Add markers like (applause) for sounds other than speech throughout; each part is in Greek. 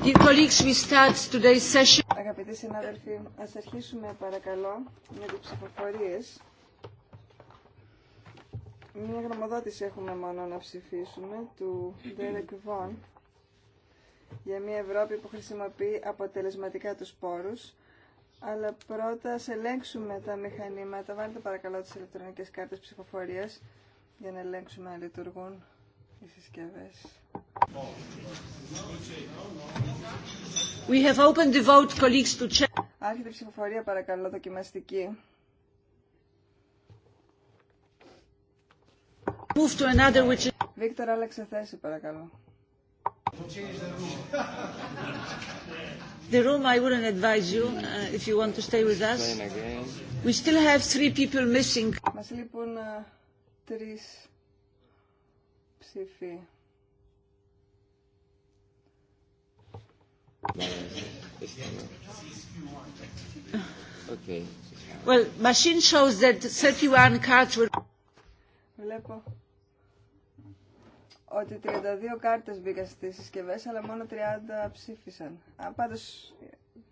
Αγαπητοί συνάδελφοι, ας αρχίσουμε παρακαλώ με τις ψηφοφορίες. Μία γνωμοδότηση έχουμε μόνο να ψηφίσουμε του Derek Vaughan για μια Ευρώπη που χρησιμοποιεί αποτελεσματικά τους πόρους. Αλλά πρώτα ας ελέγξουμε τα μηχανήματα. Βάλτε παρακαλώ τις ηλεκτρονικές κάρτες ψηφοφορίας για να ελέγξουμε αν λειτουργούν οι συσκευέ. We have opened the vote, colleagues, to check. Άρχιτε η ψηφοφορία, παρακαλώ, δοκιμαστική. Move to another which... Βίκτορ, άλλαξε θέση, παρακαλώ. The room I wouldn't advise you uh, if you want to stay with us. We still have three people missing. Μας λείπουν uh, τρεις ψηφί. Okay. Well, machine shows that 31 cards were... Βλέπω ότι 32 κάρτες μπήκαν στις συσκευές, αλλά μόνο 30 ψήφισαν. πάντως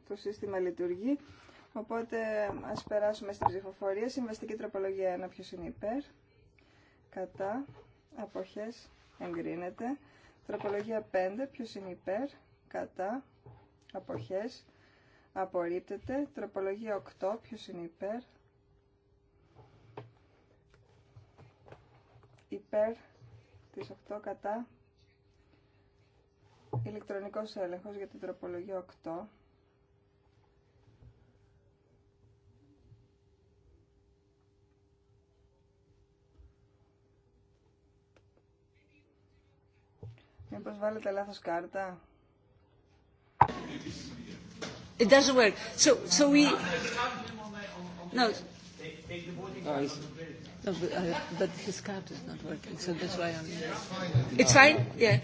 το σύστημα λειτουργεί, οπότε ας περάσουμε στην ψηφοφορία. Συμβαστική τροπολογία 1, ποιος είναι υπέρ, κατά, αποχές εγκρίνεται. Τροπολογία 5, ποιος είναι υπέρ, κατά, αποχές, απορρίπτεται. Τροπολογία 8, ποιος είναι υπέρ, υπέρ της 8 κατά, ηλεκτρονικός έλεγχος για την τροπολογία 8. Μήπως βάλετε λάθος κάρτα. It doesn't work. So, so we... No. No, but, uh, but his card is not working, so that's why I'm... It's fine? Yeah.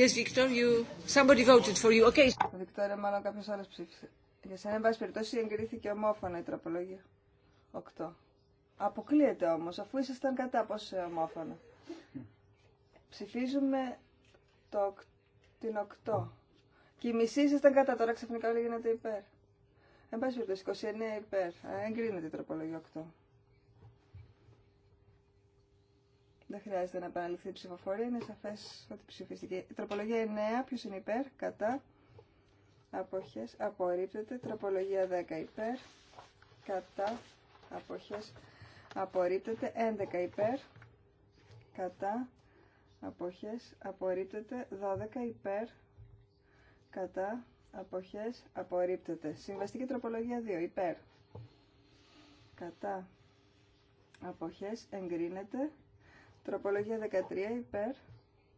Yes, Victor, you... Somebody voted for you. Okay. Victor, μάλλον κάποιος άλλος ψήφισε. Για σένα, εν πάση περιπτώσει, εγκρίθηκε ομόφωνα η τροπολογία. Οκτώ. Αποκλείεται όμως, αφού ήσασταν κατά, πώς ομόφωνα. Ψηφίζουμε το, την 8. Και η μισή ήσασταν κατά, τώρα ξαφνικά όλοι γίνεται υπέρ. Εν πάση περιπτώσει, 29 υπέρ. εγκρίνεται η τροπολογία 8. Δεν χρειάζεται να επαναληφθεί η ψηφοφορία, είναι σαφέ ότι ψηφίστηκε. Η τροπολογία 9, ποιο είναι υπέρ, κατά. Αποχέ, απορρίπτεται. Τροπολογία 10 υπέρ, κατά. Αποχέ, απορρίπτεται. 11 υπέρ, κατά αποχές απορρίπτεται 12 υπέρ κατά αποχές απορρίπτεται συμβαστική τροπολογία 2 υπέρ κατά αποχές εγκρίνεται τροπολογία 13 υπέρ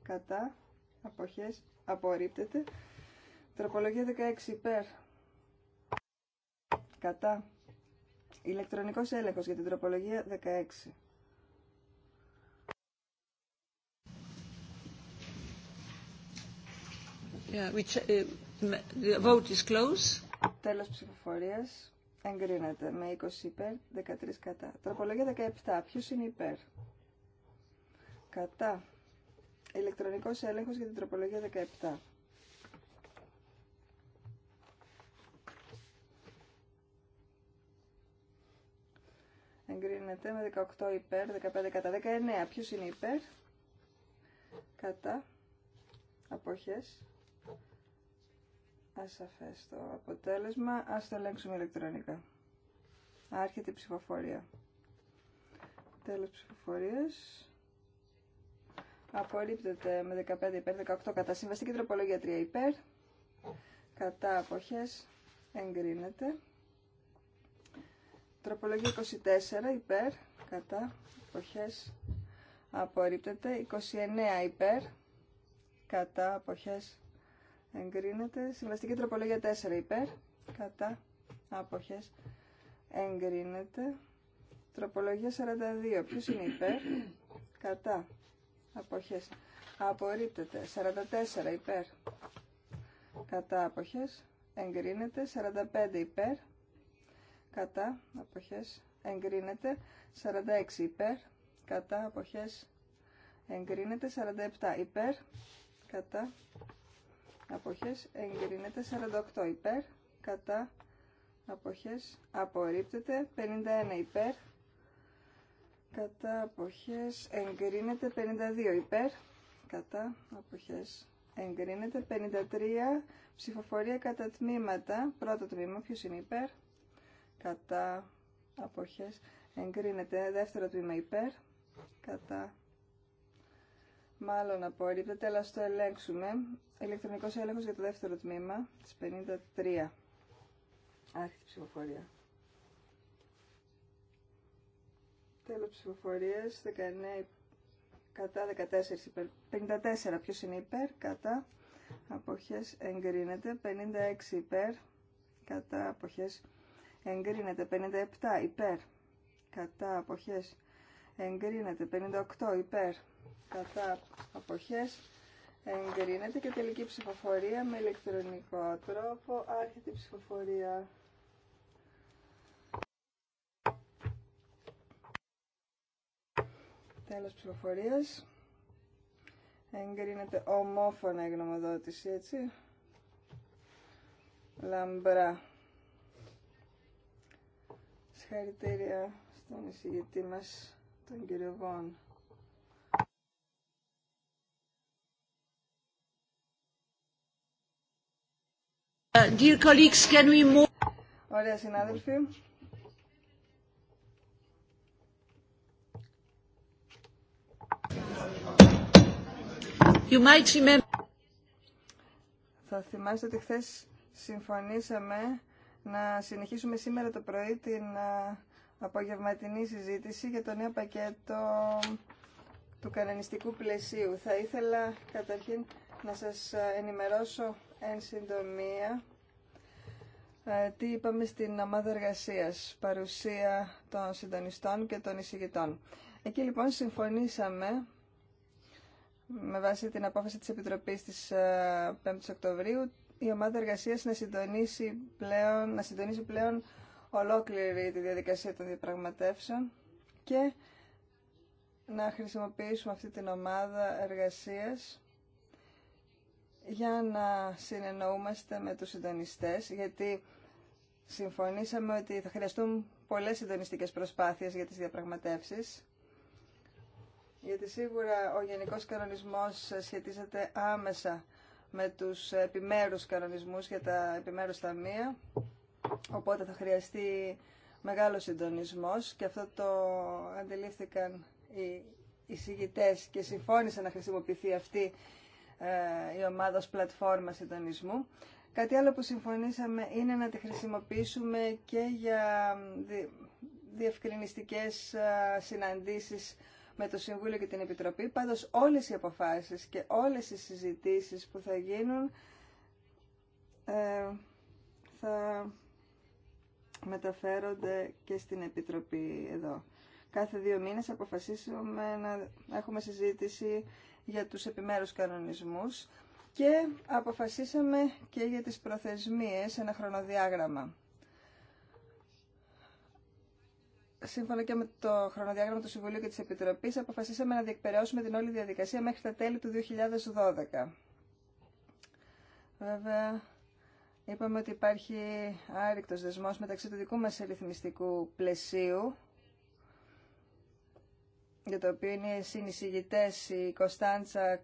κατά αποχές απορρίπτεται τροπολογία 16 υπέρ κατά ηλεκτρονικός έλεγχος για την τροπολογία 16 Yeah, which, uh, the vote is Τέλος ψηφοφορίας. Εγκρίνεται με 20 υπέρ, 13 κατά. Τροπολογία 17. Ποιος είναι υπέρ. Κατά. Ηλεκτρονικός έλεγχος για την τροπολογία 17. Εγκρίνεται με 18 υπέρ, 15 κατά 19. Ποιος είναι υπέρ. Κατά. Αποχές ασαφές το αποτέλεσμα. Ας το ελέγξουμε ηλεκτρονικά. Άρχεται η ψηφοφορία. Τέλος ψηφοφορίας. Απορρίπτεται με 15 υπέρ, 18 κατά και τροπολογία 3 υπέρ. Κατά αποχές εγκρίνεται. Τροπολογία 24 υπέρ, κατά αποχές απορρίπτεται. 29 υπέρ, κατά αποχές εγκρίνεται. Συμβαστική τροπολογία 4 υπέρ, κατά άποχες εγκρίνεται. Τροπολογία 42, ποιος είναι υπέρ, κατά άποχες απορρίπτεται. 44 υπέρ, κατά άποχες εγκρίνεται. 45 υπέρ, κατά αποχές εγκρίνεται. 46 υπέρ, κατά αποχές εγκρίνεται. 47 υπέρ, κατά αποχές εγκρίνεται 48 υπέρ κατά αποχές απορρίπτεται 51 υπέρ κατά αποχές εγκρίνεται 52 υπέρ κατά αποχές εγκρίνεται 53 ψηφοφορία κατά τμήματα πρώτο τμήμα ποιος είναι υπέρ κατά αποχές εγκρίνεται δεύτερο τμήμα υπέρ κατά Μάλλον απορρίπτεται, αλλά στο ελέγξουμε. Ηλεκτρονικός έλεγχος για το δεύτερο τμήμα, της 53. Άρχιτη ψηφοφορία. Τέλος ψηφοφορίας, 19 κατά 14 υπέρ. 54 ποιος είναι υπέρ, κατά αποχές εγκρίνεται. 56 υπέρ, κατά αποχές εγκρίνεται. 57 υπέρ, κατά αποχές εγκρίνεται. 58 υπέρ, κατά αποχές εγκρίνεται και τελική ψηφοφορία με ηλεκτρονικό τρόπο άρχεται η ψηφοφορία τέλος ψηφοφορίας εγκρίνεται ομόφωνα η γνωμοδότηση έτσι λαμπρά συγχαρητήρια στον εισηγητή μας τον κύριο Βόν Ε, Ωραία συνάδελφοι. Θα θυμάστε ότι χθε συμφωνήσαμε να συνεχίσουμε σήμερα το πρωί την ε, απογευματινή συζήτηση για το νέο πακέτο του κανονιστικού πλαισίου. Θα ήθελα καταρχήν να σας ε, ενημερώσω εν συντομία ε, τι είπαμε στην ομάδα εργασία, παρουσία των συντονιστών και των εισηγητών. Εκεί λοιπόν συμφωνήσαμε με βάση την απόφαση της Επιτροπής της 5 ε, η Οκτωβρίου η ομάδα εργασίας να συντονίσει πλέον, να συντονίσει πλέον ολόκληρη τη διαδικασία των διαπραγματεύσεων και να χρησιμοποιήσουμε αυτή την ομάδα εργασίας για να συνεννοούμαστε με τους συντονιστές, γιατί συμφωνήσαμε ότι θα χρειαστούν πολλές συντονιστικές προσπάθειες για τις διαπραγματεύσεις, γιατί σίγουρα ο Γενικός Κανονισμός σχετίζεται άμεσα με τους επιμέρους κανονισμούς για τα επιμέρους ταμεία, οπότε θα χρειαστεί μεγάλο συντονισμός και αυτό το αντιλήφθηκαν οι εισηγητές και συμφώνησαν να χρησιμοποιηθεί αυτή ε, η ομάδα ως πλατφόρμα συντονισμού. Κάτι άλλο που συμφωνήσαμε είναι να τη χρησιμοποιήσουμε και για διευκρινιστικές ε, συναντήσεις με το Συμβούλιο και την Επιτροπή. Πάντως όλες οι αποφάσεις και όλες οι συζητήσεις που θα γίνουν ε, θα μεταφέρονται και στην Επιτροπή εδώ. Κάθε δύο μήνες αποφασίσουμε να έχουμε συζήτηση για τους επιμέρους κανονισμούς και αποφασίσαμε και για τις προθεσμίες ένα χρονοδιάγραμμα. Σύμφωνα και με το χρονοδιάγραμμα του Συμβουλίου και της Επιτροπής, αποφασίσαμε να διεκπαιρεώσουμε την όλη διαδικασία μέχρι τα τέλη του 2012. Βέβαια, είπαμε ότι υπάρχει άρρηκτος δεσμός μεταξύ του δικού μας ρυθμιστικού πλαισίου για το οποίο είναι συνεισηγητές η Κωνσταντσα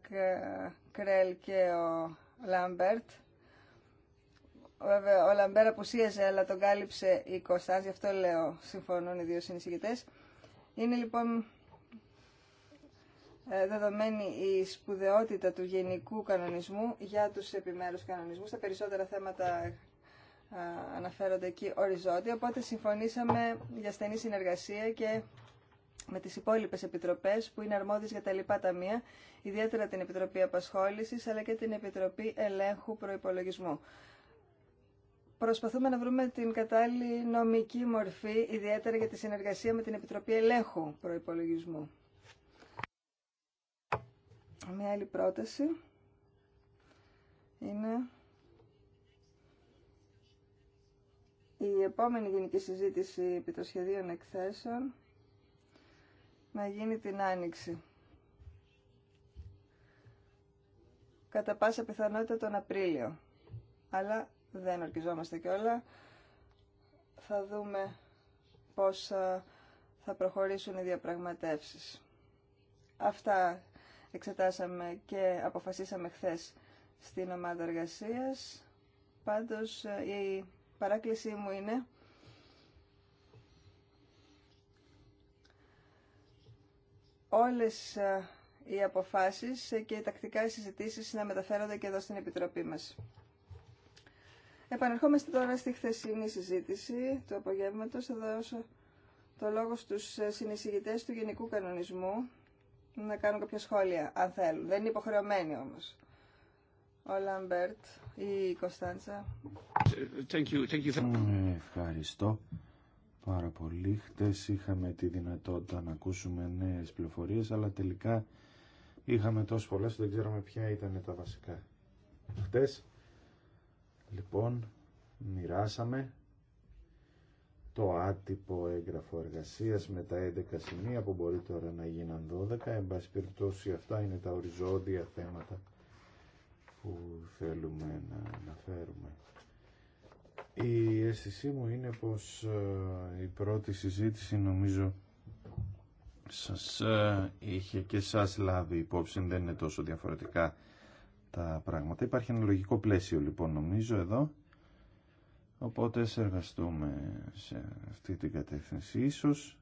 Κρέλ και ο Λάμπερτ. Βέβαια, ο Λαμπέρ απουσίαζε, αλλά τον κάλυψε η Κωνσταντζ, γι' αυτό λέω, συμφωνούν οι δύο συνεισηγητές. Είναι λοιπόν ε, δεδομένη η σπουδαιότητα του γενικού κανονισμού για τους επιμέρους κανονισμούς. Τα περισσότερα θέματα ε, αναφέρονται εκεί οριζόντια, οπότε συμφωνήσαμε για στενή συνεργασία και με τις υπόλοιπες επιτροπές που είναι αρμόδιες για τα λοιπά ταμεία, ιδιαίτερα την Επιτροπή Απασχόλησης αλλά και την Επιτροπή Ελέγχου Προϋπολογισμού. Προσπαθούμε να βρούμε την κατάλληλη νομική μορφή, ιδιαίτερα για τη συνεργασία με την Επιτροπή Ελέγχου Προϋπολογισμού. Μια άλλη πρόταση είναι η επόμενη γενική συζήτηση επί των σχεδίων εκθέσεων να γίνει την Άνοιξη. Κατά πάσα πιθανότητα τον Απρίλιο. Αλλά δεν ορκιζόμαστε κιόλα. Θα δούμε πώς θα προχωρήσουν οι διαπραγματεύσεις. Αυτά εξετάσαμε και αποφασίσαμε χθες στην ομάδα εργασίας. Πάντως ε, η παράκλησή μου είναι όλες ε, οι αποφάσεις και οι τακτικά συζητήσεις να μεταφέρονται και εδώ στην Επιτροπή μας. Επανερχόμαστε τώρα στη χθεσινή συζήτηση του απογεύματος. Θα δώσω το λόγο στους ε, συνεισηγητές του Γενικού Κανονισμού να κάνουν κάποια σχόλια, αν θέλουν. Δεν είναι υποχρεωμένοι όμως. Ο Λαμπέρτ ή η Κωνσταντσα. Ε, ευχαριστώ πάρα πολύ. χθε είχαμε τη δυνατότητα να ακούσουμε νέες πληροφορίες, αλλά τελικά είχαμε τόσε πολλές που δεν ξέραμε ποια ήταν τα βασικά. Χτες, λοιπόν, μοιράσαμε το άτυπο έγγραφο εργασία με τα 11 σημεία που μπορεί τώρα να γίναν 12. Εν πάση περιπτώσει αυτά είναι τα οριζόντια θέματα που θέλουμε να αναφέρουμε. Η αίσθησή μου είναι πως ε, η πρώτη συζήτηση νομίζω σας ε, είχε και σας λάβει υπόψη, δεν είναι τόσο διαφορετικά τα πράγματα. Υπάρχει ένα λογικό πλαίσιο λοιπόν νομίζω εδώ, οπότε σε εργαστούμε σε αυτή την κατεύθυνση. Ίσως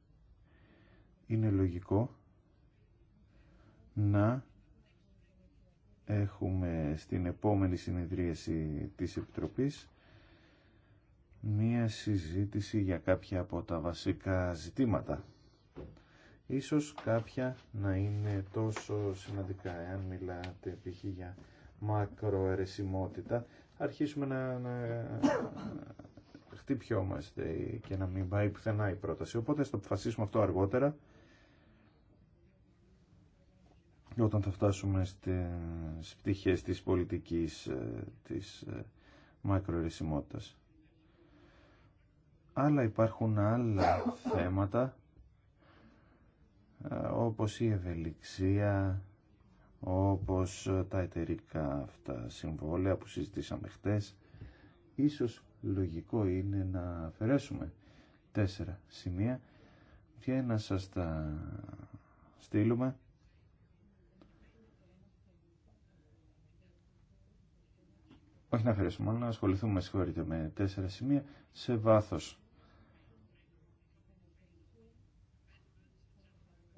είναι λογικό να έχουμε στην επόμενη συνεδρίαση της Επιτροπής μία συζήτηση για κάποια από τα βασικά ζητήματα. Ίσως κάποια να είναι τόσο σημαντικά, εάν μιλάτε π.χ. για μακροαιρεσιμότητα, αρχίσουμε να, χτυπιόμαστε και να μην πάει πουθενά η πρόταση. Οπότε θα το αποφασίσουμε αυτό αργότερα, όταν θα φτάσουμε στις πτυχές της πολιτικής ε, της ε, μακροαιρεσιμότητας αλλά υπάρχουν άλλα θέματα ε, όπως η ευελιξία, όπως τα εταιρικά αυτά συμβόλαια που συζητήσαμε χτες. Ίσως λογικό είναι να αφαιρέσουμε τέσσερα σημεία και να σας τα στείλουμε. Όχι να αφαιρέσουμε, αλλά να ασχοληθούμε, με τέσσερα σημεία σε βάθος.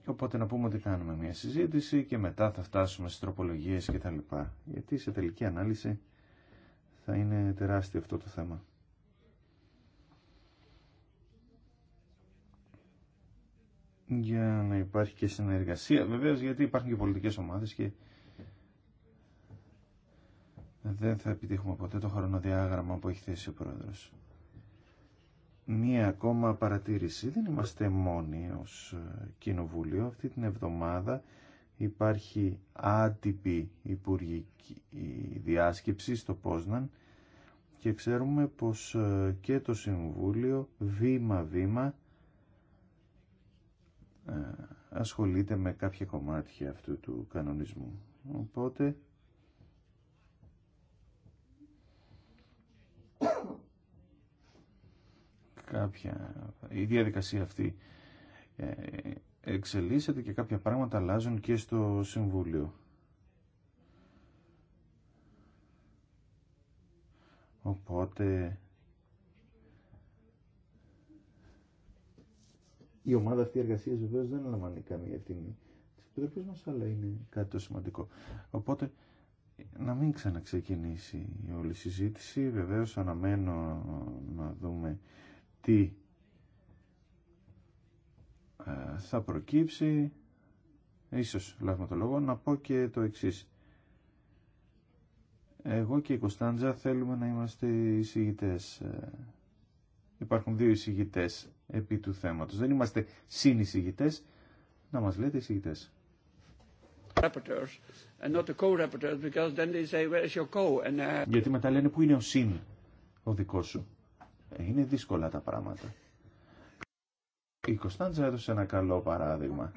Οπότε να πούμε ότι κάνουμε μια συζήτηση και μετά θα φτάσουμε στις τροπολογίες και τα λοιπά. Γιατί σε τελική ανάλυση θα είναι τεράστιο αυτό το θέμα. Για να υπάρχει και συνεργασία. Βεβαίως γιατί υπάρχουν και πολιτικές ομάδες και δεν θα επιτύχουμε ποτέ το χρονοδιάγραμμα που έχει θέσει ο Πρόεδρος μία ακόμα παρατήρηση. Δεν είμαστε μόνοι ως ε, Κοινοβούλιο. Αυτή την εβδομάδα υπάρχει άτυπη υπουργική ε, διάσκεψη στο Πόσναν και ξέρουμε πως ε, και το Συμβούλιο βήμα-βήμα ασχολείται με κάποια κομμάτια αυτού του κανονισμού. Οπότε κάποια, η διαδικασία αυτή ε, εξελίσσεται και κάποια πράγματα αλλάζουν και στο Συμβούλιο. Οπότε η ομάδα αυτή εργασία βεβαίω δεν λαμβάνει καμία ευθύνη τη Επιτροπή μα, αλλά είναι κάτι το σημαντικό. Οπότε να μην ξαναξεκινήσει η όλη συζήτηση. Βεβαίω αναμένω να δούμε τι ε, θα προκύψει, ίσως λάβουμε το λόγο, να πω και το εξής. Εγώ και η Κωνσταντζα θέλουμε να είμαστε εισηγητές. Ε, υπάρχουν δύο εισηγητές επί του θέματος. Δεν είμαστε συνεισηγητές, να μας λέτε εισηγητές. Γιατί μετά λένε που είναι ο συν ο δικός σου. Ε, είναι δύσκολα τα πράγματα. Η Κωνσταντζα έδωσε ένα καλό παράδειγμα.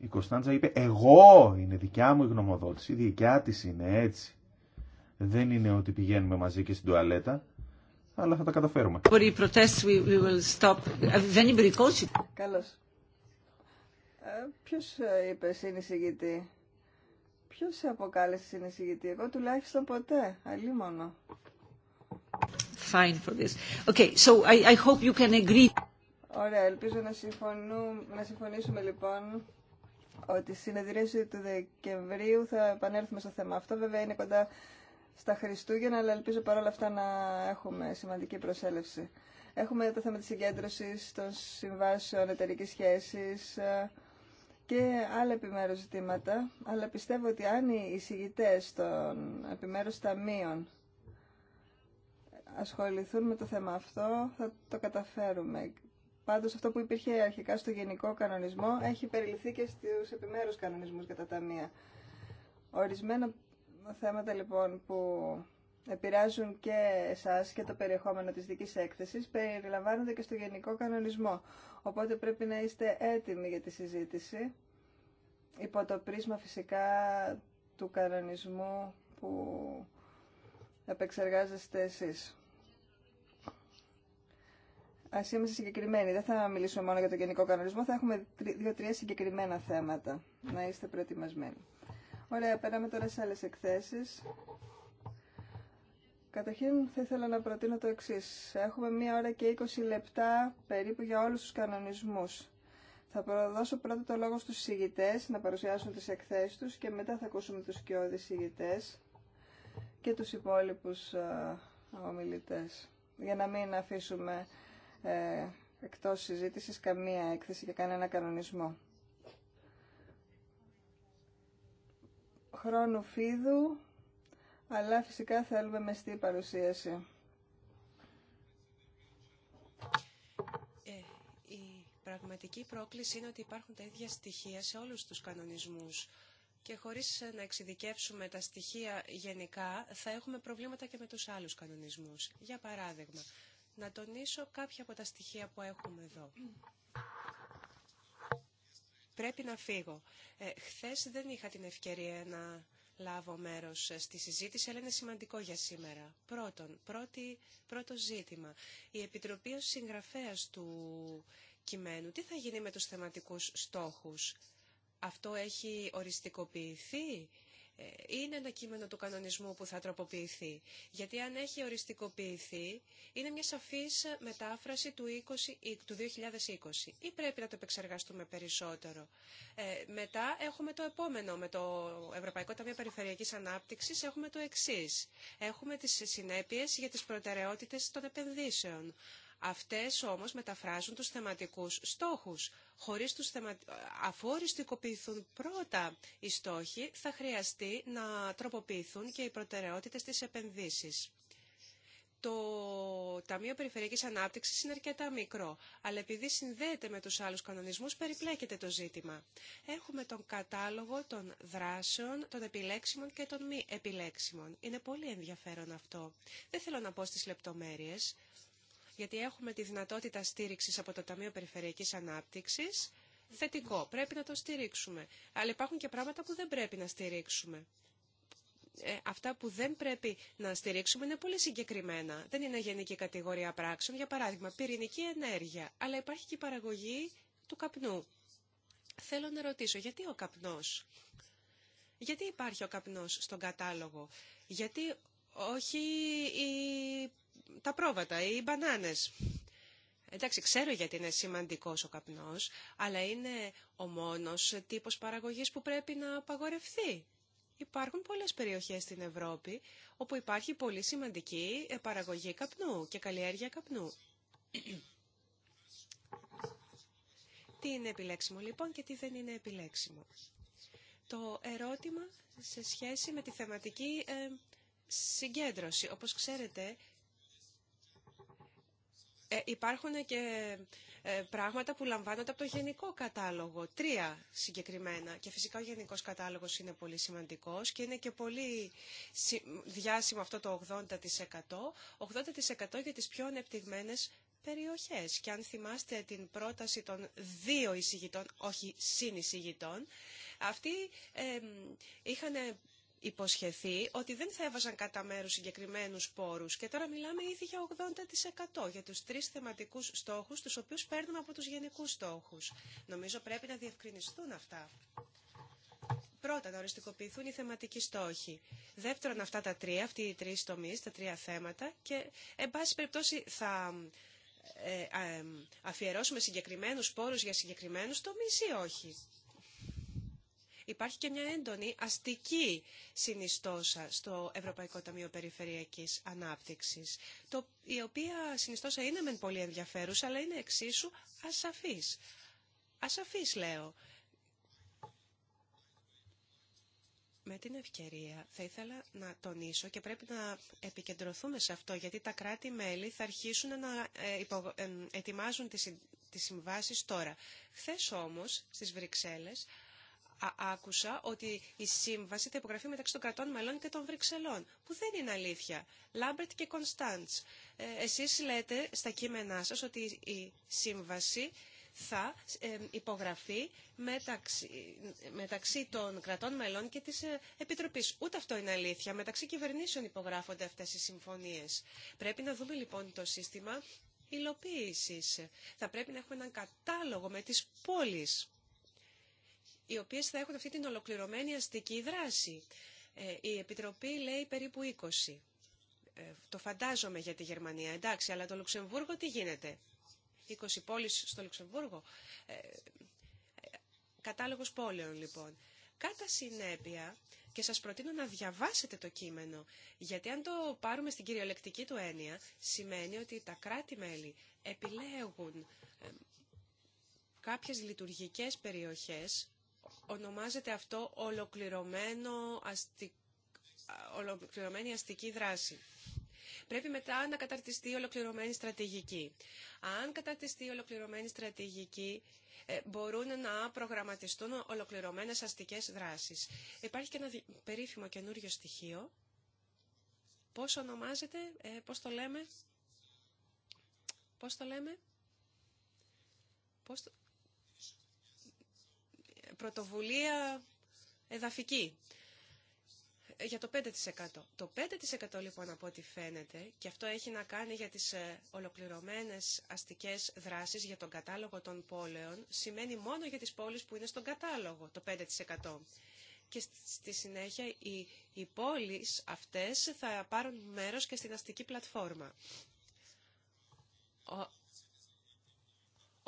Η Κωνσταντζα είπε εγώ είναι δικιά μου η γνωμοδότηση, δικιά τη είναι έτσι. Δεν είναι ότι πηγαίνουμε μαζί και στην τουαλέτα, αλλά θα τα καταφέρουμε. Ε, Καλώς. Ε, ποιος ε, είπε συνεισηγητή. Ποιος σε αποκάλεσε συνεισηγητή. Εγώ τουλάχιστον ποτέ. Αλλή μόνο. Ωραία, ελπίζω να, συμφωνήσουμε λοιπόν ότι στη συνεδρίαση του Δεκεμβρίου θα επανέλθουμε στο θέμα αυτό. Βέβαια είναι κοντά στα Χριστούγεννα, αλλά ελπίζω παρόλα αυτά να έχουμε σημαντική προσέλευση. Έχουμε το θέμα της συγκέντρωσης των συμβάσεων εταιρική σχέσης ε, και άλλα επιμέρους ζητήματα, αλλά πιστεύω ότι αν οι εισηγητές των επιμέρους ταμείων ασχοληθούν με το θέμα αυτό θα το καταφέρουμε. Πάντως αυτό που υπήρχε αρχικά στο γενικό κανονισμό έχει περιληφθεί και στους επιμέρους κανονισμούς για τα ταμεία. Ορισμένα θέματα λοιπόν που επηρεάζουν και εσάς και το περιεχόμενο της δικής έκθεσης περιλαμβάνονται και στο γενικό κανονισμό. Οπότε πρέπει να είστε έτοιμοι για τη συζήτηση υπό το πρίσμα φυσικά του κανονισμού που επεξεργάζεστε εσείς. Α είμαστε συγκεκριμένοι. Δεν θα μιλήσουμε μόνο για τον γενικό κανονισμό, θα έχουμε δύο-τρία συγκεκριμένα θέματα. Να είστε προετοιμασμένοι. Ωραία, περάμε τώρα σε άλλε εκθέσει. Καταρχήν θα ήθελα να προτείνω το εξή. Έχουμε μία ώρα και 20 λεπτά περίπου για όλου του κανονισμού. Θα προδώσω πρώτα το λόγο στους συγητές να παρουσιάσουν τις εκθέσεις τους και μετά θα ακούσουμε τους κοιόδης συγητές και τους υπόλοιπου ε, ομιλητέ. για να μην αφήσουμε ε, εκτός συζήτησης καμία έκθεση και κανένα κανονισμό. Χρόνου φίδου, αλλά φυσικά θέλουμε μεστή παρουσίαση. Ε, η πραγματική πρόκληση είναι ότι υπάρχουν τα ίδια στοιχεία σε όλους τους κανονισμούς. Και χωρίς να εξειδικεύσουμε τα στοιχεία γενικά, θα έχουμε προβλήματα και με τους άλλους κανονισμούς. Για παράδειγμα, να τονίσω κάποια από τα στοιχεία που έχουμε εδώ. Πρέπει να φύγω. Ε, χθες δεν είχα την ευκαιρία να λάβω μέρος ε, στη συζήτηση, αλλά είναι σημαντικό για σήμερα. Πρώτον, πρώτη, πρώτο ζήτημα. Η Επιτροπή ως συγγραφέας του κειμένου, τι θα γίνει με τους θεματικούς στόχους. Αυτό έχει οριστικοποιηθεί ε, είναι ένα κείμενο του κανονισμού που θα τροποποιηθεί. Γιατί αν έχει οριστικοποιηθεί, είναι μια σαφής μετάφραση του, 20, ε, του 2020. Ή πρέπει να το επεξεργαστούμε περισσότερο. Ε, μετά έχουμε το επόμενο, με το Ευρωπαϊκό Ταμείο Περιφερειακής Ανάπτυξης, έχουμε το εξή. Έχουμε τις συνέπειες για τις προτεραιότητες των επενδύσεων. Αυτές όμως μεταφράζουν τους θεματικούς στόχους. Χωρίς τους θεμα... Αφού οριστικοποιηθούν πρώτα οι στόχοι, θα χρειαστεί να τροποποιηθούν και οι προτεραιότητες της επενδύσης. το Ταμείο Περιφερειακής Ανάπτυξης είναι αρκετά μικρό, αλλά επειδή συνδέεται με τους άλλους κανονισμούς, περιπλέκεται το ζήτημα. Έχουμε τον κατάλογο των δράσεων, των επιλέξιμων και των μη επιλέξιμων. Είναι πολύ ενδιαφέρον αυτό. Δεν θέλω να πω στις λεπτομέρειες γιατί έχουμε τη δυνατότητα στήριξης από το Ταμείο Περιφερειακής Ανάπτυξης, θετικό, πρέπει να το στηρίξουμε. Αλλά υπάρχουν και πράγματα που δεν πρέπει να στηρίξουμε. Ε, αυτά που δεν πρέπει να στηρίξουμε είναι πολύ συγκεκριμένα. Δεν είναι γενική κατηγορία πράξεων, για παράδειγμα πυρηνική ενέργεια, αλλά υπάρχει και η παραγωγή του καπνού. Θέλω να ρωτήσω, γιατί ο καπνός, γιατί υπάρχει ο καπνός στον κατάλογο, γιατί όχι η τα πρόβατα ή οι μπανάνες. Εντάξει, ξέρω γιατί είναι σημαντικός ο καπνός, αλλά είναι ο μόνος τύπος παραγωγής που πρέπει να απαγορευτεί. Υπάρχουν πολλές περιοχές στην Ευρώπη όπου υπάρχει πολύ σημαντική παραγωγή καπνού και καλλιέργεια καπνού. (clears throat) τι είναι επιλέξιμο λοιπόν και τι δεν είναι επιλέξιμο. Το ερώτημα σε σχέση με τη θεματική ε, συγκέντρωση. Όπως ξέρετε, ε, υπάρχουν και ε, πράγματα που λαμβάνονται από το γενικό κατάλογο, τρία συγκεκριμένα. Και φυσικά ο γενικός κατάλογος είναι πολύ σημαντικό και είναι και πολύ διάσημο αυτό το 80%. 80% για τις πιο ανεπτυγμένε περιοχές. Και αν θυμάστε την πρόταση των δύο εισηγητών, όχι συνεισηγητών, αυτοί ε, είχαν υποσχεθεί ότι δεν θα έβαζαν κατά μέρου συγκεκριμένου πόρου και τώρα μιλάμε ήδη για 80% για του τρει θεματικού στόχου, του οποίου παίρνουμε από του γενικού στόχου. Νομίζω πρέπει να διευκρινιστούν αυτά. Πρώτα, να οριστικοποιηθούν οι θεματικοί στόχοι. Δεύτερον, αυτά τα τρία, αυτοί οι τρει τομεί, τα τρία θέματα και, εν πάση περιπτώσει, θα ε, ε, αφιερώσουμε συγκεκριμένου πόρου για συγκεκριμένου τομεί ή όχι. Υπάρχει και μια έντονη αστική συνιστόσα στο Ευρωπαϊκό Ταμείο Περιφερειακής Ανάπτυξης, το, η οποία συνιστόσα είναι μεν πολύ ενδιαφέρουσα, αλλά είναι εξίσου ασαφής. Ασαφής λέω. Με την ευκαιρία θα ήθελα να τονίσω και πρέπει να επικεντρωθούμε σε αυτό γιατί τα κράτη-μέλη θα αρχίσουν να ε, ε, ετοιμάζουν τις συμβάσεις τώρα. Χθες όμως στις Βρυξέλλες άκουσα ότι η σύμβαση θα υπογραφεί μεταξύ των κρατών μελών και των Βρυξελών, που δεν είναι αλήθεια. Λάμπερτ και Κωνσταντς, ε, εσείς λέτε στα κείμενά σας ότι η σύμβαση θα ε, υπογραφεί μεταξύ, μεταξύ των κρατών μελών και της ε, Επιτροπής. Ούτε αυτό είναι αλήθεια. Μεταξύ κυβερνήσεων υπογράφονται αυτές οι συμφωνίες. Πρέπει να δούμε λοιπόν το σύστημα υλοποίησης. Θα πρέπει να έχουμε έναν κατάλογο με τις πόλεις οι οποίε θα έχουν αυτή την ολοκληρωμένη αστική δράση. Ε, η Επιτροπή λέει περίπου 20. Ε, το φαντάζομαι για τη Γερμανία, εντάξει, αλλά το Λουξεμβούργο τι γίνεται. 20 πόλεις στο Λουξεμβούργο. Ε, κατάλογος πόλεων, λοιπόν. Κατά συνέπεια, και σας προτείνω να διαβάσετε το κείμενο, γιατί αν το πάρουμε στην κυριολεκτική του έννοια, σημαίνει ότι τα κράτη-μέλη επιλέγουν κάποιες λειτουργικές περιοχές ονομάζεται αυτό ολοκληρωμένο ολοκληρωμένη αστική δράση. Πρέπει μετά να καταρτιστεί ολοκληρωμένη στρατηγική. Αν καταρτιστεί ολοκληρωμένη στρατηγική, ε, μπορούν να προγραμματιστούν ολοκληρωμένες αστικές δράσεις. Υπάρχει και ένα περίφημο καινούριο στοιχείο. Πώς ονομάζεται, ε, πώς το λέμε, πώς το λέμε, πώς πρωτοβουλία εδαφική για το 5%. Το 5% λοιπόν από ό,τι φαίνεται, και αυτό έχει να κάνει για τις ε, ολοκληρωμένες αστικές δράσεις για τον κατάλογο των πόλεων, σημαίνει μόνο για τις πόλεις που είναι στον κατάλογο το 5%. Και στη συνέχεια οι, οι πόλεις αυτές θα πάρουν μέρος και στην αστική πλατφόρμα.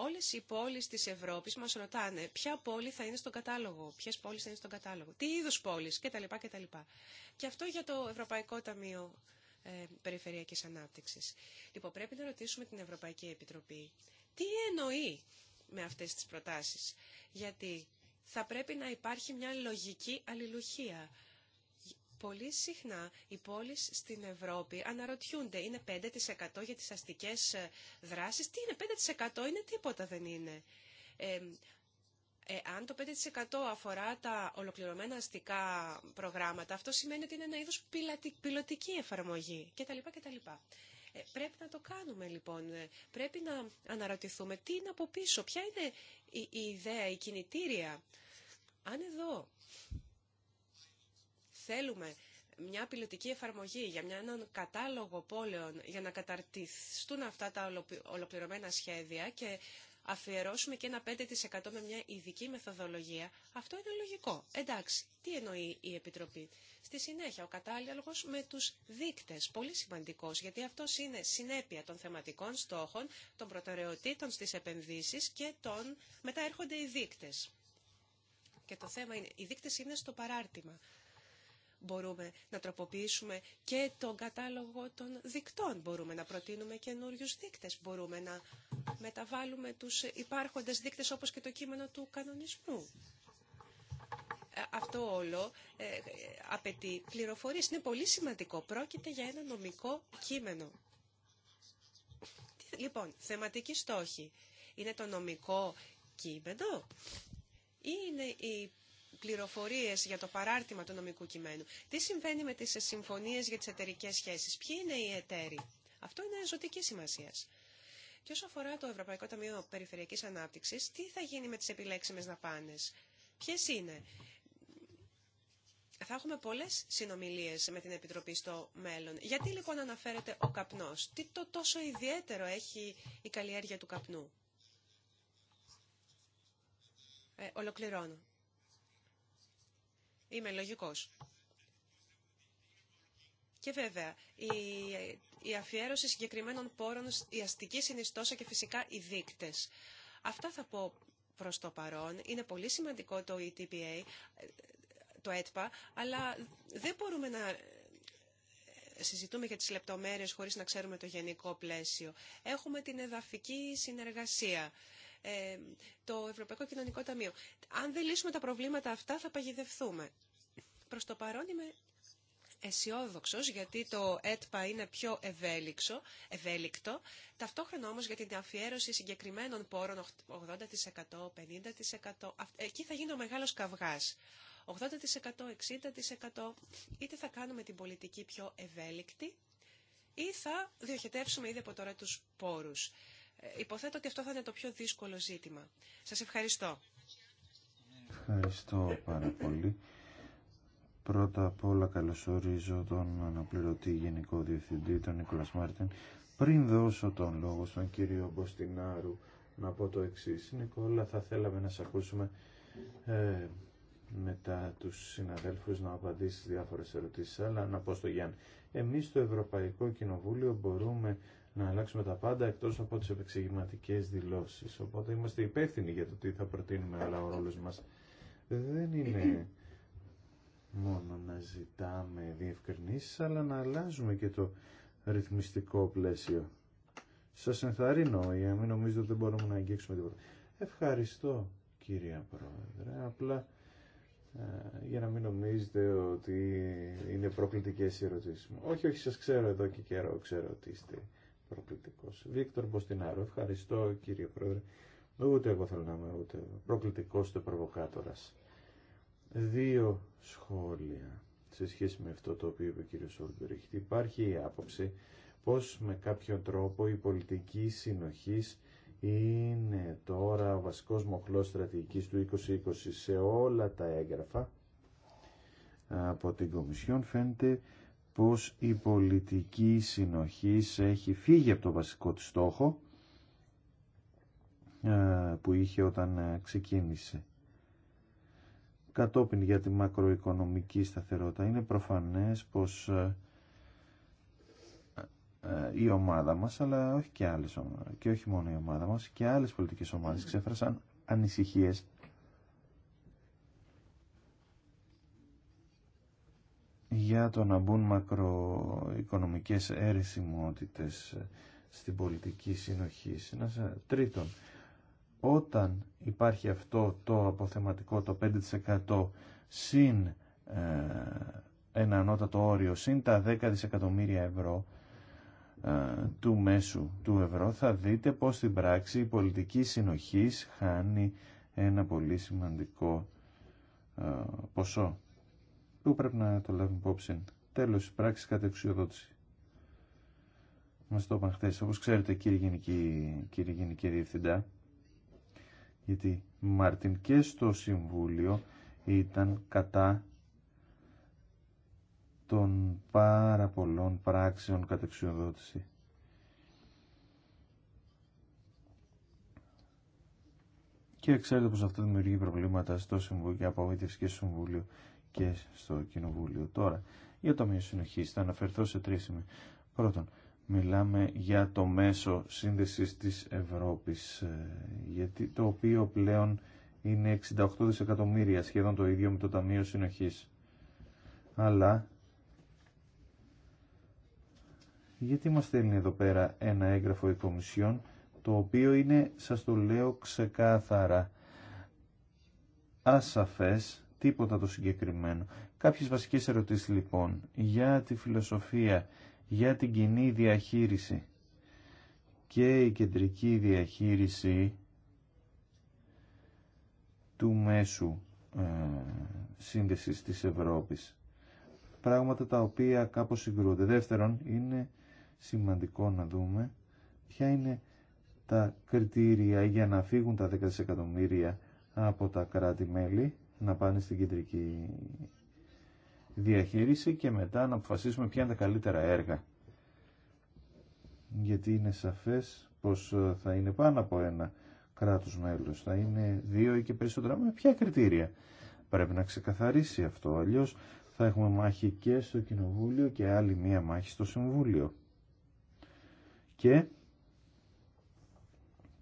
Όλες οι πόλεις της Ευρώπης μας ρωτάνε ποια πόλη θα είναι στον κατάλογο, ποιες πόλεις θα είναι στον κατάλογο, τι είδους πόλεις κτλ. λοιπά Και αυτό για το Ευρωπαϊκό Ταμείο ε, Περιφερειακής Ανάπτυξης. Λοιπόν, πρέπει να ρωτήσουμε την Ευρωπαϊκή Επιτροπή τι εννοεί με αυτές τις προτάσεις. Γιατί θα πρέπει να υπάρχει μια λογική αλληλουχία Πολύ συχνά οι πόλεις στην Ευρώπη αναρωτιούνται, είναι 5% για τις αστικές ε, δράσεις, τι είναι 5% είναι τίποτα δεν είναι. Ε, αν το 5% αφορά τα ολοκληρωμένα αστικά προγράμματα, αυτό σημαίνει ότι είναι ένα είδος πιλωτική εφαρμογή κτλ. κτλ. Ε, πρέπει να το κάνουμε λοιπόν. Ε, πρέπει να αναρωτηθούμε τι είναι από πίσω, ποια είναι η, η ιδέα, η κινητήρια. Αν εδώ θέλουμε μια πιλωτική εφαρμογή για μια, έναν κατάλογο πόλεων για να καταρτιστούν αυτά τα ολοκληρωμένα σχέδια και αφιερώσουμε και ένα 5% με μια ειδική μεθοδολογία, αυτό είναι λογικό. Εντάξει, τι εννοεί η Επιτροπή. Στη συνέχεια, ο κατάλογος με τους δείκτες, πολύ σημαντικός, γιατί αυτό είναι συνέπεια των θεματικών στόχων, των προτεραιοτήτων στις επενδύσεις και των... μετά έρχονται οι δείκτες. Και το θέμα είναι, οι δείκτες είναι στο παράρτημα. Μπορούμε να τροποποιήσουμε και τον κατάλογο των δικτών. Μπορούμε να προτείνουμε καινούριου δείκτες. Μπορούμε να μεταβάλουμε τους υπάρχοντες δείκτες όπως και το κείμενο του κανονισμού. Ε, αυτό όλο ε, απαιτεί πληροφορίες. Είναι πολύ σημαντικό. Πρόκειται για ένα νομικό κείμενο. Λοιπόν, θεματική στόχη. Είναι το νομικό κείμενο ή είναι η Πληροφορίε για το παράρτημα του νομικού κειμένου. Τι συμβαίνει με τι συμφωνίε για τι εταιρικέ σχέσει, Ποιοι είναι οι εταίροι. Αυτό είναι ζωτική σημασία. Και όσο αφορά το Ευρωπαϊκό Ταμείο Περιφερειακή ανάπτυξη, τι θα γίνει με τις επιλέξιμε δαπάνε. Ποιε είναι. Θα έχουμε πολλέ συνομιλίε με την Επιτροπή στο μέλλον. Γιατί λοιπόν αναφέρεται ο καπνό, Τι το τόσο ιδιαίτερο έχει η καλλιέργεια του καπνού. Ε, ολοκληρώνω. Είμαι λογικός. Και βέβαια, η, η αφιέρωση συγκεκριμένων πόρων, η αστική συνιστόσα και φυσικά οι δείκτες. Αυτά θα πω προς το παρόν. Είναι πολύ σημαντικό το ETPA, το ΕΤΠΑ, αλλά δεν μπορούμε να ε, συζητούμε για τις λεπτομέρειες χωρίς να ξέρουμε το γενικό πλαίσιο. Έχουμε την εδαφική συνεργασία ε, το Ευρωπαϊκό Κοινωνικό Ταμείο. Αν δεν λύσουμε τα προβλήματα αυτά θα παγιδευθούμε. Προς το παρόν είμαι αισιόδοξο γιατί το ΕΤΠΑ είναι πιο ευέλικτο. Ταυτόχρονα όμως για την αφιέρωση συγκεκριμένων πόρων 80%, 50%, ε, εκεί θα γίνει ο μεγάλος καυγάς. 80%, 60% είτε θα κάνουμε την πολιτική πιο ευέλικτη ή θα διοχετεύσουμε ήδη από τώρα τους πόρους. Ε, υποθέτω ότι αυτό θα είναι το πιο δύσκολο ζήτημα. Σας ευχαριστώ. Ευχαριστώ πάρα πολύ. Πρώτα απ' όλα καλωσορίζω τον αναπληρωτή Γενικό Διευθυντή, τον Νίκολας Μάρτιν. Πριν δώσω τον λόγο στον κύριο Μποστινάρου, να πω το εξής. Νικόλα, θα θέλαμε να σε ακούσουμε ε, μετά τους συναδέλφους να απαντήσει διάφορες ερωτήσεις, αλλά να πω στο Γιάννη. Εμείς στο Ευρωπαϊκό Κοινοβούλιο μπορούμε να αλλάξουμε τα πάντα εκτός από τις επεξηγηματικές δηλώσεις. Οπότε είμαστε υπεύθυνοι για το τι θα προτείνουμε, αλλά ο ρόλος μας δεν είναι μόνο να ζητάμε διευκρινήσεις, αλλά να αλλάζουμε και το ρυθμιστικό πλαίσιο. Σας ενθαρρύνω για μην νομίζετε ότι δεν μπορούμε να αγγίξουμε τίποτα. Ευχαριστώ κυρία Πρόεδρε, απλά ε, για να μην νομίζετε ότι είναι προκλητικές οι ερωτήσεις μου. Όχι, όχι, σας ξέρω εδώ και καιρό, ξέρω ότι είστε προκλητικός. Βίκτορ Μποστινάρο, ευχαριστώ κύριε Πρόεδρε. Ούτε εγώ θέλω να είμαι ούτε προκλητικός ούτε προβοκάτορας. Δύο σχόλια σε σχέση με αυτό το οποίο είπε ο κύριος Όλμπεριχτ. Υπάρχει η άποψη πως με κάποιο τρόπο η πολιτική συνοχή είναι τώρα ο βασικός μοχλός στρατηγικής του 2020 σε όλα τα έγγραφα από την Κομισιόν φαίνεται πως η πολιτική συνοχής έχει φύγει από το βασικό της στόχο ε, που είχε όταν ε, ξεκίνησε. Κατόπιν για τη μακροοικονομική σταθερότητα είναι προφανές πως ε, η ομάδα μας, αλλά όχι και άλλες, και όχι μόνο η ομάδα μας, και άλλες πολιτικές ομάδες ξέφρασαν ανησυχίες για το να μπουν μακροοικονομικές αίρεσιμότητες στην πολιτική συνοχή. Τρίτον, όταν υπάρχει αυτό το αποθεματικό το 5% συν ε, ένα ανώτατο όριο, συν τα 10 δισεκατομμύρια ευρώ ε, του μέσου του ευρώ, θα δείτε πως στην πράξη η πολιτική συνοχής χάνει ένα πολύ σημαντικό ε, ποσό που πρέπει να το λάβουμε υπόψη. Τέλος, πράξη κατεξιοδότηση. Μας το είπαν χθες. Όπως ξέρετε κύριε Γενική, κύριε Γενική Διευθυντά, γιατί Μάρτιν και στο Συμβούλιο ήταν κατά των πάρα πολλών πράξεων κατεξιοδότηση. Και ξέρετε πως αυτό δημιουργεί προβλήματα στο Συμβούλιο και απογοήτευση και στο Συμβούλιο και στο Κοινοβούλιο. Τώρα, για το Μέσο συνοχή, θα αναφερθώ σε τρεις σημεία. Πρώτον, μιλάμε για το μέσο σύνδεσης της Ευρώπης, ε, γιατί το οποίο πλέον είναι 68 δισεκατομμύρια, σχεδόν το ίδιο με το Ταμείο Συνοχής. Αλλά, γιατί μας στέλνει εδώ πέρα ένα έγγραφο η Κομισιόν, το οποίο είναι, σας το λέω ξεκάθαρα, ασαφές τίποτα το συγκεκριμένο. Κάποιες βασικές ερωτήσεις λοιπόν για τη φιλοσοφία, για την κοινή διαχείριση και η κεντρική διαχείριση του μέσου ε, σύνδεσης της Ευρώπης. Πράγματα τα οποία κάπως συγκρούνται. Δεύτερον, είναι σημαντικό να δούμε ποια είναι τα κριτήρια για να φύγουν τα 10 δισεκατομμύρια από τα κράτη-μέλη να πάνε στην κεντρική διαχείριση και μετά να αποφασίσουμε ποια είναι τα καλύτερα έργα. Γιατί είναι σαφές πως ε, θα είναι πάνω από ένα κράτος μέλος, θα είναι δύο ή και περισσότερα. Με ποια κριτήρια πρέπει να ξεκαθαρίσει αυτό, αλλιώ. θα έχουμε μάχη και στο Κοινοβούλιο και άλλη μία μάχη στο Συμβούλιο. Και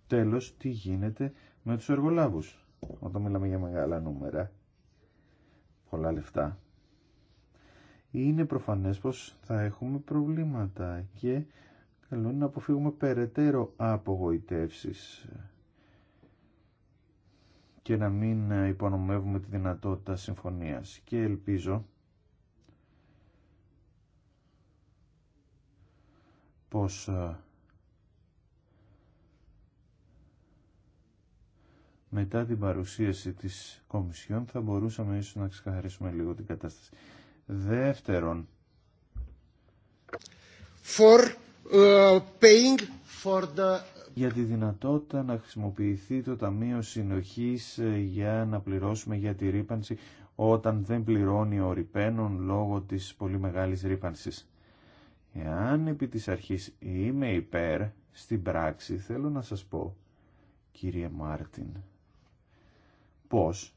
τέλος τι γίνεται με τους εργολάβους όταν μιλάμε για μεγάλα νούμερα, πολλά λεφτά, είναι προφανές πως θα έχουμε προβλήματα και καλό είναι να αποφύγουμε περαιτέρω απογοητεύσεις και να μην υπονομεύουμε τη δυνατότητα συμφωνίας. Και ελπίζω πως ε, μετά την παρουσίαση της Κομισιόν θα μπορούσαμε ίσως να ξεκαθαρίσουμε λίγο την κατάσταση. Δεύτερον, for, ε, για τη δυνατότητα να χρησιμοποιηθεί το Ταμείο Συνοχής ε, για να πληρώσουμε για τη ρήπανση όταν δεν πληρώνει ο ρηπαίνων λόγω της πολύ μεγάλης ρήπανσης. Εάν επί της αρχής είμαι υπέρ, στην πράξη θέλω να σας πω, κύριε Μάρτιν, πως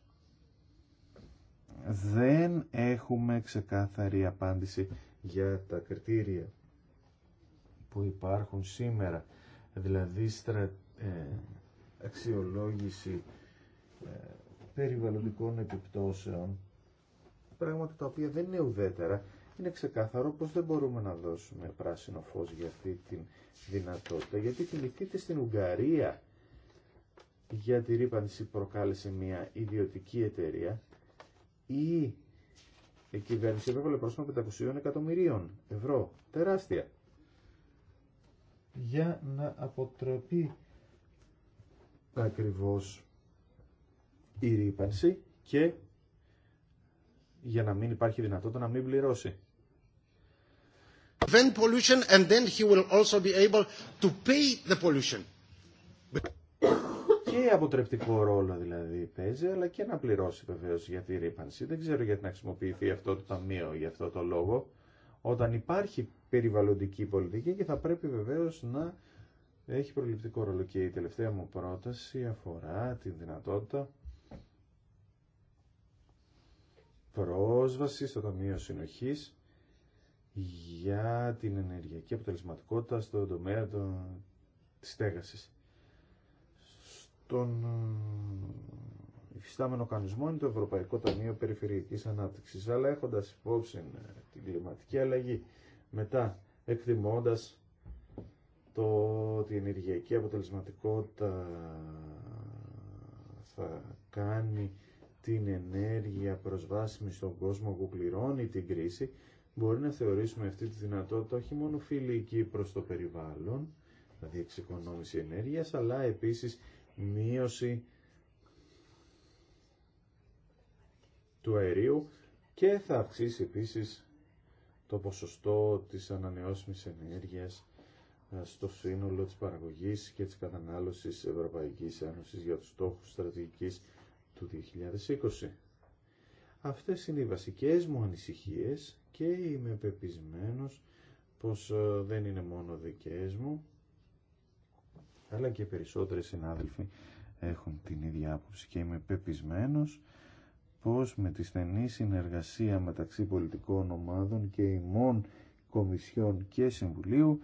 δεν έχουμε ξεκάθαρη απάντηση για τα κριτήρια που υπάρχουν σήμερα, δηλαδή στρα, ε, αξιολόγηση ε, περιβαλλοντικών επιπτώσεων, πράγματα τα οποία δεν είναι ουδέτερα, είναι ξεκάθαρο πως δεν μπορούμε να δώσουμε πράσινο φως για αυτή τη δυνατότητα, γιατί θυμηθείτε στην Ουγγαρία για τη ρήπανση προκάλεσε μια ιδιωτική εταιρεία ή η κυβέρνηση έβαλε πρόσφατα 500 εκατομμυρίων ευρώ, τεράστια, για να αποτραπεί ακριβώς η ρήπανση και για να μην υπάρχει δυνατότητα να μην πληρώσει. pollution and then he will also be able to pay the pollution αποτρεπτικό ρόλο δηλαδή παίζει, αλλά και να πληρώσει βεβαίω για τη ρήπανση. Δεν ξέρω γιατί να χρησιμοποιηθεί αυτό το ταμείο για αυτό το λόγο, όταν υπάρχει περιβαλλοντική πολιτική και θα πρέπει βεβαίω να έχει προληπτικό ρόλο. Και η τελευταία μου πρόταση αφορά την δυνατότητα πρόσβαση στο Ταμείο συνοχή για την ενεργειακή αποτελεσματικότητα στον τομέα των... της στέγασης τον ε, υφιστάμενο κανονισμό είναι το Ευρωπαϊκό Ταμείο Περιφερειακής Ανάπτυξης, αλλά έχοντας υπόψη ε, την κλιματική αλλαγή, μετά εκτιμώντας το ότι η ενεργειακή αποτελεσματικότητα θα κάνει την ενέργεια προσβάσιμη στον κόσμο που πληρώνει την κρίση, μπορεί να θεωρήσουμε αυτή τη δυνατότητα όχι μόνο φιλική προς το περιβάλλον, δηλαδή εξοικονόμηση ενέργειας, αλλά επίσης μείωση του αερίου και θα αυξήσει επίσης το ποσοστό της ανανεώσιμης ενέργειας ε, στο σύνολο της παραγωγής και της κατανάλωσης Ευρωπαϊκής Ένωσης για τους στόχους στρατηγικής του 2020. Αυτές είναι οι βασικές μου ανησυχίες και είμαι πεπισμένος πως ε, δεν είναι μόνο δικές μου, αλλά και περισσότεροι συνάδελφοι έχουν την ίδια άποψη και είμαι πεπισμένος πως με τη στενή συνεργασία μεταξύ πολιτικών ομάδων και ημών Κομισιών και Συμβουλίου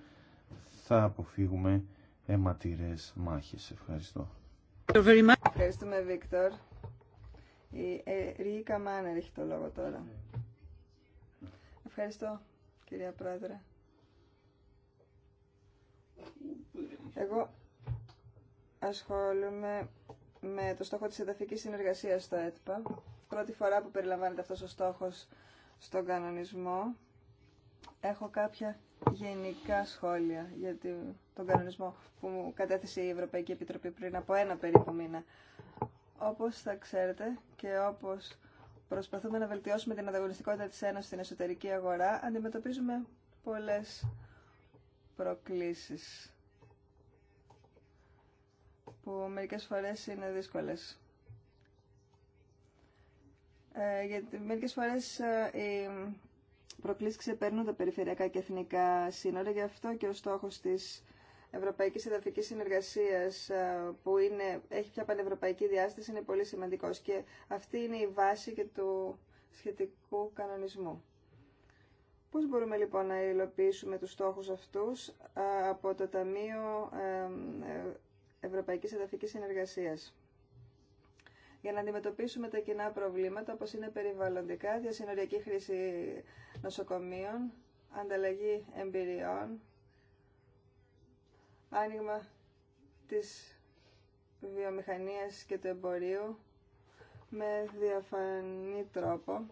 θα αποφύγουμε αιματηρές μάχες. Ευχαριστώ. Ευχαριστούμε Βίκτορ. Η ε, Ρίκα Μάνερ έχει το λόγο τώρα. Ευχαριστώ κυρία Πρόεδρε. Εγώ ασχολούμαι με το στόχο της εδαφικής συνεργασίας στο ΕΤΠΑ. Πρώτη φορά που περιλαμβάνεται αυτός ο στόχος στον κανονισμό. Έχω κάποια γενικά σχόλια για τον κανονισμό που μου κατέθεσε η Ευρωπαϊκή Επιτροπή πριν από ένα περίπου μήνα. Όπως θα ξέρετε και όπως προσπαθούμε να βελτιώσουμε την ανταγωνιστικότητα της Ένωσης στην εσωτερική αγορά, αντιμετωπίζουμε πολλές προκλήσεις που μερικές φορές είναι δύσκολες. Ε, γιατί μερικές φορές ε, οι προκλήσεις ξεπέρνουν τα περιφερειακά και εθνικά σύνορα, γι' αυτό και ο στόχος της Ευρωπαϊκής Εδαφικής Συνεργασίας ε, που είναι, έχει πια πανευρωπαϊκή διάσταση είναι πολύ σημαντικός και αυτή είναι η βάση και του σχετικού κανονισμού. Πώς μπορούμε λοιπόν να υλοποιήσουμε τους στόχους αυτούς ε, από το Ταμείο Ευρωπαϊκής Εδαφικής Συνεργασίας για να αντιμετωπίσουμε τα κοινά προβλήματα όπως είναι περιβαλλοντικά, διασυνοριακή χρήση νοσοκομείων, ανταλλαγή εμπειριών, άνοιγμα της βιομηχανίας και του εμπορίου με διαφανή τρόπο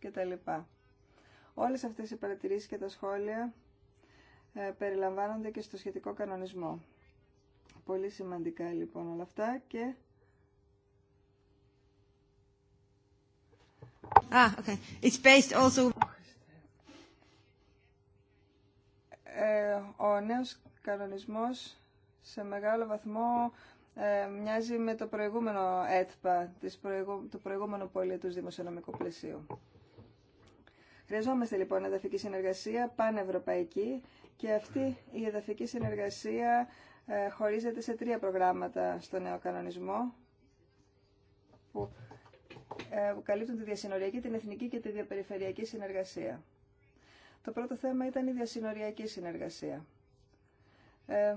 κτλ. Όλες αυτές οι παρατηρήσεις και τα σχόλια ε, περιλαμβάνονται και στο σχετικό κανονισμό. Πολύ σημαντικά λοιπόν όλα αυτά και... Ah, okay. It's based also... ε, ο νέος κανονισμός σε μεγάλο βαθμό ε, μοιάζει με το προηγούμενο ΕΤΠΑ, του προηγούμενου πολίτου δημοσιονομικού πλαισίου. Χρειαζόμαστε λοιπόν εδαφική συνεργασία πανευρωπαϊκή και αυτή η εδαφική συνεργασία ε, χωρίζεται σε τρία προγράμματα στο νέο κανονισμό ε, που καλύπτουν τη διασυνοριακή, την εθνική και τη διαπεριφερειακή συνεργασία. Το πρώτο θέμα ήταν η διασυνοριακή συνεργασία. Ε,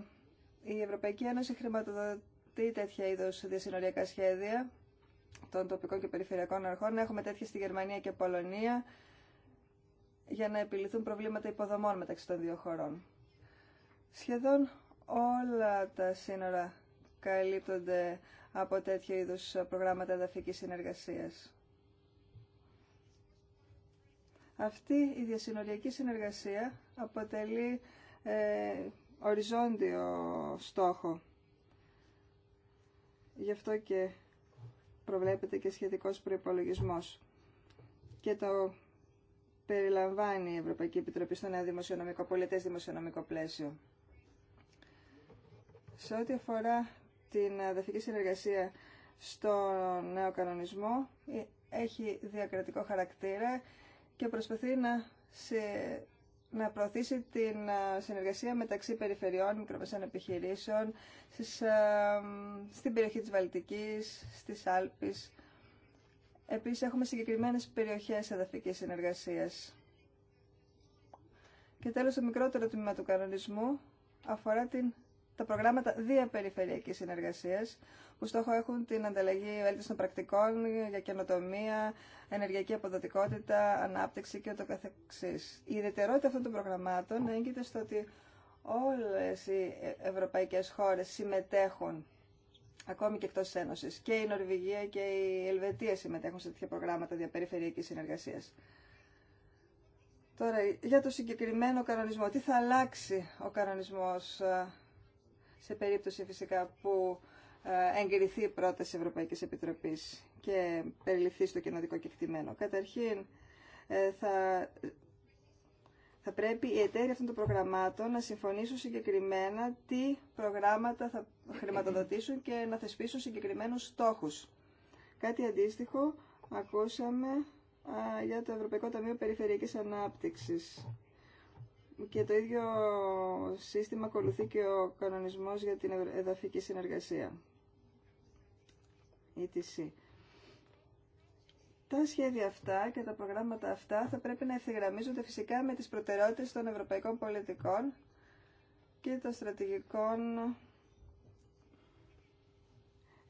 η Ευρωπαϊκή Ένωση χρηματοδοτεί τέτοια είδο διασυνοριακά σχέδια των τοπικών και περιφερειακών αρχών. Έχουμε τέτοια στη Γερμανία και Πολωνία για να επιληθούν προβλήματα υποδομών μεταξύ των δύο χωρών. Σχεδόν όλα τα σύνορα καλύπτονται από τέτοιου είδους προγράμματα εδαφικής συνεργασίας. Αυτή η διασυνοριακή συνεργασία αποτελεί ε, οριζόντιο στόχο. Γι' αυτό και προβλέπεται και σχετικός προϋπολογισμός. Και το περιλαμβάνει η Ευρωπαϊκή Επιτροπή στο νέο δημοσιονομικό, πολιτές δημοσιονομικό πλαίσιο. Σε ό,τι αφορά την ε, δαφική συνεργασία στο νέο κανονισμό, ε, έχει διακρατικό χαρακτήρα και προσπαθεί να, να προωθήσει την ε, συνεργασία μεταξύ περιφερειών, μικρομεσαίων επιχειρήσεων, στις, στην περιοχή της Βαλτικής, στις Άλπεις. Επίσης έχουμε συγκεκριμένες περιοχές εδαφικής συνεργασίας. Και τέλος το μικρότερο τμήμα του κανονισμού αφορά την τα προγράμματα διαπεριφερειακής συνεργασίας που στόχο έχουν την ανταλλαγή βέλτιστων πρακτικών για καινοτομία, ενεργειακή αποδοτικότητα, ανάπτυξη και ούτω καθεξής. Η ιδιαιτερότητα αυτών των προγραμμάτων έγκυται στο ότι όλες οι ευρωπαϊκές χώρες συμμετέχουν ακόμη και εκτός Ένωσης. Και η Νορβηγία και η Ελβετία συμμετέχουν σε τέτοια προγράμματα διαπεριφερειακής συνεργασίας. Τώρα, για το συγκεκριμένο κανονισμό, τι θα αλλάξει ο κανονισμό σε περίπτωση φυσικά που ε, εγκριθεί η πρόταση Ευρωπαϊκής Επιτροπής και περιληφθεί στο κοινοτικό κεκτημένο. Καταρχήν, ε, θα, θα πρέπει οι εταίροι αυτών των προγραμμάτων να συμφωνήσουν συγκεκριμένα τι προγράμματα θα χρηματοδοτήσουν και να θεσπίσουν συγκεκριμένους στόχους. Κάτι αντίστοιχο ακούσαμε για το Ευρωπαϊκό Ταμείο Περιφερειακής Ανάπτυξης και το ίδιο σύστημα ακολουθεί και ο κανονισμός για την εδαφική συνεργασία. ETC. Τα σχέδια αυτά και τα προγράμματα αυτά θα πρέπει να ευθυγραμμίζονται φυσικά με τις προτεραιότητες των ευρωπαϊκών πολιτικών και των στρατηγικών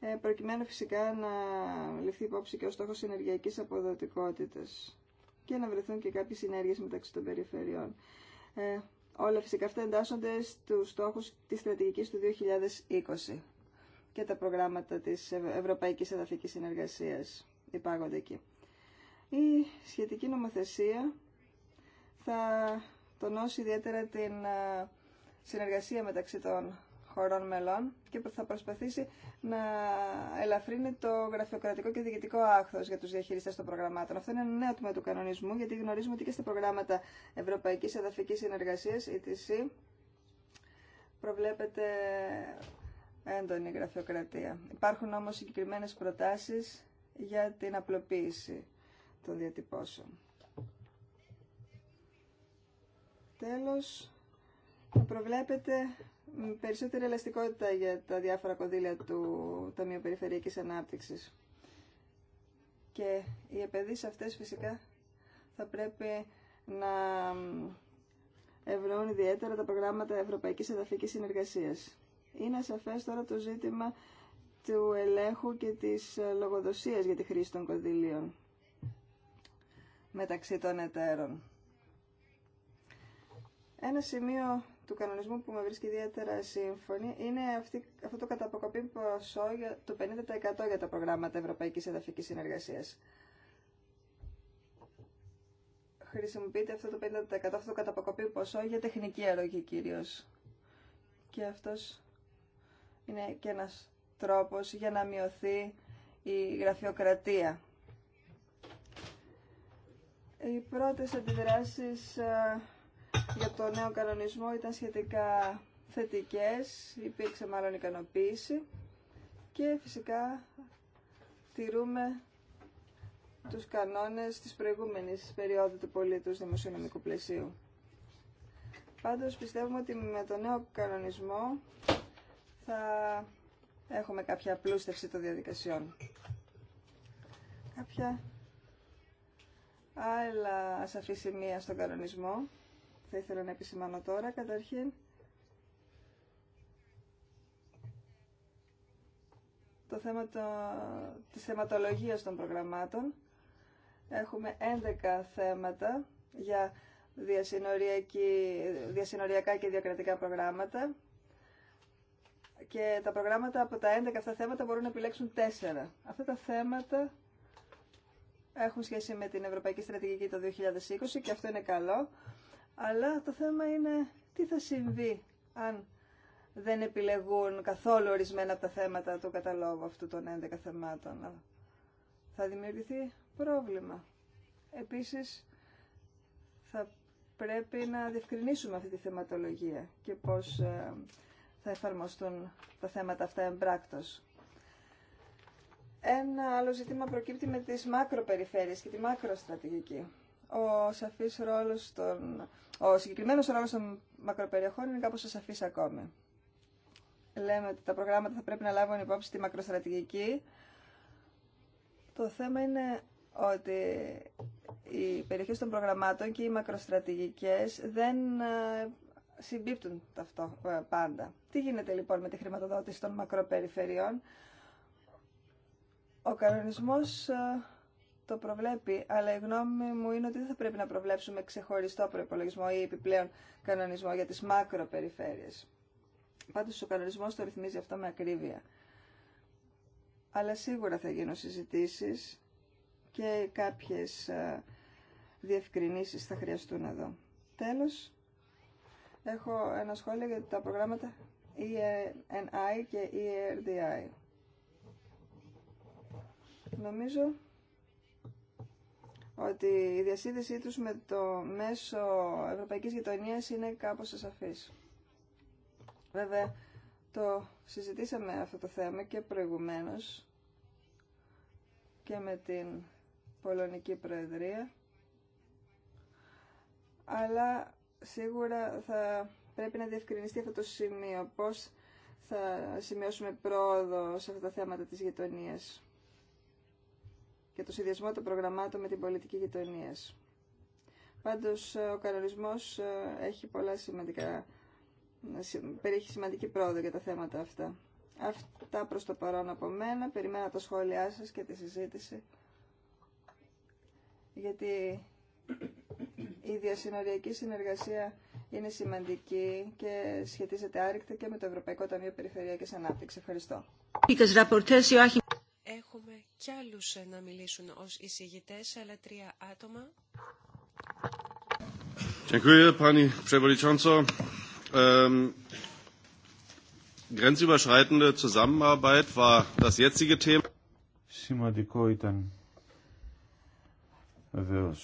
ε, προκειμένου φυσικά να ληφθεί υπόψη και ο στόχος ενεργειακής αποδοτικότητας και να βρεθούν και κάποιες συνέργειες μεταξύ των περιφερειών. Ε, όλα φυσικά αυτά εντάσσονται στους στόχους της στρατηγικής του 2020 και τα προγράμματα της Ευρωπαϊκής Εδαφικής Συνεργασίας υπάγονται εκεί. Η σχετική νομοθεσία θα τονώσει ιδιαίτερα την ε, συνεργασία μεταξύ των χωρών μελών και θα προσπαθήσει να ελαφρύνει το γραφειοκρατικό και διοικητικό άχθο για του διαχειριστέ των προγραμμάτων. Αυτό είναι ένα νέο τμήμα του κανονισμού, γιατί γνωρίζουμε ότι και στα προγράμματα Ευρωπαϊκή Εδαφική Συνεργασία, ETC, προβλέπεται έντονη γραφειοκρατία. Υπάρχουν όμως συγκεκριμένε προτάσεις για την απλοποίηση των διατυπώσεων. Τέλος, προβλέπεται περισσότερη ελαστικότητα για τα διάφορα κονδύλια του Ταμείου Περιφερειακής Ανάπτυξης. Και οι επενδύσεις αυτές φυσικά θα πρέπει να ευνοούν ιδιαίτερα τα προγράμματα Ευρωπαϊκής Εδαφικής Συνεργασίας. Είναι σαφές τώρα το ζήτημα του ελέγχου και της λογοδοσίας για τη χρήση των κονδυλίων μεταξύ των εταίρων. Ένα σημείο του κανονισμού που με βρίσκει ιδιαίτερα σύμφωνη είναι αυτή, αυτό το καταποκοπή ποσό για το 50% για τα προγράμματα Ευρωπαϊκής Εδαφικής Συνεργασίας. Χρησιμοποιείται αυτό το 50% αυτό το καταποκοπή ποσό για τεχνική αρρωγή κυρίω. Και αυτός είναι και ένας τρόπος για να μειωθεί η γραφειοκρατία. Οι πρώτες αντιδράσεις ε, για το νέο κανονισμό ήταν σχετικά θετικές, υπήρξε μάλλον ικανοποίηση και φυσικά τηρούμε τους κανόνες της προηγούμενης περίοδου του πολίτου δημοσιονομικού πλαισίου. Πάντως πιστεύουμε ότι με το νέο κανονισμό θα έχουμε κάποια πλούστευση των διαδικασιών. Κάποια άλλα σαφή σημεία στον κανονισμό θα ήθελα να επισημάνω τώρα. Καταρχήν, το θέμα το, της θεματολογίας των προγραμμάτων. Έχουμε 11 θέματα για διασυνοριακά και διακρατικά προγράμματα και τα προγράμματα από τα 11 αυτά θέματα μπορούν να επιλέξουν 4. Αυτά τα θέματα έχουν σχέση με την Ευρωπαϊκή Στρατηγική το 2020 και αυτό είναι καλό. Αλλά το θέμα είναι τι θα συμβεί αν δεν επιλεγούν καθόλου ορισμένα από τα θέματα του καταλόγου αυτού των 11 θεμάτων. Θα δημιουργηθεί πρόβλημα. Επίσης, θα πρέπει να διευκρινίσουμε αυτή τη θεματολογία και πώς ε, θα εφαρμοστούν τα θέματα αυτά εμπράκτος. Ένα άλλο ζήτημα προκύπτει με τις μακροπεριφέρειες και τη μακροστρατηγική ο σαφής ρόλος των... Ο συγκεκριμένος ρόλος των μακροπεριοχών είναι κάπως ασαφής ακόμη. Λέμε ότι τα προγράμματα θα πρέπει να λάβουν υπόψη τη μακροστρατηγική. Το θέμα είναι ότι οι περιοχές των προγραμμάτων και οι μακροστρατηγικές δεν ε, συμπίπτουν ταυτό ε, πάντα. Τι γίνεται λοιπόν με τη χρηματοδότηση των μακροπεριφερειών. Ο κανονισμός ε, το προβλέπει, αλλά η γνώμη μου είναι ότι δεν θα πρέπει να προβλέψουμε ξεχωριστό προπολογισμό ή επιπλέον κανονισμό για τις μακροπεριφέρειες. Πάντως ο κανονισμός το ρυθμίζει αυτό με ακρίβεια. Αλλά σίγουρα θα γίνουν συζητήσεις και κάποιες ε, διευκρινήσεις θα χρειαστούν εδώ. Τέλος, έχω ένα σχόλιο για τα προγράμματα ENI και ERDI. Νομίζω ότι η διασύνδεσή τους με το μέσο ευρωπαϊκής γειτονίας είναι κάπως ασαφής. Βέβαια, το συζητήσαμε αυτό το θέμα και προηγουμένως και με την Πολωνική Προεδρία, αλλά σίγουρα θα πρέπει να διευκρινιστεί αυτό το σημείο, πώς θα σημειώσουμε πρόοδο σε αυτά τα θέματα της γειτονίας για το συνδυασμό των προγραμμάτων με την πολιτική γειτονία. Πάντως, ε, ο κανονισμός ε, έχει πολλά σημαντικά, ε, περιέχει σημαντική πρόοδο για τα θέματα αυτά. Αυτά προς το παρόν από μένα. Περιμένω τα σχόλιά σας και τη συζήτηση. Γιατί η διασυνοριακή συνεργασία είναι σημαντική και σχετίζεται άρρηκτα και με το Ευρωπαϊκό Ταμείο Περιφερειακής Ανάπτυξης. Ευχαριστώ. Έχουμε κι άλλους ε, να μιλήσουν ως εισηγητές, αλλά τρία άτομα. Σημαντικό ήταν βεβαίω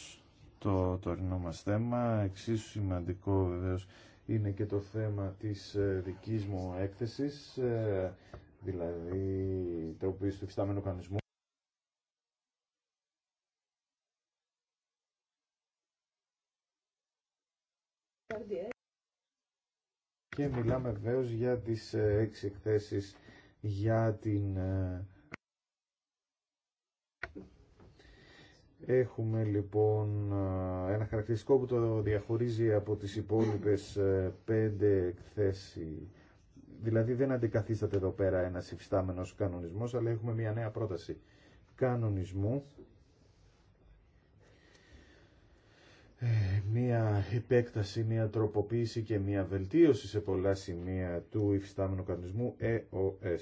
το τωρινό μας θέμα. Εξίσου σημαντικό βεβαίω είναι και το θέμα της ε, δικής μου έκθεσης ε, δηλαδή τροποποίηση του φυστάμενου κανονισμού. Και μιλάμε βεβαίω για τις ε, έξι εκθέσεις για την... Ε, Έχουμε λοιπόν ε, ένα χαρακτηριστικό που το διαχωρίζει από τις υπόλοιπες πέντε εκθέσεις Δηλαδή δεν αντικαθίσταται εδώ πέρα ένα υφιστάμενος κανονισμός, αλλά έχουμε μια νέα πρόταση κανονισμού, ε, μια επέκταση, μια τροποποίηση και μια βελτίωση σε πολλά σημεία του υφιστάμενου κανονισμού EOS. Ε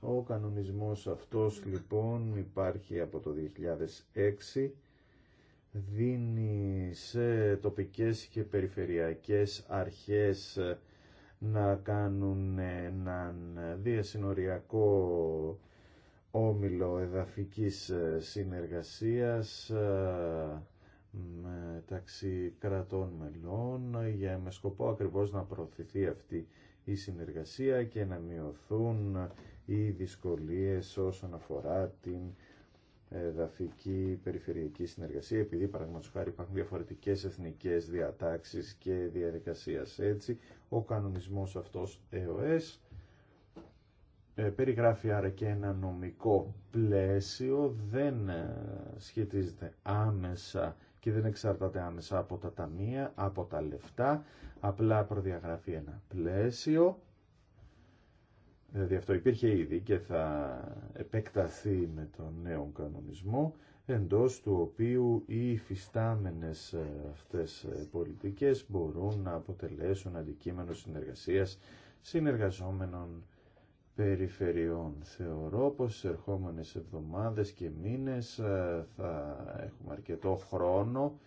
Ο κανονισμός αυτός λοιπόν υπάρχει από το 2006 δίνει σε τοπικές και περιφερειακές αρχές να κάνουν έναν διασυνοριακό όμιλο εδαφικής ε, συνεργασίας ε, μεταξύ κρατών μελών για με σκοπό ακριβώς να προωθηθεί αυτή η συνεργασία και να μειωθούν οι δυσκολίες όσον αφορά την εδαφική περιφερειακή συνεργασία, επειδή παραδείγματο, χάρη υπάρχουν διαφορετικέ εθνικές διατάξεις και διαδικασία. έτσι, ο κανονισμός αυτός ΕΟΕΣ ε, περιγράφει άρα και ένα νομικό πλαίσιο, δεν ε, σχετίζεται άμεσα και δεν εξαρτάται άμεσα από τα ταμεία, από τα λεφτά, απλά προδιαγράφει ένα πλαίσιο Δηλαδή αυτό υπήρχε ήδη και θα επεκταθεί με τον νέο κανονισμό εντός του οποίου οι υφιστάμενες ε, αυτές ε, πολιτικές μπορούν να αποτελέσουν αντικείμενο συνεργασίας συνεργαζόμενων περιφερειών. Θεωρώ πως στις ερχόμενες εβδομάδες και μήνες ε, θα έχουμε αρκετό χρόνο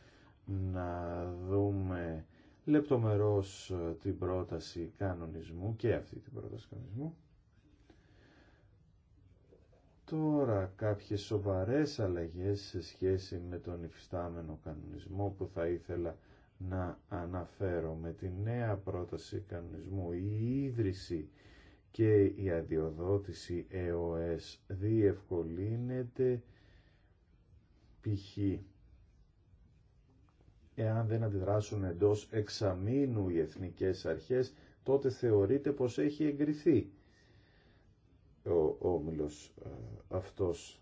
να δούμε λεπτομερώς την πρόταση κανονισμού και αυτή την πρόταση κανονισμού τώρα κάποιες σοβαρές αλλαγές σε σχέση με τον υφιστάμενο κανονισμό που θα ήθελα να αναφέρω με τη νέα πρόταση κανονισμού η ίδρυση και η αδειοδότηση ΕΟΕΣ διευκολύνεται π.χ. εάν δεν αντιδράσουν εντός εξαμήνου οι εθνικές αρχές τότε θεωρείται πως έχει εγκριθεί ο όμιλος ε, αυτός.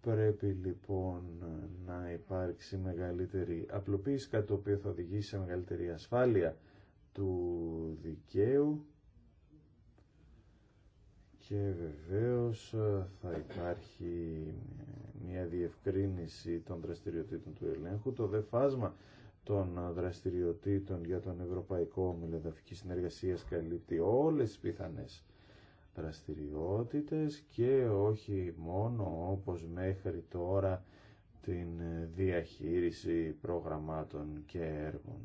Πρέπει λοιπόν ε, να υπάρξει μεγαλύτερη απλοποίηση, κάτι το οποίο θα οδηγήσει σε μεγαλύτερη ασφάλεια του δικαίου και βεβαίως ε, θα υπάρχει μια διευκρίνηση των δραστηριοτήτων του ελέγχου. Το δε φάσμα των δραστηριοτήτων για τον Ευρωπαϊκό Ομιλοδαφική Συνεργασία καλύπτει όλες τις πιθανές δραστηριότητες και όχι μόνο όπως μέχρι τώρα την διαχείριση προγραμμάτων και έργων.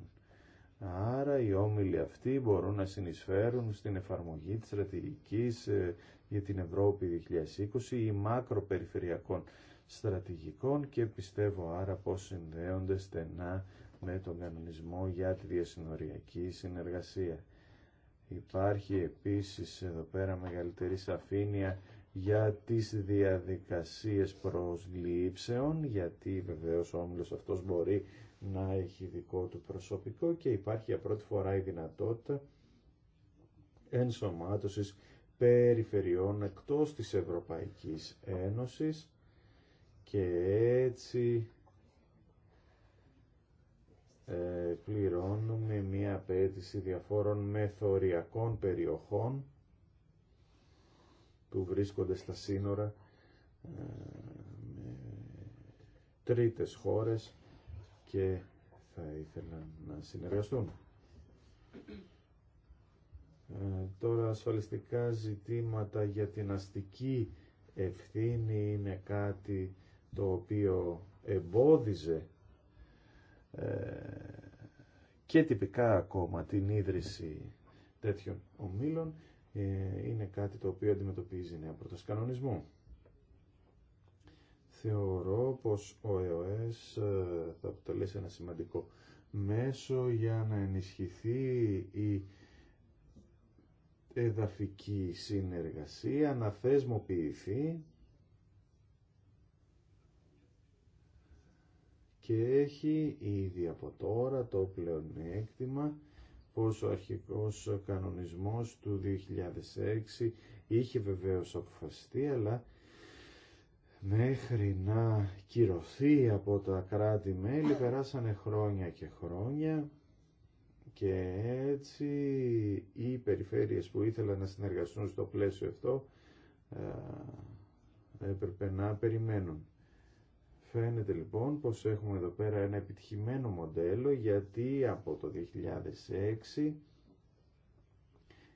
Άρα οι όμιλοι αυτοί μπορούν να συνεισφέρουν στην εφαρμογή της στρατηγικής ε, για την Ευρώπη 2020 ή μακροπεριφερειακών στρατηγικών και πιστεύω άρα πως συνδέονται στενά με τον κανονισμό για τη διασυνοριακή συνεργασία. Υπάρχει επίσης εδώ πέρα μεγαλύτερη σαφήνεια για τις διαδικασίες προσλήψεων, γιατί βεβαίως ο όμιλος αυτός μπορεί να έχει δικό του προσωπικό και υπάρχει για πρώτη φορά η δυνατότητα ενσωμάτωσης περιφερειών εκτός της Ευρωπαϊκής Ένωσης και έτσι ε, πληρώνουμε μία απέτηση διαφόρων μεθοριακών περιοχών που βρίσκονται στα σύνορα ε, με τρίτες χώρες και θα ήθελα να συνεργαστούν. Ε, τώρα ασφαλιστικά ζητήματα για την αστική ευθύνη είναι κάτι το οποίο εμπόδιζε ε, και τυπικά ακόμα την ίδρυση τέτοιων ομίλων ε, είναι κάτι το οποίο αντιμετωπίζει νέα πρόταση κανονισμού. Θεωρώ πως ο ΕΟΕΣ ε, θα αποτελέσει ένα σημαντικό μέσο για να ενισχυθεί η εδαφική συνεργασία, να θεσμοποιηθεί και έχει ήδη από τώρα το πλεονέκτημα πως ο αρχικός κανονισμός του 2006 είχε βεβαίως αποφασιστεί αλλά μέχρι να κυρωθεί από τα κράτη-μέλη περάσανε χρόνια και χρόνια και έτσι οι περιφέρειες που ήθελαν να συνεργαστούν στο πλαίσιο αυτό ε, έπρεπε να περιμένουν. Φαίνεται λοιπόν πως έχουμε εδώ πέρα ένα επιτυχημένο μοντέλο γιατί από το 2006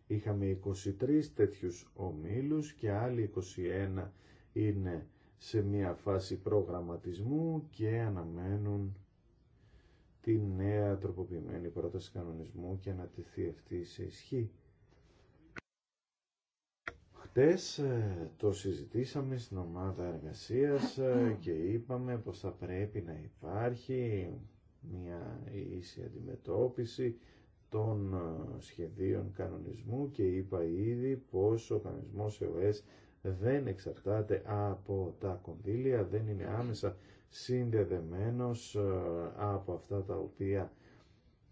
είχαμε 23 τέτοιους ομίλους και άλλοι 21 είναι σε μια φάση προγραμματισμού και αναμένουν τη νέα τροποποιημένη πρόταση κανονισμού και να τεθεί αυτή σε ισχύ. Χτες ε, το συζητήσαμε στην ομάδα εργασίας ε, και είπαμε πως θα πρέπει να υπάρχει μια ίση αντιμετώπιση των ε, σχεδίων κανονισμού και είπα ήδη πως ο κανονισμός ΕΟΕΣ δεν εξαρτάται από τα κονδύλια, δεν είναι άμεσα συνδεδεμένος από αυτά τα οποία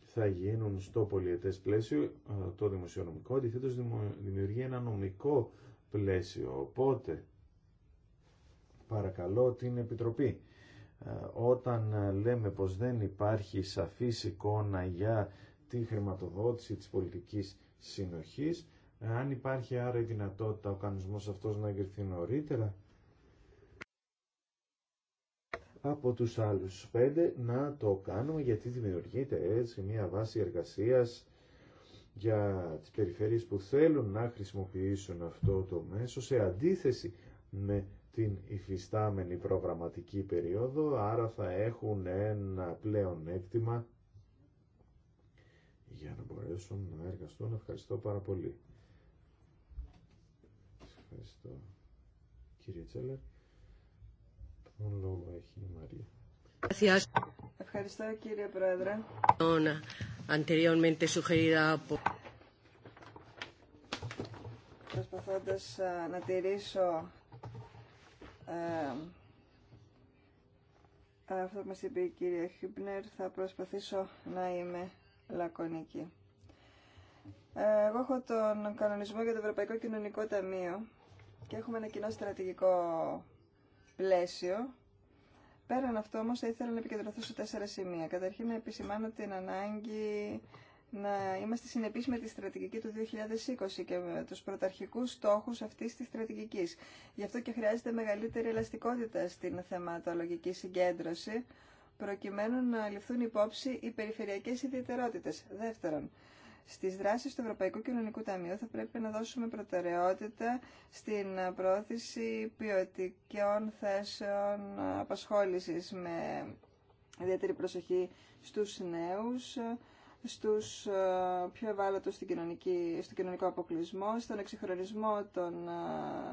θα γίνουν στο πολιετές πλαίσιο το δημοσιονομικό, αντιθέτως δημιουργεί ένα νομικό πλαίσιο. Οπότε, παρακαλώ την Επιτροπή, ε, όταν ε, λέμε πως δεν υπάρχει σαφής εικόνα για τη χρηματοδότηση της πολιτικής συνοχής, ε, αν υπάρχει άρα η δυνατότητα ο κανονισμός αυτός να εγκριθεί νωρίτερα, από τους άλλους πέντε να το κάνουμε γιατί δημιουργείται έτσι μια βάση εργασίας για τις περιφέρειες που θέλουν να χρησιμοποιήσουν αυτό το μέσο σε αντίθεση με την υφιστάμενη προγραμματική περίοδο, άρα θα έχουν ένα πλέον έκτημα για να μπορέσουν να εργαστούν. Ευχαριστώ πάρα πολύ. Ευχαριστώ κύριε Τσέλερ. Τον έχει η Μαρία. Ευχαριστώ κύριε Πρόεδρε. Προσπαθώντας να τηρήσω ε, αυτό που μας είπε η κυρία Χιμπνερ θα προσπαθήσω να είμαι λακωνική. Ε, εγώ έχω τον κανονισμό για το Ευρωπαϊκό Κοινωνικό Ταμείο και έχουμε ένα κοινό στρατηγικό πλαίσιο Πέραν αυτό όμως θα ήθελα να επικεντρωθώ σε τέσσερα σημεία. Καταρχήν να επισημάνω την ανάγκη να είμαστε συνεπείς με τη στρατηγική του 2020 και με τους πρωταρχικούς στόχους αυτής της στρατηγικής. Γι' αυτό και χρειάζεται μεγαλύτερη ελαστικότητα στην θεματολογική συγκέντρωση, προκειμένου να ληφθούν υπόψη οι περιφερειακές ιδιαιτερότητες. Δεύτερον, στις δράσεις του Ευρωπαϊκού Κοινωνικού Ταμείου θα πρέπει να δώσουμε προτεραιότητα στην πρόθεση ποιοτικών θέσεων απασχόληση με ιδιαίτερη προσοχή στους νέους, στους ε, πιο ευάλωτους στην στο κοινωνικό αποκλεισμό, στον εξυγχρονισμό των ε,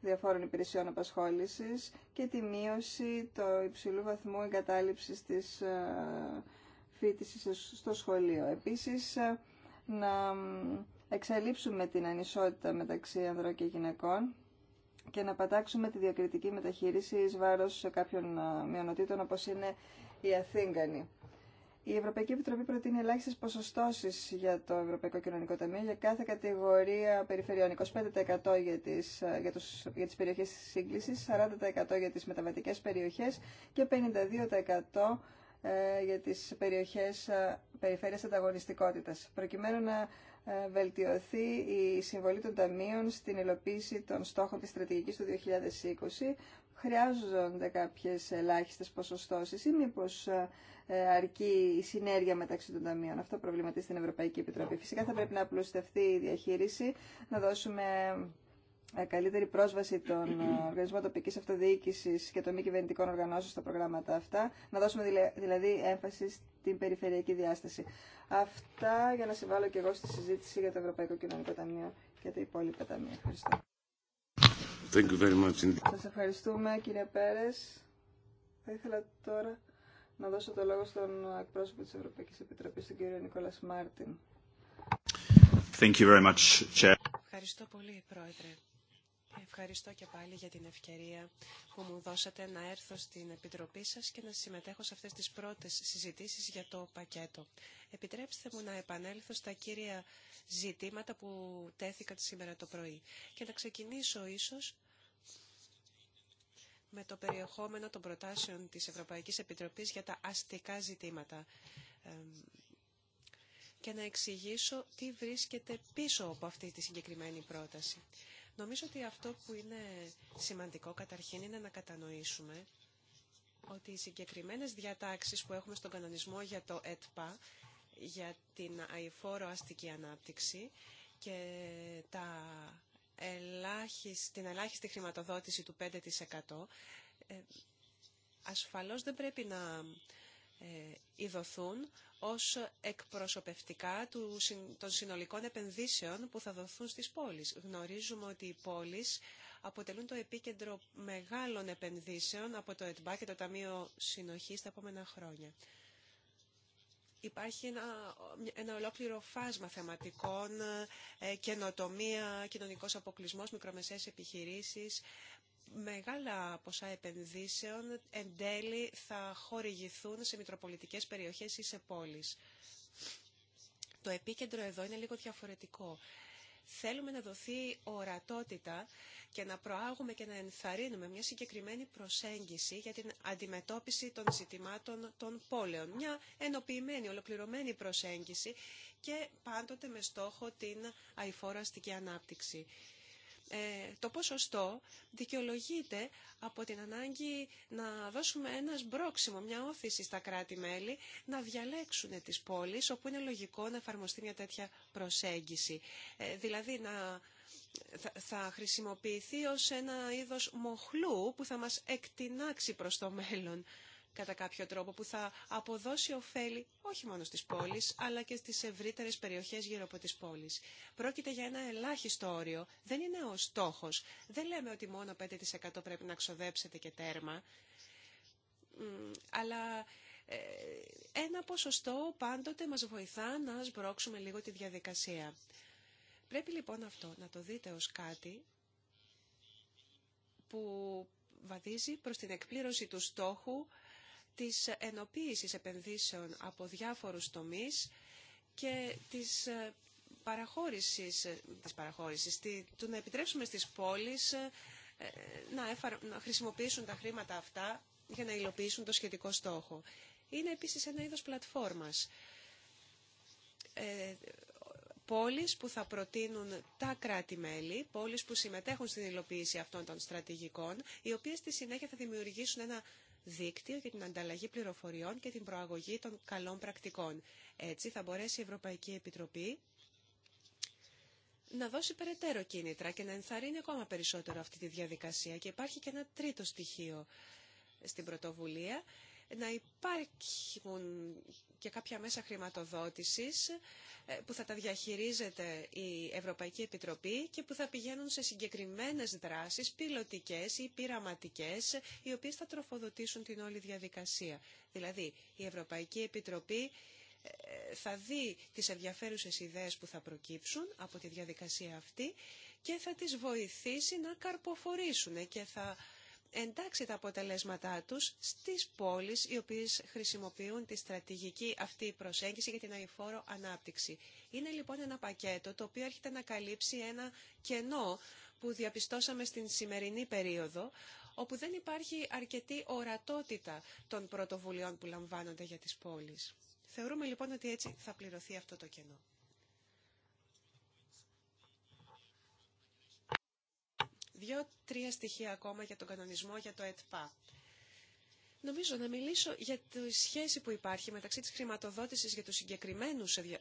διαφόρων υπηρεσιών απασχόλησης και τη μείωση του υψηλού βαθμού εγκατάλειψης της ε, φίτηση στο σχολείο. Επίσης, ε, να εξαλείψουμε την ανισότητα μεταξύ ανδρών και γυναικών και να πατάξουμε τη διακριτική μεταχείριση εις βάρος κάποιων ε, μειονοτήτων όπως είναι οι Αθήγανοι. Η Ευρωπαϊκή Επιτροπή προτείνει ελάχιστε ποσοστώσει για το Ευρωπαϊκό Κοινωνικό Ταμείο για κάθε κατηγορία περιφερειών. 25% για τι για για τις περιοχέ τη σύγκληση, 40% για τι μεταβατικέ περιοχέ και 52% ε, για τις περιοχές ε, περιφέρειας ανταγωνιστικότητας, προκειμένου να ε, βελτιωθεί η συμβολή των ταμείων στην υλοποίηση των στόχων της στρατηγικής του 2020, χρειάζονται κάποιες ελάχιστες ποσοστώσεις ή μήπω αρκεί η συνέργεια μεταξύ των ταμείων. Αυτό προβληματίζει την Ευρωπαϊκή Επιτροπή. Φυσικά θα πρέπει να απλουστευτεί η διαχείριση, να δώσουμε ε, καλύτερη πρόσβαση των ε, οργανισμών τοπική αυτοδιοίκηση και των μη κυβερνητικών οργανώσεων στα προγράμματα αυτά, να δώσουμε δηλαδή έμφαση στην περιφερειακή διάσταση. Αυτά για να συμβάλλω και εγώ στη συζήτηση για το Ευρωπαϊκό Κοινωνικό Ταμείο και τα υπόλοιπα ταμεία. Ευχαριστώ. Thank Σας ευχαριστούμε κύριε Πέρες. Θα ήθελα τώρα να δώσω το λόγο στον εκπρόσωπο της Ευρωπαϊκής Επιτροπής, τον κύριο Νικόλα Μάρτιν. Thank you very much, Chair. Ευχαριστώ πολύ, Πρόεδρε. Ευχαριστώ και πάλι για την ευκαιρία που μου δώσατε να έρθω στην Επιτροπή σας και να συμμετέχω σε αυτές τις πρώτες συζητήσεις για το πακέτο. Επιτρέψτε μου να επανέλθω στα κύρια ζητήματα που τέθηκαν σήμερα το πρωί και να ξεκινήσω ίσως με το περιεχόμενο των προτάσεων της Ευρωπαϊκής Επιτροπής για τα αστικά ζητήματα και να εξηγήσω τι βρίσκεται πίσω από αυτή τη συγκεκριμένη πρόταση. Νομίζω ότι αυτό που είναι σημαντικό καταρχήν είναι να κατανοήσουμε ότι οι συγκεκριμένες διατάξεις που έχουμε στον κανονισμό για το ΕΤΠΑ, για την αηφόρο αστική ανάπτυξη και τα ελάχιστη, την ελάχιστη χρηματοδότηση του 5% ε, ασφαλώς δεν πρέπει να ε, ειδωθούν ως εκπροσωπευτικά του, των συνολικών επενδύσεων που θα δοθούν στις πόλεις. Γνωρίζουμε ότι οι πόλεις αποτελούν το επίκεντρο μεγάλων επενδύσεων από το ΕΤΜΑ και το Ταμείο Συνοχής τα επόμενα χρόνια. Υπάρχει ένα, ένα ολόκληρο φάσμα θεματικών, ε, καινοτομία, κοινωνικός αποκλεισμός, μικρομεσαίες επιχειρήσεις, μεγάλα ποσά επενδύσεων εν τέλει θα χορηγηθούν σε μητροπολιτικές περιοχές ή σε πόλεις. Το επίκεντρο εδώ είναι λίγο διαφορετικό. Θέλουμε να δοθεί ορατότητα και να προάγουμε και να ενθαρρύνουμε μια συγκεκριμένη προσέγγιση για την αντιμετώπιση των ζητημάτων των πόλεων. Μια ενοποιημένη, ολοκληρωμένη προσέγγιση και πάντοτε με στόχο την αηφόραστική ανάπτυξη. Ε, το ποσοστό δικαιολογείται από την ανάγκη να δώσουμε ένα σμπρόξιμο, μια όθηση στα κράτη-μέλη να διαλέξουν τις πόλεις όπου είναι λογικό να εφαρμοστεί μια τέτοια προσέγγιση. Ε, δηλαδή να θα χρησιμοποιηθεί ως ένα είδος μοχλού που θα μας εκτινάξει προς το μέλλον κατά κάποιο τρόπο που θα αποδώσει ωφέλη όχι μόνο στις πόλεις αλλά και στις ευρύτερες περιοχές γύρω από τις πόλεις. Πρόκειται για ένα ελάχιστο όριο, δεν είναι ο στόχος. Δεν λέμε ότι μόνο 5% πρέπει να ξοδέψετε και τέρμα, αλλά ε, ένα ποσοστό πάντοτε μας βοηθά να σμπρώξουμε λίγο τη διαδικασία. Πρέπει λοιπόν αυτό να το δείτε ως κάτι που βαδίζει προς την εκπλήρωση του στόχου της ενοποίησης επενδύσεων από διάφορους τομείς και της ε, παραχώρησης, ε, της παραχώρησης του να επιτρέψουμε στις πόλεις ε, να χρησιμοποιήσουν τα χρήματα αυτά για να υλοποιήσουν το σχετικό στόχο. Είναι επίσης ένα είδος πλατφόρμας. Ε, πόλεις που θα προτείνουν τα κράτη-μέλη, πόλεις που συμμετέχουν στην υλοποίηση αυτών των στρατηγικών, οι οποίες στη συνέχεια θα δημιουργήσουν ένα δίκτυο για την ανταλλαγή πληροφοριών και την προαγωγή των καλών πρακτικών. Έτσι θα μπορέσει η Ευρωπαϊκή Επιτροπή να δώσει περαιτέρω κίνητρα και να ενθαρρύνει ακόμα περισσότερο αυτή τη διαδικασία. Και υπάρχει και ένα τρίτο στοιχείο στην πρωτοβουλία να υπάρχουν και κάποια μέσα χρηματοδότησης ε, που θα τα διαχειρίζεται η Ευρωπαϊκή Επιτροπή και που θα πηγαίνουν σε συγκεκριμένες δράσεις πιλωτικές ή πειραματικές οι οποίες θα τροφοδοτήσουν την όλη διαδικασία. Δηλαδή η Ευρωπαϊκή Επιτροπή ε, θα δει τις ενδιαφέρουσες ιδέες που θα προκύψουν από τη διαδικασία αυτή και θα τις βοηθήσει να καρποφορήσουν εντάξει τα αποτελέσματά τους στις πόλεις οι οποίες χρησιμοποιούν τη στρατηγική αυτή προσέγγιση για την αηφόρο ανάπτυξη. Είναι λοιπόν ένα πακέτο το οποίο έρχεται να καλύψει ένα κενό που διαπιστώσαμε στην σημερινή περίοδο, όπου δεν υπάρχει αρκετή ορατότητα των πρωτοβουλειών που λαμβάνονται για τις πόλεις. Θεωρούμε λοιπόν ότι έτσι θα πληρωθεί αυτό το κενό. δύο-τρία στοιχεία ακόμα για τον κανονισμό για το ΕΤΠΑ. Νομίζω να μιλήσω για τη σχέση που υπάρχει μεταξύ της χρηματοδότησης για τους συγκεκριμένους ε,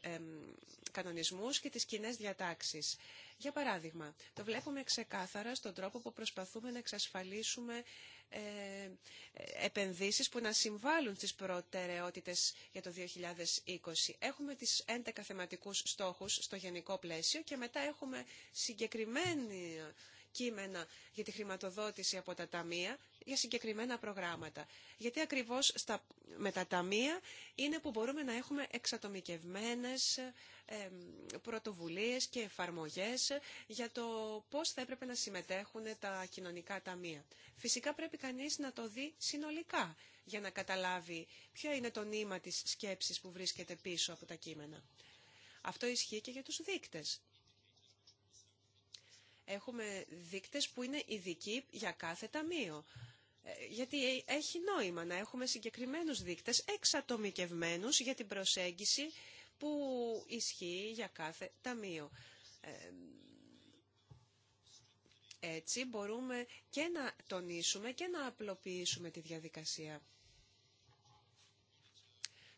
κανονισμούς και τις κοινέ διατάξεις. Για παράδειγμα, το βλέπουμε ξεκάθαρα στον τρόπο που προσπαθούμε να εξασφαλίσουμε ε, επενδύσεις που να συμβάλλουν στις προτεραιότητες για το 2020. Έχουμε τις 11 θεματικούς στόχους στο γενικό πλαίσιο και μετά έχουμε συγκεκριμένη κείμενα για τη χρηματοδότηση από τα ταμεία για συγκεκριμένα προγράμματα. Γιατί ακριβώς στα, με τα ταμεία είναι που μπορούμε να έχουμε εξατομικευμένες ε, πρωτοβουλίες και εφαρμογές για το πώς θα έπρεπε να συμμετέχουν τα κοινωνικά ταμεία. Φυσικά πρέπει κανείς να το δει συνολικά για να καταλάβει ποιο είναι το νήμα της σκέψης που βρίσκεται πίσω από τα κείμενα. Αυτό ισχύει και για τους δείκτες. Έχουμε δείκτες που είναι ειδικοί για κάθε ταμείο. Ε, γιατί ε, έχει νόημα να έχουμε συγκεκριμένους δείκτες εξατομικευμένους για την προσέγγιση που ισχύει για κάθε ταμείο. Ε, έτσι μπορούμε και να τονίσουμε και να απλοποιήσουμε τη διαδικασία.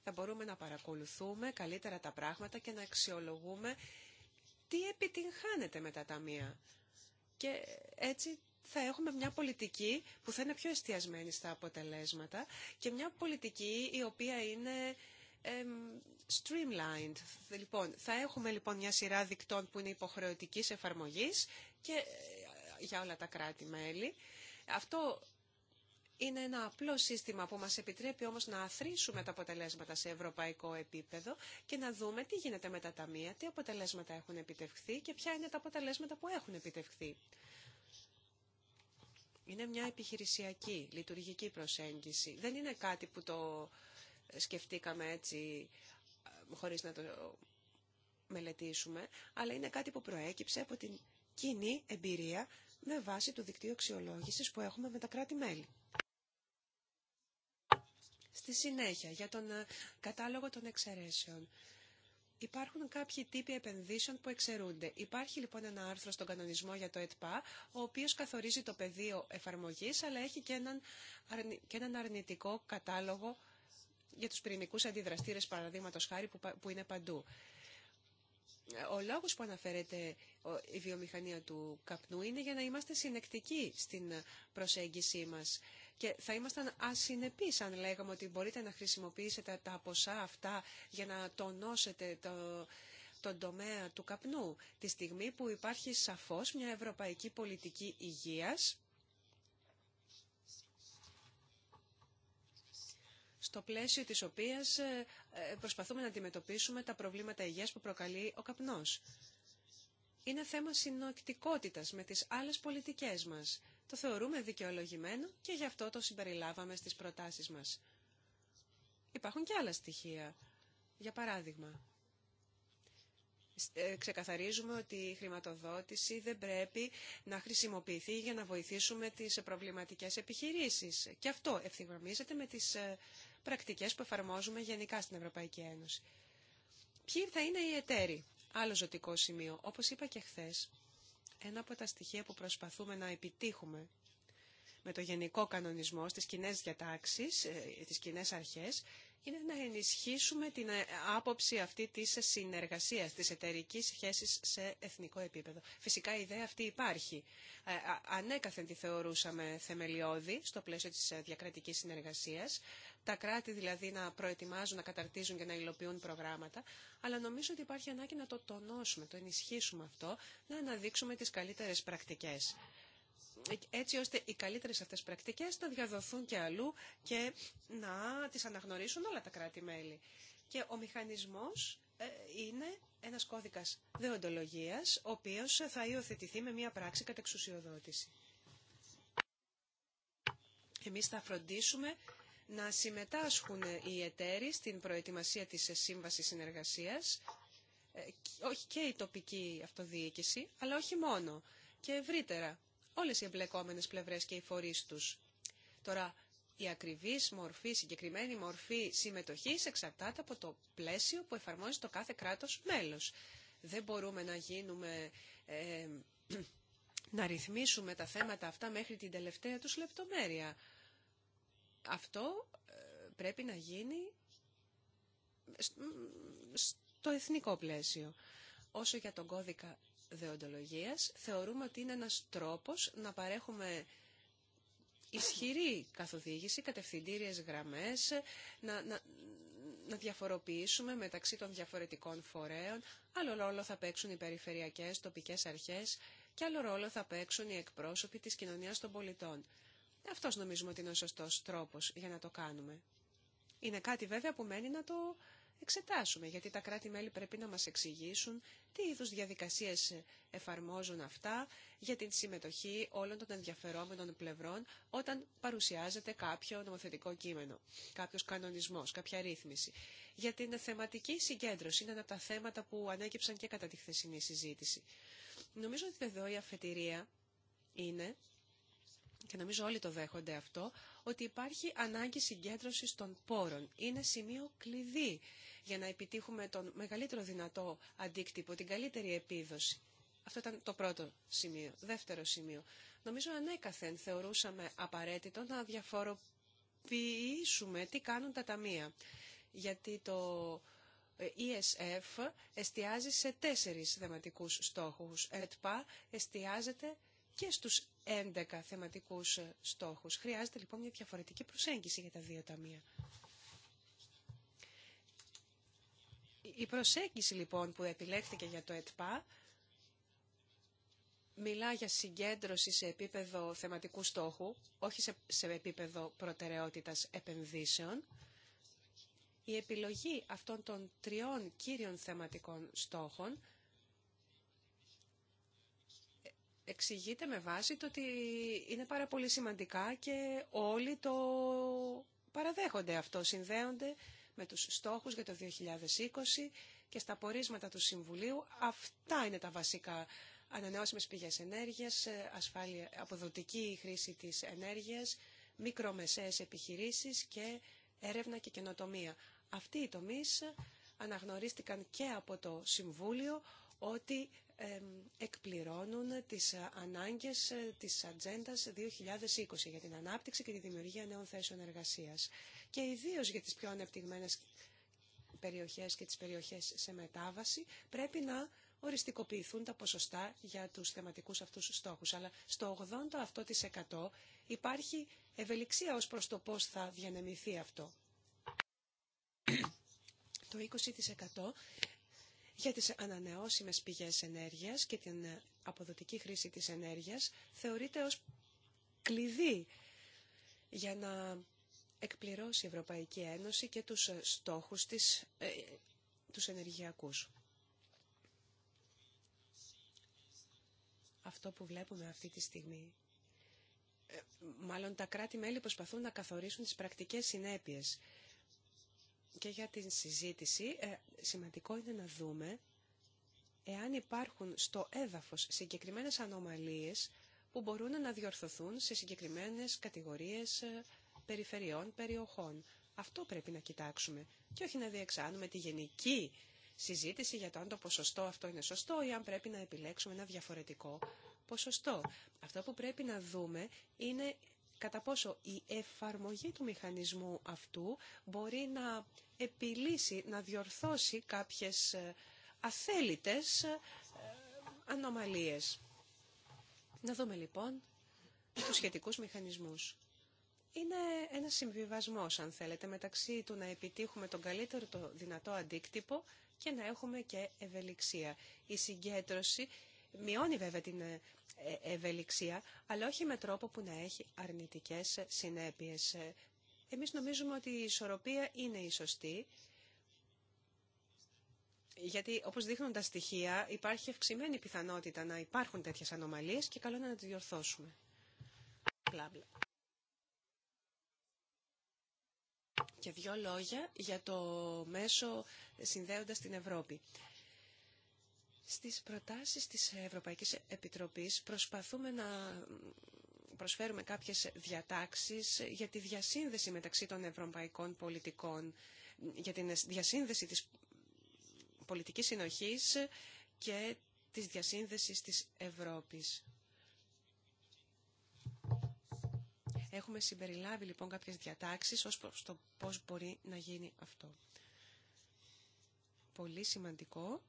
Θα μπορούμε να παρακολουθούμε καλύτερα τα πράγματα και να αξιολογούμε τι επιτυγχάνεται με τα ταμεία. Και έτσι θα έχουμε μια πολιτική που θα είναι πιο εστιασμένη στα αποτελέσματα και μια πολιτική η οποία είναι streamlined. Λοιπόν, θα έχουμε λοιπόν μια σειρά δικτών που είναι υποχρεωτικής εφαρμογής και ε, για όλα τα κράτη-μέλη. Αυτό είναι ένα απλό σύστημα που μας επιτρέπει όμως να αθροίσουμε τα αποτελέσματα σε ευρωπαϊκό επίπεδο και να δούμε τι γίνεται με τα ταμεία, τι αποτελέσματα έχουν επιτευχθεί και ποια είναι τα αποτελέσματα που έχουν επιτευχθεί. Είναι μια επιχειρησιακή, λειτουργική προσέγγιση. Δεν είναι κάτι που το σκεφτήκαμε έτσι ε, χωρίς να το μελετήσουμε, αλλά είναι κάτι που προέκυψε από την κοινή εμπειρία με βάση του δικτύου αξιολόγησης που έχουμε με τα κράτη-μέλη στη συνέχεια για τον ε, κατάλογο των εξαιρέσεων. Υπάρχουν κάποιοι τύποι επενδύσεων που εξαιρούνται. Υπάρχει λοιπόν ένα άρθρο στον κανονισμό για το ΕΤΠΑ, ο οποίος καθορίζει το πεδίο εφαρμογής, αλλά έχει και έναν, αρνητικό κατάλογο για τους πυρηνικού αντιδραστήρες, παραδείγματος χάρη, που, που είναι παντού. Ο λόγος που αναφέρεται η βιομηχανία του καπνού είναι για να είμαστε συνεκτικοί στην προσέγγιση μας. Και θα ήμασταν ασυνεπεί αν λέγαμε ότι μπορείτε να χρησιμοποιήσετε τα ποσά αυτά για να τονώσετε το, τον τομέα του καπνού. Τη στιγμή που υπάρχει σαφώς μια ευρωπαϊκή πολιτική υγείας, στο πλαίσιο της οποίας ε, ε, προσπαθούμε να αντιμετωπίσουμε τα προβλήματα υγείας που προκαλεί ο καπνός. Είναι θέμα συνοκτικότητας με τις άλλες πολιτικές μας το θεωρούμε δικαιολογημένο και γι' αυτό το συμπεριλάβαμε στις προτάσεις μας. Υπάρχουν και άλλα στοιχεία. Για παράδειγμα, ε, ξεκαθαρίζουμε ότι η χρηματοδότηση δεν πρέπει να χρησιμοποιηθεί για να βοηθήσουμε τις προβληματικές επιχειρήσεις. Και αυτό ευθυγραμμίζεται με τις ε, πρακτικές που εφαρμόζουμε γενικά στην Ευρωπαϊκή Ένωση. Ποιοι θα είναι οι εταίροι. Άλλο ζωτικό σημείο. Όπως είπα και χθες, ένα από τα στοιχεία που προσπαθούμε να επιτύχουμε με το γενικό κανονισμό στις κοινέ διατάξεις, ε, τις κοινέ αρχές, είναι να ενισχύσουμε την ε, άποψη αυτή της συνεργασίας, της εταιρική σχέσης σε εθνικό επίπεδο. Φυσικά η ιδέα αυτή υπάρχει. Ε, ανέκαθεν τη θεωρούσαμε θεμελιώδη στο πλαίσιο της διακρατικής συνεργασίας, τα κράτη δηλαδή να προετοιμάζουν, να καταρτίζουν και να υλοποιούν προγράμματα, αλλά νομίζω ότι υπάρχει ανάγκη να το τονώσουμε, το ενισχύσουμε αυτό, να αναδείξουμε τις καλύτερες πρακτικές έτσι ώστε οι καλύτερες αυτές πρακτικές να διαδοθούν και αλλού και να τις αναγνωρίσουν όλα τα κράτη-μέλη. Και ο μηχανισμός ε, είναι ένας κώδικας δεοντολογίας, ο οποίος θα υιοθετηθεί με μια πράξη κατεξουσιοδότηση. Εμείς θα φροντίσουμε να συμμετάσχουν οι εταίροι στην προετοιμασία της σύμβασης συνεργασίας ε, και η τοπική αυτοδιοίκηση, αλλά όχι μόνο και ευρύτερα όλες οι εμπλεκόμενες πλευρές και οι φορείς τους. Τώρα, η ακριβής μορφή, συγκεκριμένη μορφή συμμετοχής εξαρτάται από το πλαίσιο που εφαρμόζει το κάθε κράτος μέλος. Δεν μπορούμε να γίνουμε, ε, (clears throat) να ρυθμίσουμε τα θέματα αυτά μέχρι την τελευταία τους λεπτομέρεια. Αυτό ε, πρέπει να γίνει στο εθνικό πλαίσιο. Όσο για τον κώδικα δεοντολογίας, θεωρούμε ότι είναι ένας τρόπος να παρέχουμε ισχυρή καθοδήγηση, κατευθυντήριες γραμμές, να, να, να διαφοροποιήσουμε μεταξύ των διαφορετικών φορέων. Άλλο ρόλο θα παίξουν οι περιφερειακές, τοπικές αρχές και άλλο ρόλο θα παίξουν οι εκπρόσωποι της κοινωνίας των πολιτών. Αυτός νομίζουμε ότι είναι ο σωστός τρόπος για να το κάνουμε. Είναι κάτι βέβαια που μένει να το εξετάσουμε, γιατί τα κράτη-μέλη πρέπει να μας εξηγήσουν τι είδους διαδικασίες εφαρμόζουν αυτά για την συμμετοχή όλων των ενδιαφερόμενων πλευρών όταν παρουσιάζεται κάποιο νομοθετικό κείμενο, κάποιος κανονισμός, κάποια ρύθμιση. Για την θεματική συγκέντρωση είναι ένα από τα θέματα που ανέκυψαν και κατά τη χθεσινή συζήτηση. Νομίζω ότι εδώ η αφετηρία είναι και νομίζω όλοι το δέχονται αυτό, ότι υπάρχει ανάγκη συγκέντρωσης των πόρων. Είναι σημείο κλειδί για να επιτύχουμε τον μεγαλύτερο δυνατό αντίκτυπο, την καλύτερη επίδοση. Αυτό ήταν το πρώτο σημείο. Δεύτερο σημείο. Νομίζω ανέκαθεν θεωρούσαμε απαραίτητο να διαφοροποιήσουμε τι κάνουν τα ταμεία. Γιατί το ε, ESF εστιάζει σε τέσσερις θεματικούς στόχους. ΕΤΠΑ εστιάζεται και στους 11 θεματικούς ε, στόχους. Χρειάζεται λοιπόν μια διαφορετική προσέγγιση για τα δύο ταμεία. Η προσέγγιση λοιπόν που επιλέχθηκε για το ΕΤΠΑ μιλά για συγκέντρωση σε επίπεδο θεματικού στόχου, όχι σε, επίπεδο προτεραιότητας επενδύσεων. Η επιλογή αυτών των τριών κύριων θεματικών στόχων εξηγείται με βάση το ότι είναι πάρα πολύ σημαντικά και όλοι το παραδέχονται αυτό. Συνδέονται με τους στόχους για το 2020 και στα πορίσματα του Συμβουλίου. Αυτά είναι τα βασικά. Ανανεώσιμες πηγές ενέργειας, ε, ασφάλεια, αποδοτική χρήση της ενέργειας, μικρομεσαίες επιχειρήσεις και έρευνα και καινοτομία. Αυτοί οι τομείς αναγνωρίστηκαν και από το Συμβούλιο ότι εκπληρώνουν τις ε, ανάγκες ε, της Ατζέντα 2020 για την ανάπτυξη και τη δημιουργία νέων θέσεων εργασίας. Και ιδίως για τις πιο ανεπτυγμένες περιοχές και τις περιοχές σε μετάβαση πρέπει να οριστικοποιηθούν τα ποσοστά για τους θεματικούς αυτούς στόχους. Αλλά στο 80% αυτό υπάρχει ευελιξία ως προς το πώς θα διανεμηθεί αυτό. Το 20% για τις ανανεώσιμες πηγές ενέργειας και την αποδοτική χρήση της ενέργειας θεωρείται ως κλειδί για να εκπληρώσει η Ευρωπαϊκή Ένωση και τους στόχους της, ε, τους ενεργειακούς. Αυτό που βλέπουμε αυτή τη στιγμή ε, μάλλον τα κράτη-μέλη προσπαθούν να καθορίσουν τις πρακτικές συνέπειες και για την συζήτηση. Ε, σημαντικό είναι να δούμε εάν υπάρχουν στο έδαφος συγκεκριμένες ανομαλίες που μπορούν να διορθωθούν σε συγκεκριμένες κατηγορίες ε, περιφερειών, περιοχών. Αυτό πρέπει να κοιτάξουμε και όχι να διεξάνουμε τη γενική συζήτηση για το αν το ποσοστό αυτό είναι σωστό ή αν πρέπει να επιλέξουμε ένα διαφορετικό ποσοστό. Αυτό που πρέπει να δούμε είναι κατά πόσο η εφαρμογή του μηχανισμού αυτού μπορεί να επιλύσει, να διορθώσει κάποιες ε, αθέλητες ε, ανομαλίες. Να δούμε λοιπόν τους σχετικούς μηχανισμούς. Είναι ένα συμβιβασμός, αν θέλετε, μεταξύ του να επιτύχουμε τον καλύτερο το δυνατό αντίκτυπο και να έχουμε και ευελιξία. Η συγκέντρωση Μειώνει βέβαια την ε, ε, ευελιξία, αλλά όχι με τρόπο που να έχει αρνητικές συνέπειες. Εμείς νομίζουμε ότι η ισορροπία είναι η σωστή, γιατί όπως δείχνουν τα στοιχεία υπάρχει ευξημένη πιθανότητα να υπάρχουν τέτοιες ανομαλίες και καλό είναι να τις διορθώσουμε. Και δύο λόγια για το μέσο συνδέοντας την Ευρώπη. Στις προτάσεις της Ευρωπαϊκής Επιτροπής προσπαθούμε να προσφέρουμε κάποιες διατάξεις για τη διασύνδεση μεταξύ των ευρωπαϊκών πολιτικών, για τη διασύνδεση της πολιτικής συνοχής και της διασύνδεσης της Ευρώπης. Έχουμε συμπεριλάβει λοιπόν κάποιες διατάξεις ως προς το πώς μπορεί να γίνει αυτό. Πολύ σημαντικό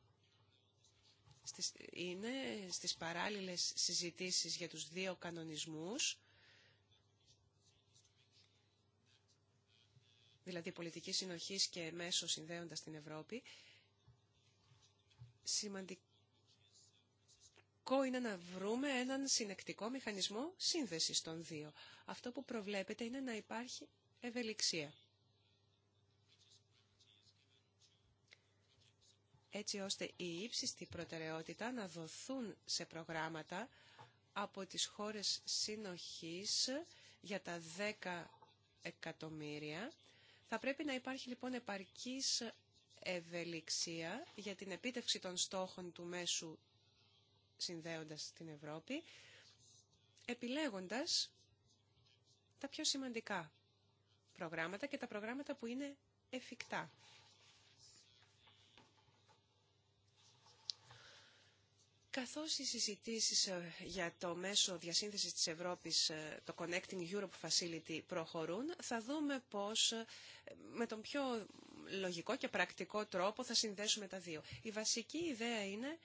είναι στις παράλληλες συζητήσεις για τους δύο κανονισμούς, δηλαδή πολιτική συνοχής και μέσο συνδέοντα την Ευρώπη, σημαντικό είναι να βρούμε έναν συνεκτικό μηχανισμό σύνδεση των δύο. Αυτό που προβλέπεται είναι να υπάρχει ευελιξία. έτσι ώστε η ύψιστη προτεραιότητα να δοθούν σε προγράμματα από τις χώρες συνοχής για τα 10 εκατομμύρια. Θα πρέπει να υπάρχει λοιπόν επαρκής ευελιξία για την επίτευξη των στόχων του μέσου συνδέοντας την Ευρώπη, επιλέγοντας τα πιο σημαντικά προγράμματα και τα προγράμματα που είναι εφικτά. καθώς οι συζητήσεις ε, για το μέσο διασύνδεσης της Ευρώπης, ε, το Connecting Europe Facility, προχωρούν, θα δούμε πώς ε, με τον πιο λογικό και πρακτικό τρόπο θα συνδέσουμε τα δύο. Η βασική ιδέα είναι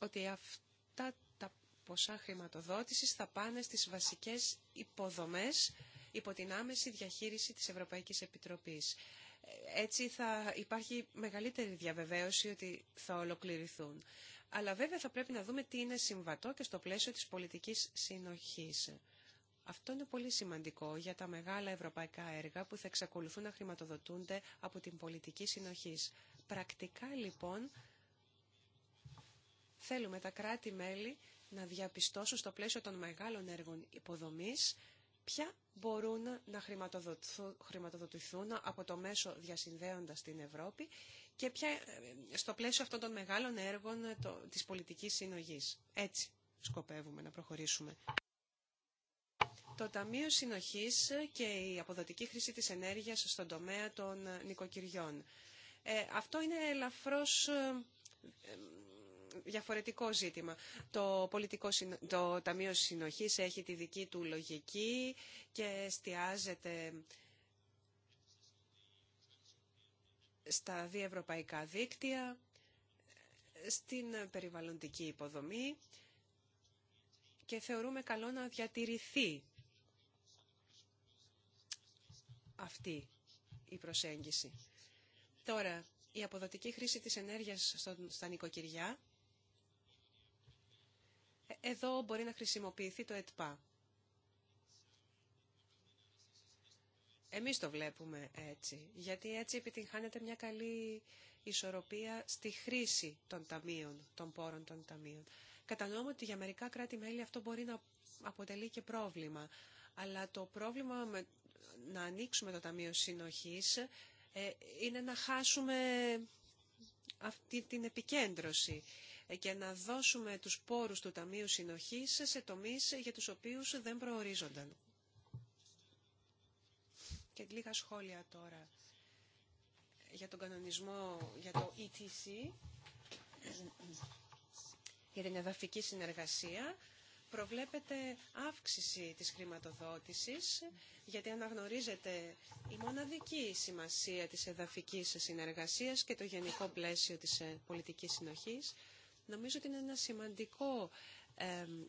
ότι αυτά τα ποσά χρηματοδότησης θα πάνε στις βασικές υποδομές υπό την άμεση διαχείριση της Ευρωπαϊκής Επιτροπής. Έτσι θα υπάρχει μεγαλύτερη διαβεβαίωση ότι θα ολοκληρωθούν. Αλλά βέβαια θα πρέπει να δούμε τι είναι συμβατό και στο πλαίσιο της πολιτικής συνοχής. Αυτό είναι πολύ σημαντικό για τα μεγάλα ευρωπαϊκά έργα που θα εξακολουθούν να χρηματοδοτούνται από την πολιτική συνοχής. Πρακτικά λοιπόν θέλουμε τα κράτη-μέλη να διαπιστώσουν στο πλαίσιο των μεγάλων έργων υποδομής ποια μπορούν να χρηματοδοτηθούν από το μέσο διασυνδέοντας την Ευρώπη και ποια, ε, στο πλαίσιο αυτών των μεγάλων έργων ε, της πολιτικής συνογής. Έτσι σκοπεύουμε να προχωρήσουμε. Το Ταμείο Συνοχής και η αποδοτική χρήση της ενέργειας στον τομέα των νοικοκυριών. Ε, αυτό είναι ελαφρώς διαφορετικό ζήτημα. Το, πολιτικό, το Ταμείο Συνοχής έχει τη δική του λογική και εστιάζεται στα διευρωπαϊκά δίκτυα, στην περιβαλλοντική υποδομή και θεωρούμε καλό να διατηρηθεί αυτή η προσέγγιση. Τώρα, η αποδοτική χρήση της ενέργειας στα νοικοκυριά εδώ μπορεί να χρησιμοποιηθεί το ΕΤΠΑ. Εμείς το βλέπουμε έτσι, γιατί έτσι επιτυγχάνεται μια καλή ισορροπία στη χρήση των ταμείων, των πόρων των ταμείων. Κατανοώ ότι για μερικά κράτη-μέλη αυτό μπορεί να αποτελεί και πρόβλημα, αλλά το πρόβλημα με, να ανοίξουμε το Ταμείο Συνοχής ε, είναι να χάσουμε αυτή την επικέντρωση. Ε, και να δώσουμε τους πόρους του Ταμείου Συνοχής σε τομείς για τους οποίους δεν προορίζονταν. Και λίγα σχόλια τώρα για τον κανονισμό για το ETC, για την εδαφική συνεργασία προβλέπεται αύξηση της χρηματοδότησης, γιατί αναγνωρίζεται η μοναδική σημασία της εδαφικής συνεργασίας και το γενικό πλαίσιο της ε, πολιτικής συνοχής. Νομίζω ότι είναι ένα σημαντικό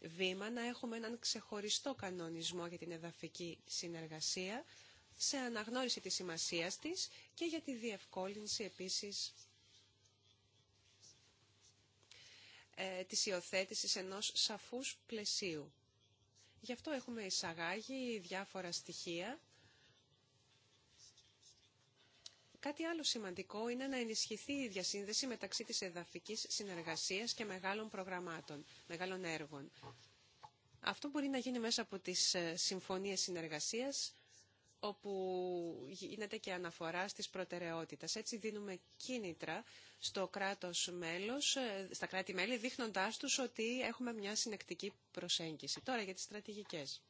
βήμα να έχουμε έναν ξεχωριστό κανονισμό για την εδαφική συνεργασία σε αναγνώριση της σημασίας της και για τη διευκόλυνση επίσης ε, της υιοθέτηση ενός σαφούς πλαισίου. Γι' αυτό έχουμε εισαγάγει διάφορα στοιχεία Κάτι άλλο σημαντικό είναι να ενισχυθεί η διασύνδεση μεταξύ της εδαφικής συνεργασίας και μεγάλων προγραμμάτων, μεγάλων έργων. Αυτό μπορεί να γίνει μέσα από τις ε, συμφωνίες συνεργασίας, όπου γίνεται και αναφορά στις προτεραιότητες. Έτσι δίνουμε κίνητρα στο κράτος μέλος, ε, στα κράτη-μέλη, δείχνοντάς τους ότι έχουμε μια συνεκτική προσέγγιση. Τώρα για τις στρατηγικές.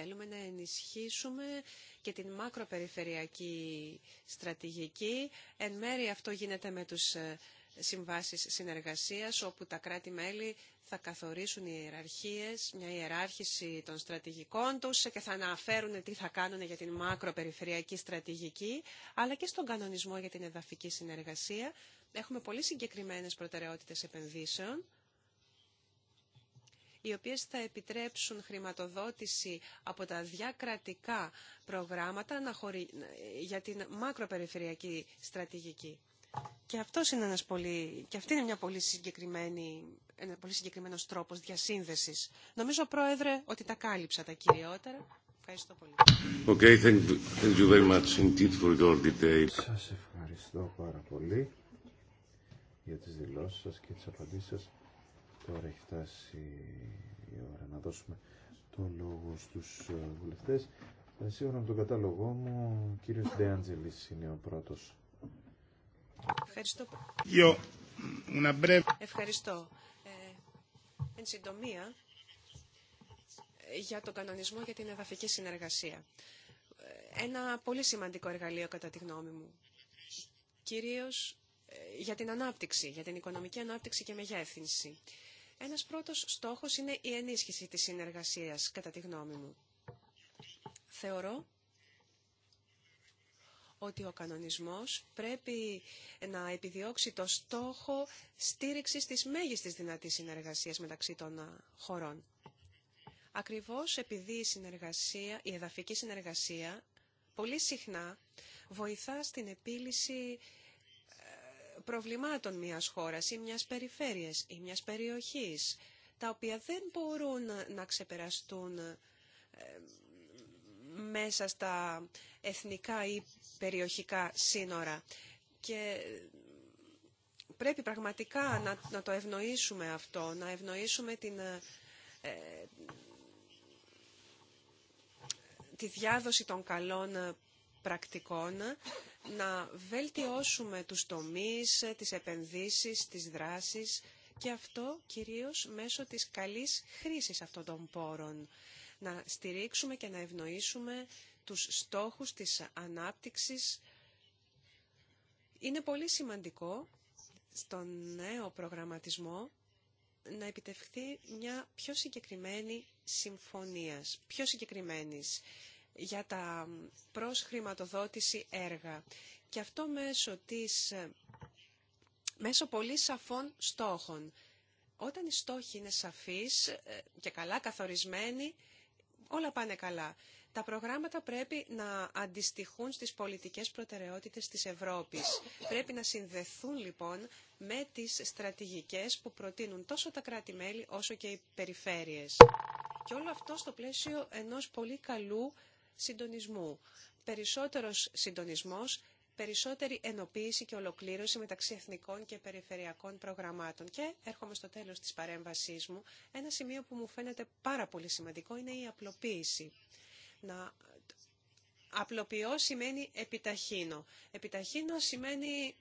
Θέλουμε να ενισχύσουμε και την μακροπεριφερειακή στρατηγική. Εν μέρη αυτό γίνεται με τους ε, συμβάσεις συνεργασίας, όπου τα κράτη-μέλη θα καθορίσουν οι ιεραρχίες, μια ιεράρχηση των στρατηγικών τους και θα αναφέρουν τι θα κάνουν για την μακροπεριφερειακή στρατηγική, αλλά και στον κανονισμό για την εδαφική συνεργασία. Έχουμε πολύ συγκεκριμένες προτεραιότητες επενδύσεων οι οποίες θα επιτρέψουν χρηματοδότηση από τα διακρατικά προγράμματα για την μακροπεριφερειακή στρατηγική. Και, αυτός είναι ένας πολύ, και αυτή είναι μια πολύ συγκεκριμένη, ένα πολύ συγκεκριμένος τρόπος διασύνδεσης. Νομίζω, Πρόεδρε, ότι τα κάλυψα τα κυριότερα. Ευχαριστώ πολύ. Okay, thank you, very much indeed for your details. Σας ευχαριστώ πάρα πολύ για τις δηλώσεις σας και τις απαντήσεις σας. Τώρα έχει φτάσει η ώρα να δώσουμε το λόγο στους ε, βουλευτές. Ε, σύμφωνα με τον κατάλογό μου, ο κύριος Ντέαντζελης είναι ο πρώτος. Ευχαριστώ. Ευχαριστώ. Ε, εν συντομία, ε, για τον κανονισμό για την εδαφική συνεργασία. Ένα πολύ σημαντικό εργαλείο κατά τη γνώμη μου. Κυρίως για την ανάπτυξη, για την οικονομική ανάπτυξη και μεγέθυνση. Ένας πρώτος στόχος είναι η ενίσχυση της συνεργασίας, κατά τη γνώμη μου. Θεωρώ ότι ο κανονισμός πρέπει να επιδιώξει το στόχο στήριξης της μέγιστης δυνατής συνεργασίας μεταξύ των χωρών. Ακριβώς επειδή η, συνεργασία, η εδαφική συνεργασία πολύ συχνά βοηθά στην επίλυση προβλημάτων μιας χώρας ή μιας περιφέρειας ή μιας περιοχής, τα οποία δεν μπορούν να ξεπεραστούν ε, μέσα στα εθνικά ή περιοχικά σύνορα. Και πρέπει πραγματικά να, το ευνοήσουμε αυτό, να ευνοήσουμε την, ε, ε, τη διάδοση των καλών πρακτικών να βελτιώσουμε τους τομείς, τις επενδύσεις, τις δράσεις και αυτό κυρίως μέσω της καλής χρήσης αυτών των πόρων. Να στηρίξουμε και να ευνοήσουμε τους στόχους της ανάπτυξης. Είναι πολύ σημαντικό στον νέο προγραμματισμό να επιτευχθεί μια πιο συγκεκριμένη συμφωνίας, πιο συγκεκριμένης για τα χρηματοδότηση έργα. Και αυτό μέσω, της, ε, μέσω πολύ σαφών στόχων. Όταν οι στόχοι είναι σαφείς ε, και καλά καθορισμένοι, όλα πάνε καλά. Τα προγράμματα πρέπει να αντιστοιχούν στις πολιτικές προτεραιότητες της Ευρώπης. Πρέπει να συνδεθούν λοιπόν με τις στρατηγικές που προτείνουν τόσο τα κράτη-μέλη όσο και οι περιφέρειες. Και όλο αυτό στο πλαίσιο ενός πολύ καλού συντονισμού. Περισσότερος συντονισμός, περισσότερη ενοποίηση και ολοκλήρωση μεταξύ εθνικών και περιφερειακών προγραμμάτων. Και έρχομαι στο τέλος της παρέμβασής μου. Ένα σημείο που μου φαίνεται πάρα πολύ σημαντικό είναι η απλοποίηση. Να... Απλοποιώ σημαίνει επιταχύνω. Επιταχύνω σημαίνει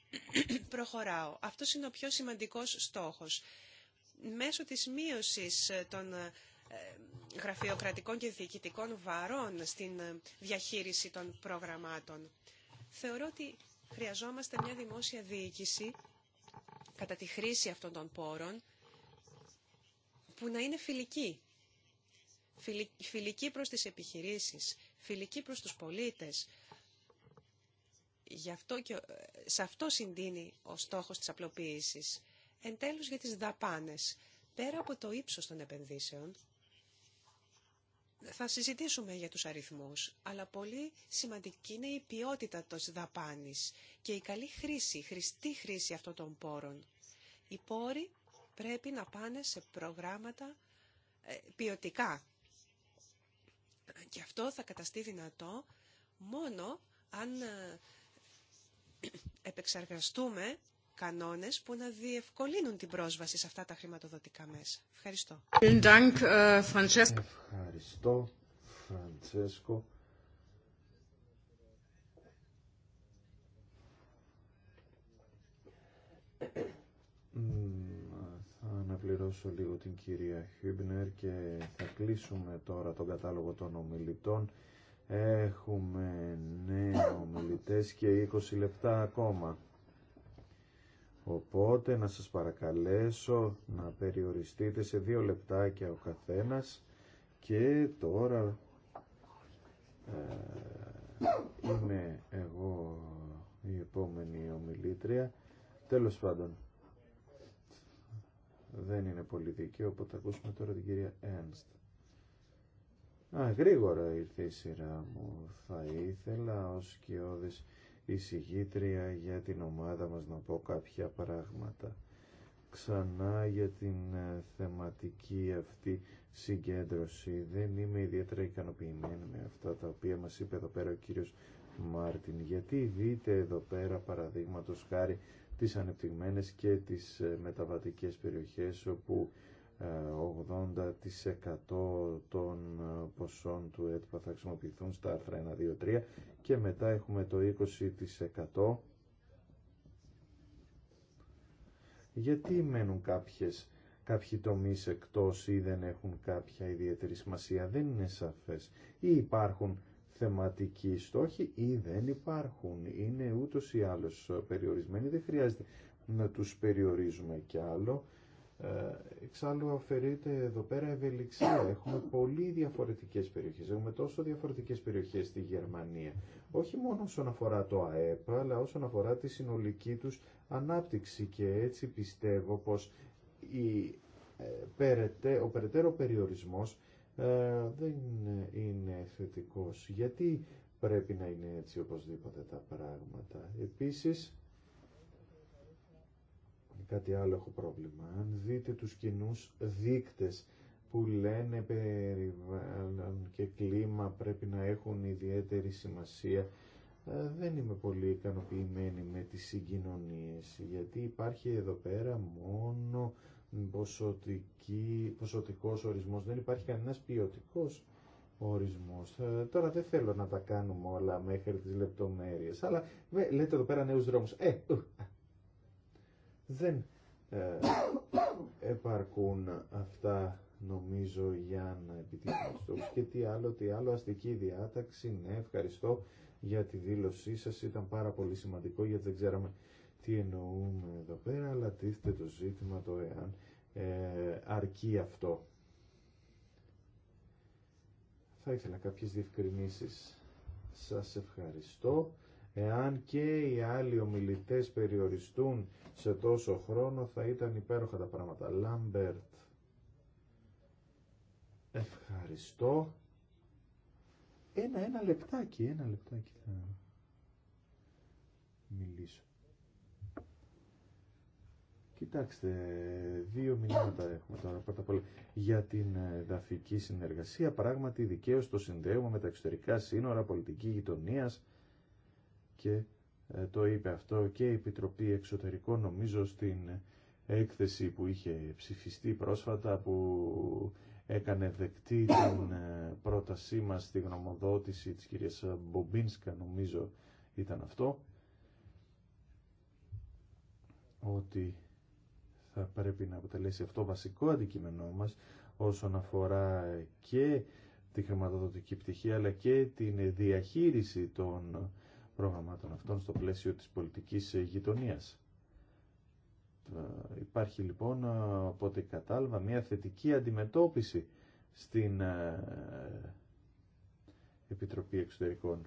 (clears throat) προχωράω. Αυτό είναι ο πιο σημαντικός στόχος. Μέσω της μείωσης των ε, γραφειοκρατικών και διοικητικών βαρών στην ε, διαχείριση των προγραμμάτων. Θεωρώ ότι χρειαζόμαστε μια δημόσια διοίκηση κατά τη χρήση αυτών των πόρων που να είναι φιλική. Φιλική προς τις επιχειρήσεις, φιλική προς τους πολίτες. Γι αυτό και ε, σε αυτό συντείνει ο στόχος της απλοποίησης. Εν για τις δαπάνες. Πέρα από το ύψος των επενδύσεων, θα συζητήσουμε για τους αριθμούς, αλλά πολύ σημαντική είναι η ποιότητα της δαπάνης και η καλή χρήση, η χρηστή χρήση αυτών των πόρων. Οι πόροι πρέπει να πάνε σε προγράμματα ε, ποιοτικά. Και αυτό θα καταστεί δυνατό μόνο αν ε, (clears throat) επεξεργαστούμε κανόνες που να διευκολύνουν την πρόσβαση σε αυτά τα χρηματοδοτικά μέσα. Ευχαριστώ. Äh, Ευχαριστώ, Φραντσέσκο. Θα αναπληρώσω λίγο την κυρία Χίμπνερ και θα κλείσουμε τώρα τον κατάλογο των ομιλητών. Έχουμε νέοι ομιλητές και 20 λεπτά ακόμα. Οπότε να σας παρακαλέσω να περιοριστείτε σε δύο λεπτάκια ο καθένας και τώρα ε, είμαι εγώ η επόμενη ομιλήτρια. Τέλος πάντων, δεν είναι πολύ δίκαιο, οπότε ακούσουμε τώρα την κυρία Ένστ. Α, γρήγορα ήρθε η σειρά μου. Θα ήθελα ως κοιόδης εισηγήτρια για την ομάδα μας να πω κάποια πράγματα. Ξανά για την ε, θεματική αυτή συγκέντρωση. Δεν είμαι ιδιαίτερα ικανοποιημένη με αυτά τα οποία μας είπε εδώ πέρα ο κύριος Μάρτιν. Γιατί δείτε εδώ πέρα παραδείγματος χάρη τις ανεπτυγμένες και τις ε, μεταβατικές περιοχές όπου 80% ε, των ε, ποσών του ΕΤΠΑ θα χρησιμοποιηθούν στα άρθρα 1, 2, 3 και μετά έχουμε το 20% γιατί μένουν κάποιες, κάποιοι τομείς εκτός ή δεν έχουν κάποια ιδιαίτερη σημασία δεν είναι σαφές ή υπάρχουν θεματικοί στόχοι ή δεν υπάρχουν είναι ούτως ή άλλως περιορισμένοι δεν χρειάζεται να τους περιορίζουμε κι άλλο ε, εξάλλου αφαιρείται εδώ πέρα ευελιξία. Έχουμε πολύ διαφορετικές περιοχές. Έχουμε τόσο διαφορετικές περιοχές στη Γερμανία. Όχι μόνο όσον αφορά το ΑΕΠ, αλλά όσον αφορά τη συνολική τους ανάπτυξη. Και έτσι πιστεύω πως η, ε, ο περαιτέρω περιορισμός ε, δεν είναι θετικός. Γιατί πρέπει να είναι έτσι οπωσδήποτε τα πράγματα. Επίσης, κάτι άλλο έχω πρόβλημα. Αν δείτε τους κοινούς δείκτες που λένε περιβάλλον και κλίμα πρέπει να έχουν ιδιαίτερη σημασία, ε, δεν είμαι πολύ ικανοποιημένη με τις συγκοινωνίες, γιατί υπάρχει εδώ πέρα μόνο ποσοτική, ποσοτικός ορισμός, δεν υπάρχει κανένας ποιοτικός ορισμός. Ε, τώρα δεν θέλω να τα κάνουμε όλα μέχρι τις λεπτομέρειες, αλλά λέτε εδώ πέρα νέους δρόμους. Ε, δεν ε, (coughs) επαρκούν αυτά νομίζω για να επιτύχουν και τι άλλο, τι άλλο αστική διάταξη ναι ευχαριστώ για τη δήλωσή σας ήταν πάρα πολύ σημαντικό γιατί δεν ξέραμε τι εννοούμε εδώ πέρα αλλά τίθεται το ζήτημα το εάν ε, αρκεί αυτό θα ήθελα κάποιες διευκρινήσεις σας ευχαριστώ Εάν και οι άλλοι ομιλητές περιοριστούν σε τόσο χρόνο θα ήταν υπέροχα τα πράγματα. Λάμπερτ. Ευχαριστώ. Ένα, ένα λεπτάκι, ένα λεπτάκι θα μιλήσω. Κοιτάξτε, δύο μηνύματα έχουμε τώρα πρώτα απ' όλα. Για την ε, δαφική συνεργασία, πράγματι δικαίως το συνδέουμε με τα εξωτερικά σύνορα, πολιτική γειτονίας, και ε, το είπε αυτό και η Επιτροπή Εξωτερικών νομίζω στην έκθεση που είχε ψηφιστεί πρόσφατα που έκανε δεκτή την ε, πρότασή μας στη γνωμοδότηση της κυρίας Μπομπίνσκα νομίζω ήταν αυτό ότι θα πρέπει να αποτελέσει αυτό βασικό αντικείμενό μας όσον αφορά και τη χρηματοδοτική πτυχή αλλά και την διαχείριση των προγραμμάτων αυτών στο πλαίσιο της πολιτικής ε, γειτονίας. Ε, υπάρχει λοιπόν, ε, από ό,τι κατάλαβα, μια θετική αντιμετώπιση στην Επιτροπή Εξωτερικών.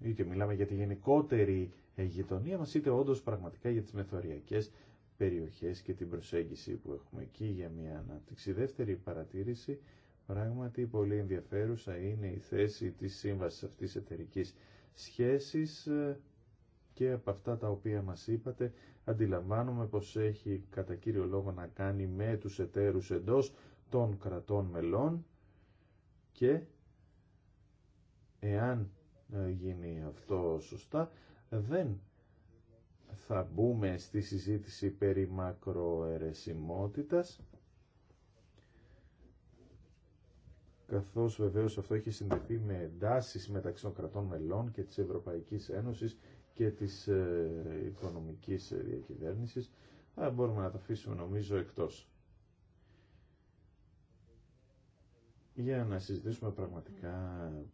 Είτε μιλάμε για τη γενικότερη γειτονία μας, είτε όντως πραγματικά για τις μεθοριακές περιοχές και την προσέγγιση που έχουμε εκεί για μια ανάπτυξη. δεύτερη παρατήρηση, πράγματι πολύ ενδιαφέρουσα είναι η θέση της σύμβασης αυτής της εταιρικής σχέσης ε, και από αυτά τα οποία μας είπατε αντιλαμβάνομαι πως έχει κατά κύριο λόγο να κάνει με τους εταίρους εντός των κρατών μελών και εάν ε, γίνει αυτό σωστά δεν θα μπούμε στη συζήτηση περί μακροαιρεσιμότητας καθώς βεβαίως αυτό έχει συνδεθεί με εντάσεις μεταξύ των κρατών μελών και της Ευρωπαϊκής Ένωσης και της ε, οικονομικής διακυβέρνησης, αλλά μπορούμε να τα αφήσουμε νομίζω εκτός. Για να συζητήσουμε πραγματικά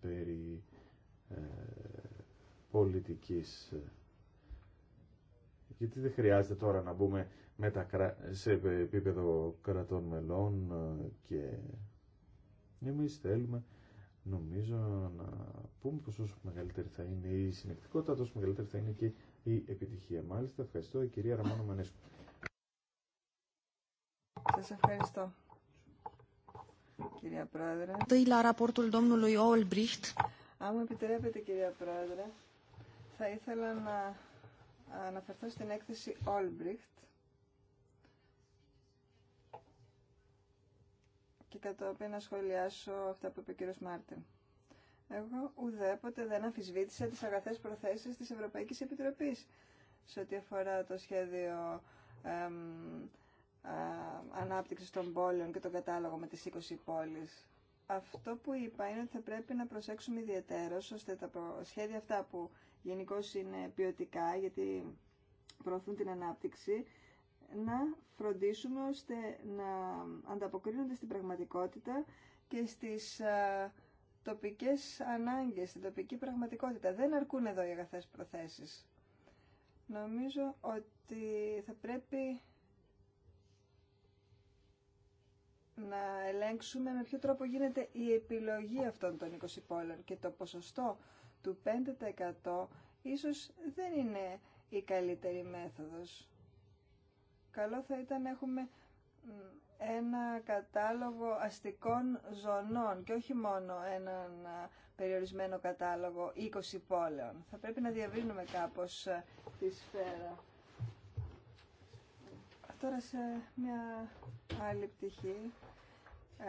περί ε, πολιτικής ε, γιατί δεν χρειάζεται τώρα να μπούμε με σε επίπεδο κρατών μελών ε, και εμείς θέλουμε νομίζω να πούμε πως όσο μεγαλύτερη θα είναι η συνεκτικότητα τόσο μεγαλύτερη θα είναι και η επιτυχία. Μάλιστα ευχαριστώ η κυρία Ραμάνο Μανέσκου. Σας ευχαριστώ. Κυρία Πρόεδρε. Αν μου επιτρέπετε κυρία Πρόεδρε, θα ήθελα να αναφερθώ στην έκθεση Olbricht και κατόπιν να σχολιάσω αυτά που είπε ο κύριος Μάρτιν. Εγώ ουδέποτε δεν αμφισβήτησα τις αγαθές προθέσεις της Ευρωπαϊκής Επιτροπής σε ό,τι αφορά το σχέδιο εμ, ανάπτυξης των πόλεων και τον κατάλογο με τις 20 πόλεις. Αυτό που είπα είναι ότι θα πρέπει να προσέξουμε ιδιαίτερα, ώστε τα σχέδια αυτά που γενικώ είναι ποιοτικά γιατί προωθούν την ανάπτυξη, να φροντίσουμε ώστε να ανταποκρίνονται στην πραγματικότητα και στις τοπικές ανάγκες, στην τοπική πραγματικότητα. Δεν αρκούν εδώ οι αγαθές προθέσεις. Νομίζω ότι θα πρέπει να ελέγξουμε με ποιο τρόπο γίνεται η επιλογή αυτών των 20 πόλεων και το ποσοστό του 5% ίσως δεν είναι η καλύτερη μέθοδος. Καλό θα ήταν να έχουμε ένα κατάλογο αστικών ζωνών και όχι μόνο έναν περιορισμένο κατάλογο 20 πόλεων. Θα πρέπει να διαβρύνουμε κάπως τη σφαίρα. Τώρα σε μια άλλη πτυχή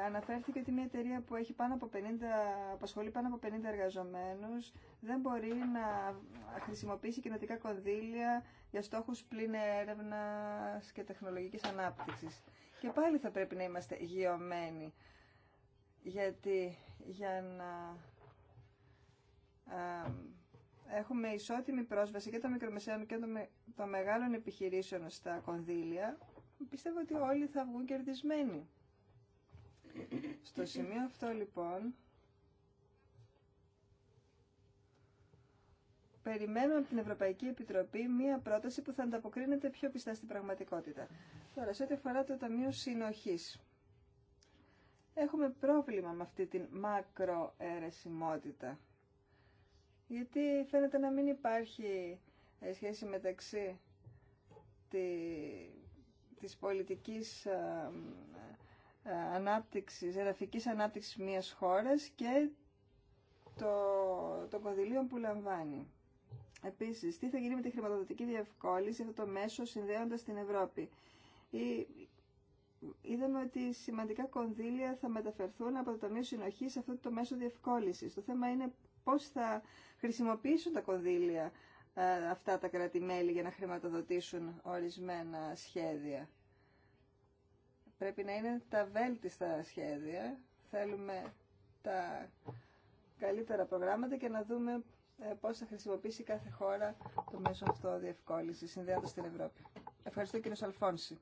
Αναφέρθηκε ότι μια εταιρεία που έχει πάνω από 50, απασχολεί πάνω από 50 εργαζομένους δεν μπορεί να χρησιμοποιήσει κοινοτικά κονδύλια για στόχους πλήν έρευνα και τεχνολογικής ανάπτυξης. Και πάλι θα πρέπει να είμαστε γεωμένοι. γιατί για να έχουμε ισότιμη πρόσβαση και των μικρομεσαίων και των, των μεγάλων επιχειρήσεων στα κονδύλια, πιστεύω ότι όλοι θα βγουν κερδισμένοι. Στο σημείο αυτό λοιπόν περιμένω από την Ευρωπαϊκή Επιτροπή μία πρόταση που θα ανταποκρίνεται πιο πιστά στην πραγματικότητα. Τώρα, σε ό,τι αφορά το Ταμείο Συνοχής. Έχουμε πρόβλημα με αυτή την μακροαιρεσιμότητα. Γιατί φαίνεται να μην υπάρχει ε, σχέση μεταξύ τη, της πολιτικής ε, ε, ανάπτυξης, εδαφικής ανάπτυξης μιας χώρας και το, το κονδυλίων που λαμβάνει. Επίσης, τι θα γίνει με τη χρηματοδοτική διευκόλυνση, αυτό το μέσο συνδέοντας την Ευρώπη. Η, είδαμε ότι σημαντικά κονδύλια θα μεταφερθούν από το Ταμείο Συνοχή σε αυτό το μέσο διευκόλυνση. Το θέμα είναι πώς θα χρησιμοποιήσουν τα κονδύλια ε, αυτά τα κράτη-μέλη για να χρηματοδοτήσουν ορισμένα σχέδια. Πρέπει να είναι τα βέλτιστα σχέδια. Θέλουμε τα καλύτερα προγράμματα και να δούμε ε, πώς θα χρησιμοποιήσει κάθε χώρα το μέσο αυτό διευκόλυνση συνδέοντα στην Ευρώπη. Ευχαριστώ κύριο Σαλφόνση.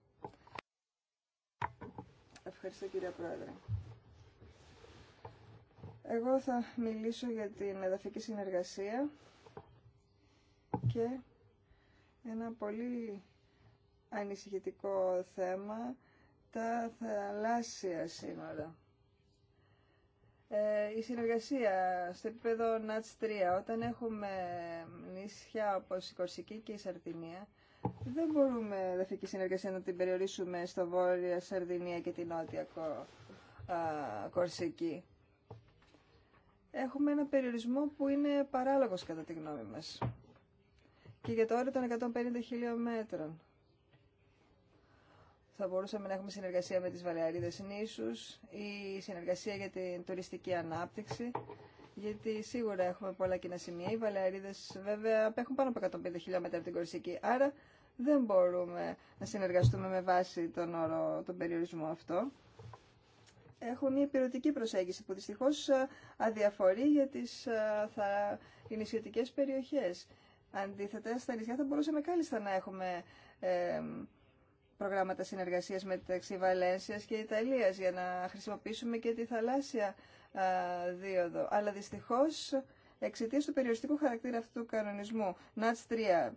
Ευχαριστώ κύριε Πρόεδρε. Εγώ θα μιλήσω για την εδαφική συνεργασία και ένα πολύ ανησυχητικό θέμα τα θαλάσσια σύνορα. Ε, η συνεργασία στο επίπεδο ΝΑΤΣ 3, όταν έχουμε νησιά όπως η Κορσική και η Σαρδινία, δεν μπορούμε δαφική συνεργασία να την περιορίσουμε στο βόρεια Σαρδινία και την νότια Κορσική. Έχουμε ένα περιορισμό που είναι παράλογος κατά τη γνώμη μας. Και για το όριο των 150 χιλιόμετρων θα μπορούσαμε να έχουμε συνεργασία με τις Βαλεαρίδες νήσους ή συνεργασία για την τουριστική ανάπτυξη, γιατί σίγουρα έχουμε πολλά κοινά σημεία. Οι Βαλεαρίδες βέβαια απέχουν πάνω από 150 χιλιόμετρα από την Κορσική, άρα δεν μπορούμε να συνεργαστούμε με βάση τον όρο, τον περιορισμό αυτό. Έχουμε μια υπηρετική προσέγγιση που δυστυχώς ε, αδιαφορεί για τις ε, θα, νησιωτικές περιοχές. Αντίθετα, στα νησιά θα μπορούσαμε κάλλιστα να έχουμε ε, προγράμματα συνεργασίας μεταξύ Βαλένσιας και Ιταλίας για να χρησιμοποιήσουμε και τη θαλάσσια δίωδο. Αλλά δυστυχώς εξαιτία του περιοριστικού χαρακτήρα αυτού του κανονισμού ΝΑΤΣ 3,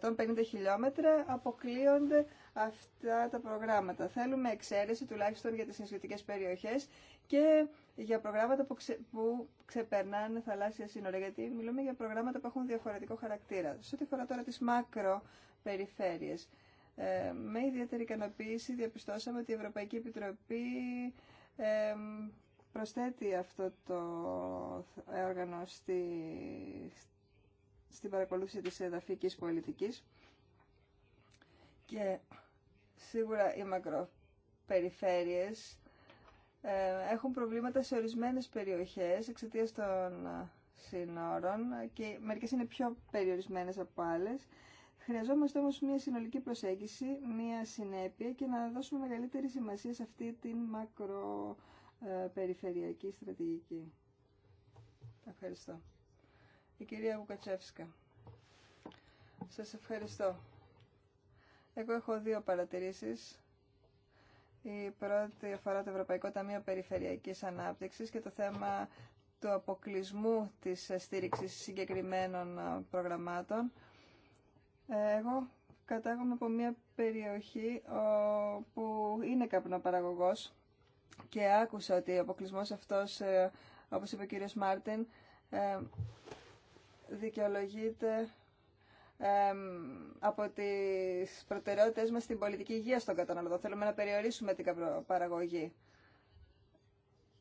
150 χιλιόμετρα, αποκλείονται αυτά τα προγράμματα. Θέλουμε εξαίρεση τουλάχιστον για τις νησιωτικές περιοχές και για προγράμματα που, ξε, που ξεπερνάνε θαλάσσια σύνορα, γιατί μιλούμε για προγράμματα που έχουν διαφορετικό χαρακτήρα. Σε ό,τι αφορά τώρα τις μακροπεριφέρειες, ε, με ιδιαίτερη ικανοποίηση διαπιστώσαμε ότι η Ευρωπαϊκή Επιτροπή ε, προσθέτει αυτό το όργανο στη, στην παρακολούθηση της εδαφικής πολιτικής και σίγουρα οι μακροπεριφέρειες ε, έχουν προβλήματα σε ορισμένες περιοχές εξαιτίας των σύνορων και μερικές είναι πιο περιορισμένες από άλλες Χρειαζόμαστε όμως μια συνολική προσέγγιση, μια συνέπεια και να δώσουμε μεγαλύτερη σημασία σε αυτή την μακροπεριφερειακή στρατηγική. Ευχαριστώ. Η κυρία Γουκατσέφσκα. Σας ευχαριστώ. Εγώ έχω δύο παρατηρήσεις. Η πρώτη αφορά το Ευρωπαϊκό Ταμείο Περιφερειακής Ανάπτυξης και το θέμα του αποκλεισμού της στήριξης συγκεκριμένων προγραμμάτων εγώ κατάγομαι από μια περιοχή που είναι καπνοπαραγωγός και άκουσα ότι ο αποκλεισμό αυτός, ε, όπως είπε ο κύριος Μάρτιν, ε, δικαιολογείται ε, από τις προτεραιότητες μας στην πολιτική υγεία στον καταναλωτό. Θέλουμε να περιορίσουμε την καπνοπαραγωγή.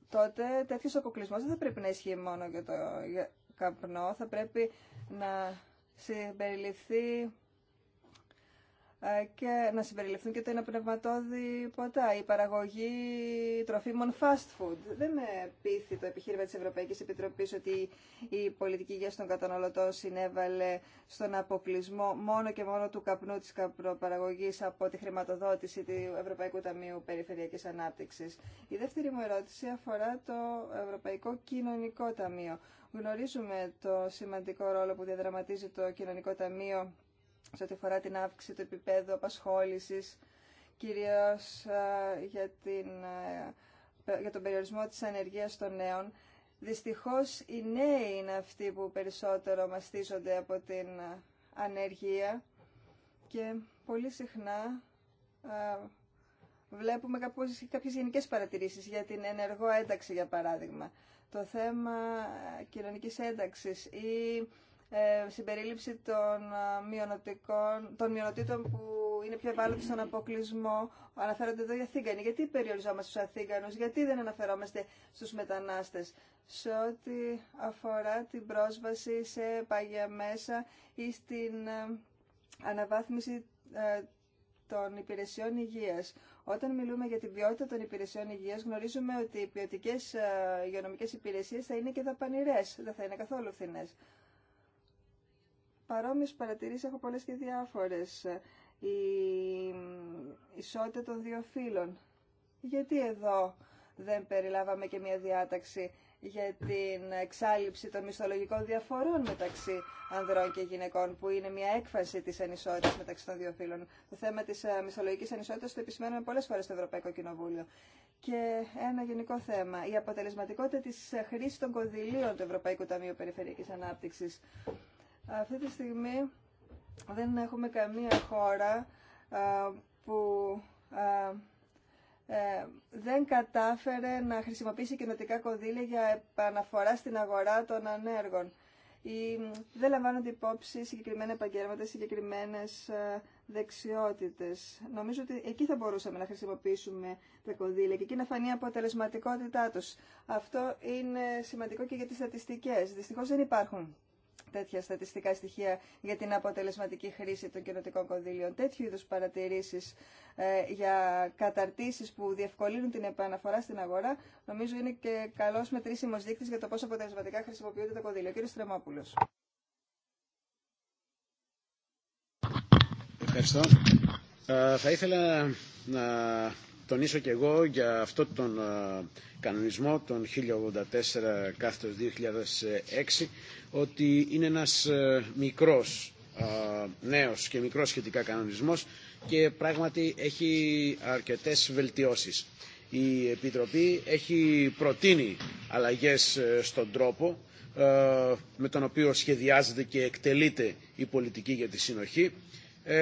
Τότε τέτοιος αποκλεισμό δεν θα πρέπει να ισχύει μόνο για το καπνό, θα πρέπει να συμπεριληφθεί ε, και να συμπεριληφθούν και τα πνευματόδι ποτά, η παραγωγή τροφίμων fast food. Δεν με πείθει το επιχείρημα της Ευρωπαϊκής Επιτροπής ότι η πολιτική υγεία των καταναλωτών συνέβαλε στον αποκλεισμό μόνο και μόνο του καπνού της καπνοπαραγωγής από τη χρηματοδότηση του Ευρωπαϊκού Ταμείου Περιφερειακής Ανάπτυξης. Η δεύτερη μου ερώτηση αφορά το Ευρωπαϊκό Κοινωνικό Ταμείο. Γνωρίζουμε το σημαντικό ρόλο που διαδραματίζει το Κοινωνικό Ταμείο σε ό,τι αφορά την αύξηση του επίπεδου απασχόλησης, κυρίως για, για τον περιορισμό της ανεργίας των νέων. Δυστυχώς οι νέοι είναι αυτοί που περισσότερο μαστίζονται από την ανεργία και πολύ συχνά βλέπουμε κάποιες γενικές παρατηρήσεις για την ενεργό ένταξη, για παράδειγμα το θέμα κοινωνικής ένταξης ή ε, συμπερίληψη των, ε, μειονοτικών, των μειονοτήτων που είναι πιο ευάλωτοι στον αποκλεισμό. Αναφέρονται εδώ οι Αθήγανοι. Γιατί περιοριζόμαστε στους Αθήγανους, γιατί δεν αναφερόμαστε στους μετανάστες σε ό,τι αφορά την πρόσβαση σε πάγια μέσα ή στην ε, αναβάθμιση των υπηρεσιών υγείας. Όταν μιλούμε για την ποιότητα των υπηρεσιών υγείας, γνωρίζουμε ότι οι ποιοτικέ ε, υγειονομικέ υπηρεσίες θα είναι και δαπανηρέ, δεν θα είναι καθόλου φθηνέ. Παρόμοιες παρατηρήσει έχω πολλές και διάφορες. Η ισότητα των δύο φύλων. Γιατί εδώ δεν περιλάβαμε και μια διάταξη για την εξάλληψη των μισθολογικών διαφορών μεταξύ ανδρών και γυναικών, που είναι μια έκφραση τη ανισότητα μεταξύ των δύο φύλων. Το θέμα τη ε, μισθολογική ανισότητα το επισημαίνουμε πολλέ φορέ στο Ευρωπαϊκό Κοινοβούλιο. Και ένα γενικό θέμα, η αποτελεσματικότητα τη ε, χρήση των κονδυλίων του Ευρωπαϊκού Ταμείου Περιφερειακή Ανάπτυξη. Αυτή τη στιγμή δεν έχουμε καμία χώρα ε, που ε, δεν κατάφερε να χρησιμοποιήσει κοινοτικά κονδύλια για επαναφορά στην αγορά των ανέργων. Ή δεν λαμβάνονται υπόψη συγκεκριμένα επαγγέλματα, συγκεκριμένε ε, δεξιότητε. Νομίζω ότι εκεί θα μπορούσαμε να χρησιμοποιήσουμε τα κονδύλια και εκεί να φανεί η αποτελεσματικότητά του. Αυτό είναι σημαντικό και για τι στατιστικέ. Δυστυχώ δεν υπάρχουν τέτοια στατιστικά στοιχεία για την αποτελεσματική χρήση των κοινωτικών κονδύλιων. Τέτοιου είδους παρατηρήσεις ε, για καταρτήσεις που διευκολύνουν την επαναφορά στην αγορά νομίζω είναι και καλός μετρήσιμος δείκτης για το πόσο αποτελεσματικά χρησιμοποιούνται τα κονδύλια. Κύριε Στρεμόπουλος. Ευχαριστώ. Ε, θα ήθελα να τονίσω και εγώ για αυτό τον ε, κανονισμό, τον 1084 κάθετος 2006, ότι είναι ένας ε, μικρός, ε, νέος και μικρός σχετικά κανονισμός και πράγματι έχει αρκετές βελτιώσεις. Η Επιτροπή έχει προτείνει αλλαγές στον τρόπο με τον οποίο σχεδιάζεται και εκτελείται η πολιτική για τη συνοχή.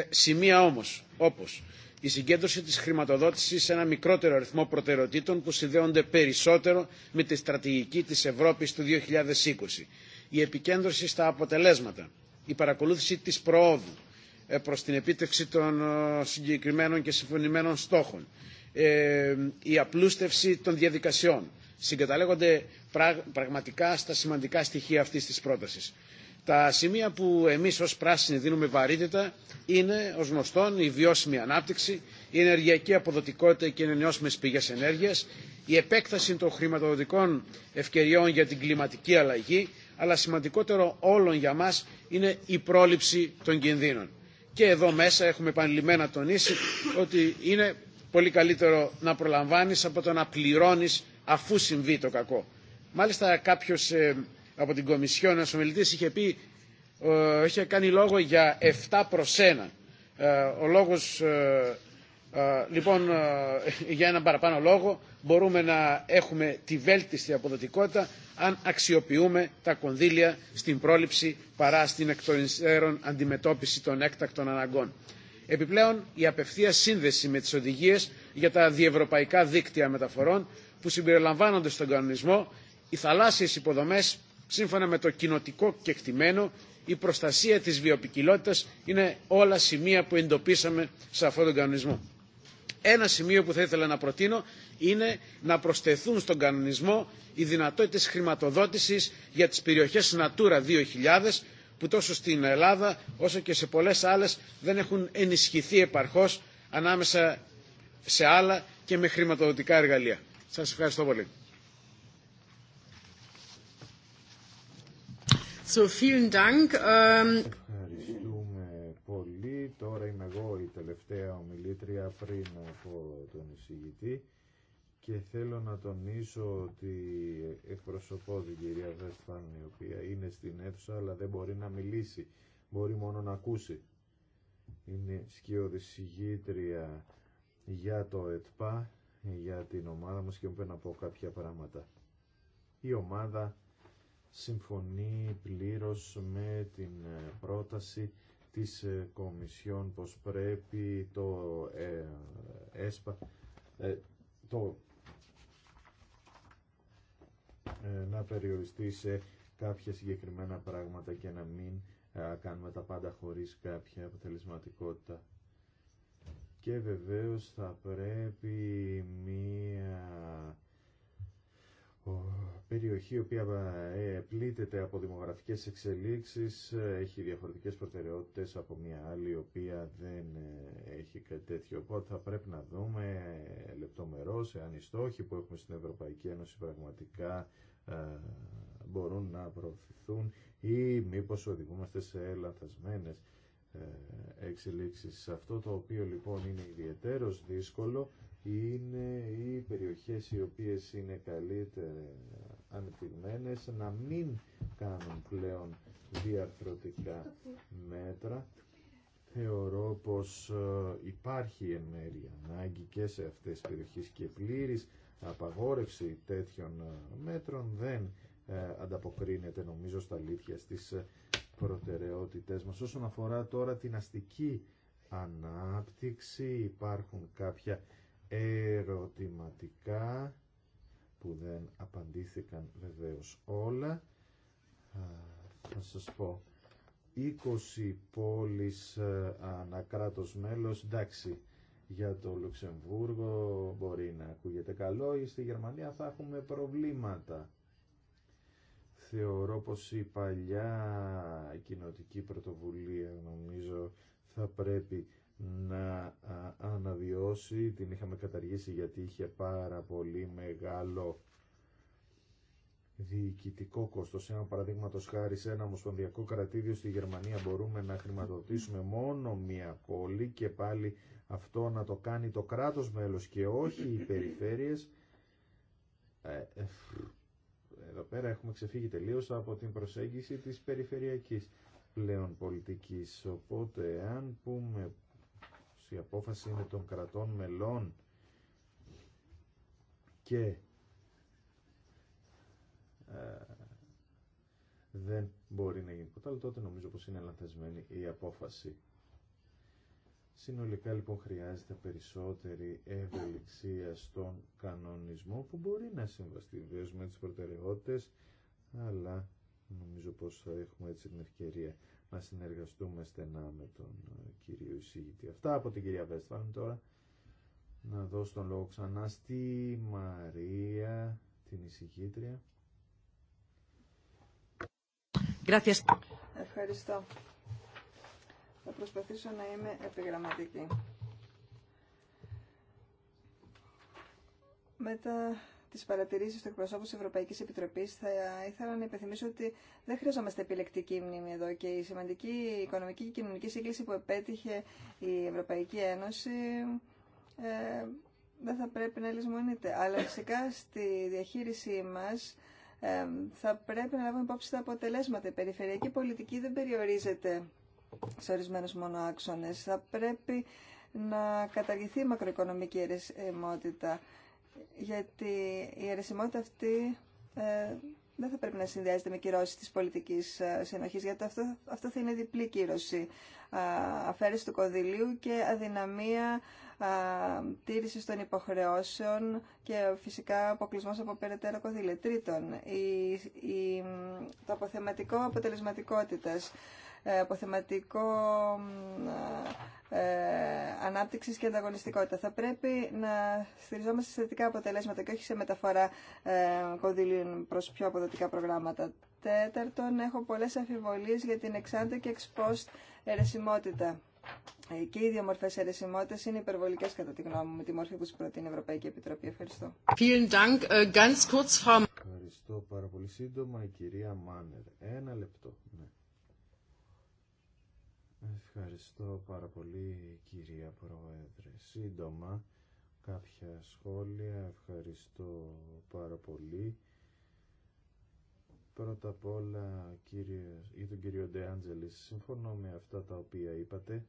Σημεία όμως, όπως η συγκέντρωση της χρηματοδότησης σε ένα μικρότερο αριθμό προτεραιοτήτων που συνδέονται περισσότερο με τη στρατηγική της Ευρώπης του 2020, η επικέντρωση στα αποτελέσματα, η παρακολούθηση της προόδου ε, προς την επίτευξη των ε, συγκεκριμένων και συμφωνημένων στόχων, ε, η απλούστευση των διαδικασιών, συγκαταλέγονται πραγματικά στα σημαντικά στοιχεία αυτής της πρότασης. Τα σημεία που εμείς ως πράσινοι δίνουμε βαρύτητα είναι, ως γνωστόν, η βιώσιμη ανάπτυξη, η ενεργειακή αποδοτικότητα και οι ενενιώσιμες πηγές ενέργειας, η επέκταση των χρηματοδοτικών ευκαιριών για την κλιματική αλλαγή, αλλά σημαντικότερο όλων για μας είναι η πρόληψη των κινδύνων. Και εδώ μέσα έχουμε επανειλημμένα τονίσει ότι είναι πολύ καλύτερο να προλαμβάνεις από το να πληρώνεις αφού συμβεί το κακό. Μάλιστα κάποιος ε, από την Κομισιόνα. Ο ομιλητή, είχε πει, ε, είχε κάνει λόγο για 7 προ 1. Ο λόγος, ε, ε, λοιπόν, για έναν παραπάνω λόγο, μπορούμε να έχουμε τη βέλτιστη αποδοτικότητα αν αξιοποιούμε τα κονδύλια στην πρόληψη παρά στην εκ των αντιμετώπιση των έκτακτων αναγκών. Επιπλέον, η απευθεία σύνδεση με τις οδηγίες για τα διευρωπαϊκά δίκτυα μεταφορών που συμπεριλαμβάνονται στον κανονισμό, οι θαλάσσιες υποδομές σύμφωνα με το κοινοτικό κεκτημένο η προστασία της βιοπικιλότητας είναι όλα σημεία που εντοπίσαμε σε αυτόν τον κανονισμό. Ένα σημείο που θα ήθελα να προτείνω είναι να προσθεθούν στον κανονισμό οι δυνατότητες χρηματοδότησης για τις περιοχές Natura 2000 που τόσο στην Ελλάδα όσο και σε πολλές άλλες δεν έχουν ενισχυθεί επαρχώς ανάμεσα σε άλλα και με χρηματοδοτικά εργαλεία. Σας ευχαριστώ πολύ. So, vielen Dank. Ähm, Ευχαριστούμε πολύ. Τώρα είμαι εγώ η τελευταία ομιλήτρια πριν από τον εισηγητή και θέλω να τονίσω ότι εκπροσωπώ την κυρία Βέσφαν η οποία είναι στην αίθουσα αλλά δεν μπορεί να μιλήσει, μπορεί μόνο να ακούσει. Είναι σκιοδησηγήτρια για το ΕΤΠΑ, για την ομάδα μας και μου πρέπει να πω κάποια πράγματα. Η ομάδα συμφωνεί πλήρως με την ε, πρόταση της ε, Κομισιόν πως πρέπει το ε, ΕΣΠΑ το, να περιοριστεί σε κάποια συγκεκριμένα πράγματα και να μην κάνουμε τα πάντα χωρίς κάποια αποτελεσματικότητα. Και βεβαίως θα πρέπει μία περιοχή η οποία ε, πλήττεται από δημογραφικές εξελίξεις, ε, έχει διαφορετικές προτεραιότητες από μια άλλη η οποία δεν ε, έχει κάτι τέτοιο. Οπότε θα πρέπει να δούμε λεπτομερώς εάν οι στόχοι που έχουμε στην Ευρωπαϊκή Ένωση πραγματικά μπορούν να προωθηθούν ή μήπως οδηγούμαστε σε μένες εξελίξεις. Αυτό το οποίο λοιπόν είναι ιδιαίτερο δύσκολο είναι οι περιοχές οι οποίες είναι καλύτερα ανεπτυγμένες να μην κάνουν πλέον διαρθρωτικά μέτρα. Θεωρώ πως ε, υπάρχει εν μέρει ανάγκη και σε αυτές τις περιοχές και πλήρης απαγόρευση τέτοιων ε, μέτρων δεν ε, ανταποκρίνεται νομίζω στα αλήθεια στις προτεραιότητές μας. Όσον αφορά τώρα την αστική ανάπτυξη υπάρχουν κάποια ερωτηματικά που δεν απαντήθηκαν βεβαίως όλα. Θα σας πω 20 πόλεις ανακράτος μέλος, εντάξει, για το Λουξεμβούργο μπορεί να ακούγεται καλό ή στη Γερμανία θα έχουμε προβλήματα. Θεωρώ πως η παλιά κοινοτική πρωτοβουλία νομίζω θα πρέπει να αναβιώσει. Την είχαμε καταργήσει γιατί είχε πάρα πολύ μεγάλο διοικητικό κόστος. Ένα παραδείγματο χάρη σε ένα ομοσπονδιακό κρατήδιο στη Γερμανία μπορούμε να χρηματοδοτήσουμε μόνο μία πόλη και πάλι αυτό να το κάνει το κράτος μέλος και όχι οι περιφέρειες. Ε, εδώ πέρα έχουμε ξεφύγει τελείω από την προσέγγιση της περιφερειακής πλέον πολιτικής. Οπότε αν πούμε η απόφαση είναι των κρατών μελών και ε, δεν μπορεί να γίνει ποτέ, αλλά τότε νομίζω πως είναι λανθασμένη η απόφαση. Συνολικά λοιπόν χρειάζεται περισσότερη ευελιξία στον κανονισμό που μπορεί να συμβαστεί βέβαια με τις προτεραιότητες, αλλά νομίζω πως θα έχουμε έτσι την ευκαιρία να συνεργαστούμε στενά με τον ε, κύριο εισηγητή. Αυτά από την κυρία Βέστφαλν τώρα. Να δώσω τον λόγο ξανά στη Μαρία, την εισηγήτρια. Ευχαριστώ. Θα προσπαθήσω να είμαι επιγραμματική. Μετά τι παρατηρήσει του εκπροσώπου τη Ευρωπαϊκή Επιτροπή, θα ήθελα να υπενθυμίσω ότι δεν χρειαζόμαστε επιλεκτική μνήμη εδώ και η σημαντική οικονομική και κοινωνική σύγκληση που επέτυχε η Ευρωπαϊκή Ένωση ε, δεν θα πρέπει να λησμονείται. Αλλά φυσικά στη διαχείρισή μα ε, θα πρέπει να λάβουμε υπόψη τα αποτελέσματα. Η περιφερειακή πολιτική δεν περιορίζεται σε ορισμένου μόνο Θα πρέπει να καταργηθεί η μακροοικονομική αιρεσιμότητα γιατί η αιρεσιμότητα αυτή ε, δεν θα πρέπει να συνδυάζεται με κυρώσει της πολιτικής ε, συνοχής, γιατί αυτό, αυτό θα είναι διπλή κύρωση. αφαίρεση του κονδυλίου και αδυναμία α, τήρησης των υποχρεώσεων και φυσικά αποκλεισμό από περαιτέρω κονδύλια. Τρίτον, η, η, το αποθεματικό αποτελεσματικότητας. Ε, αποθεματικό ε, ανάπτυξη και ανταγωνιστικότητα. Θα πρέπει να στηριζόμαστε σε θετικά αποτελέσματα και όχι σε μεταφορά ε, κονδυλίων προ πιο αποδοτικά προγράμματα. Τέταρτον, έχω πολλέ αμφιβολίε για την εξάντα και εξπόστ αιρεσιμότητα. Και οι δύο μορφέ αιρεσιμότητα είναι υπερβολικέ κατά τη γνώμη μου, με τη μορφή που προτείνει η Ευρωπαϊκή Επιτροπή. Ευχαριστώ. Äh, Ευχαριστώ πάρα πολύ σύντομα, η κυρία Μάνερ. Ένα λεπτό. Ναι. Ευχαριστώ πάρα πολύ κυρία Πρόεδρε. Σύντομα κάποια σχόλια. Ευχαριστώ πάρα πολύ. Πρώτα απ' όλα κύριε, ή τον κύριο Ντεάντζελη, συμφωνώ με αυτά τα οποία είπατε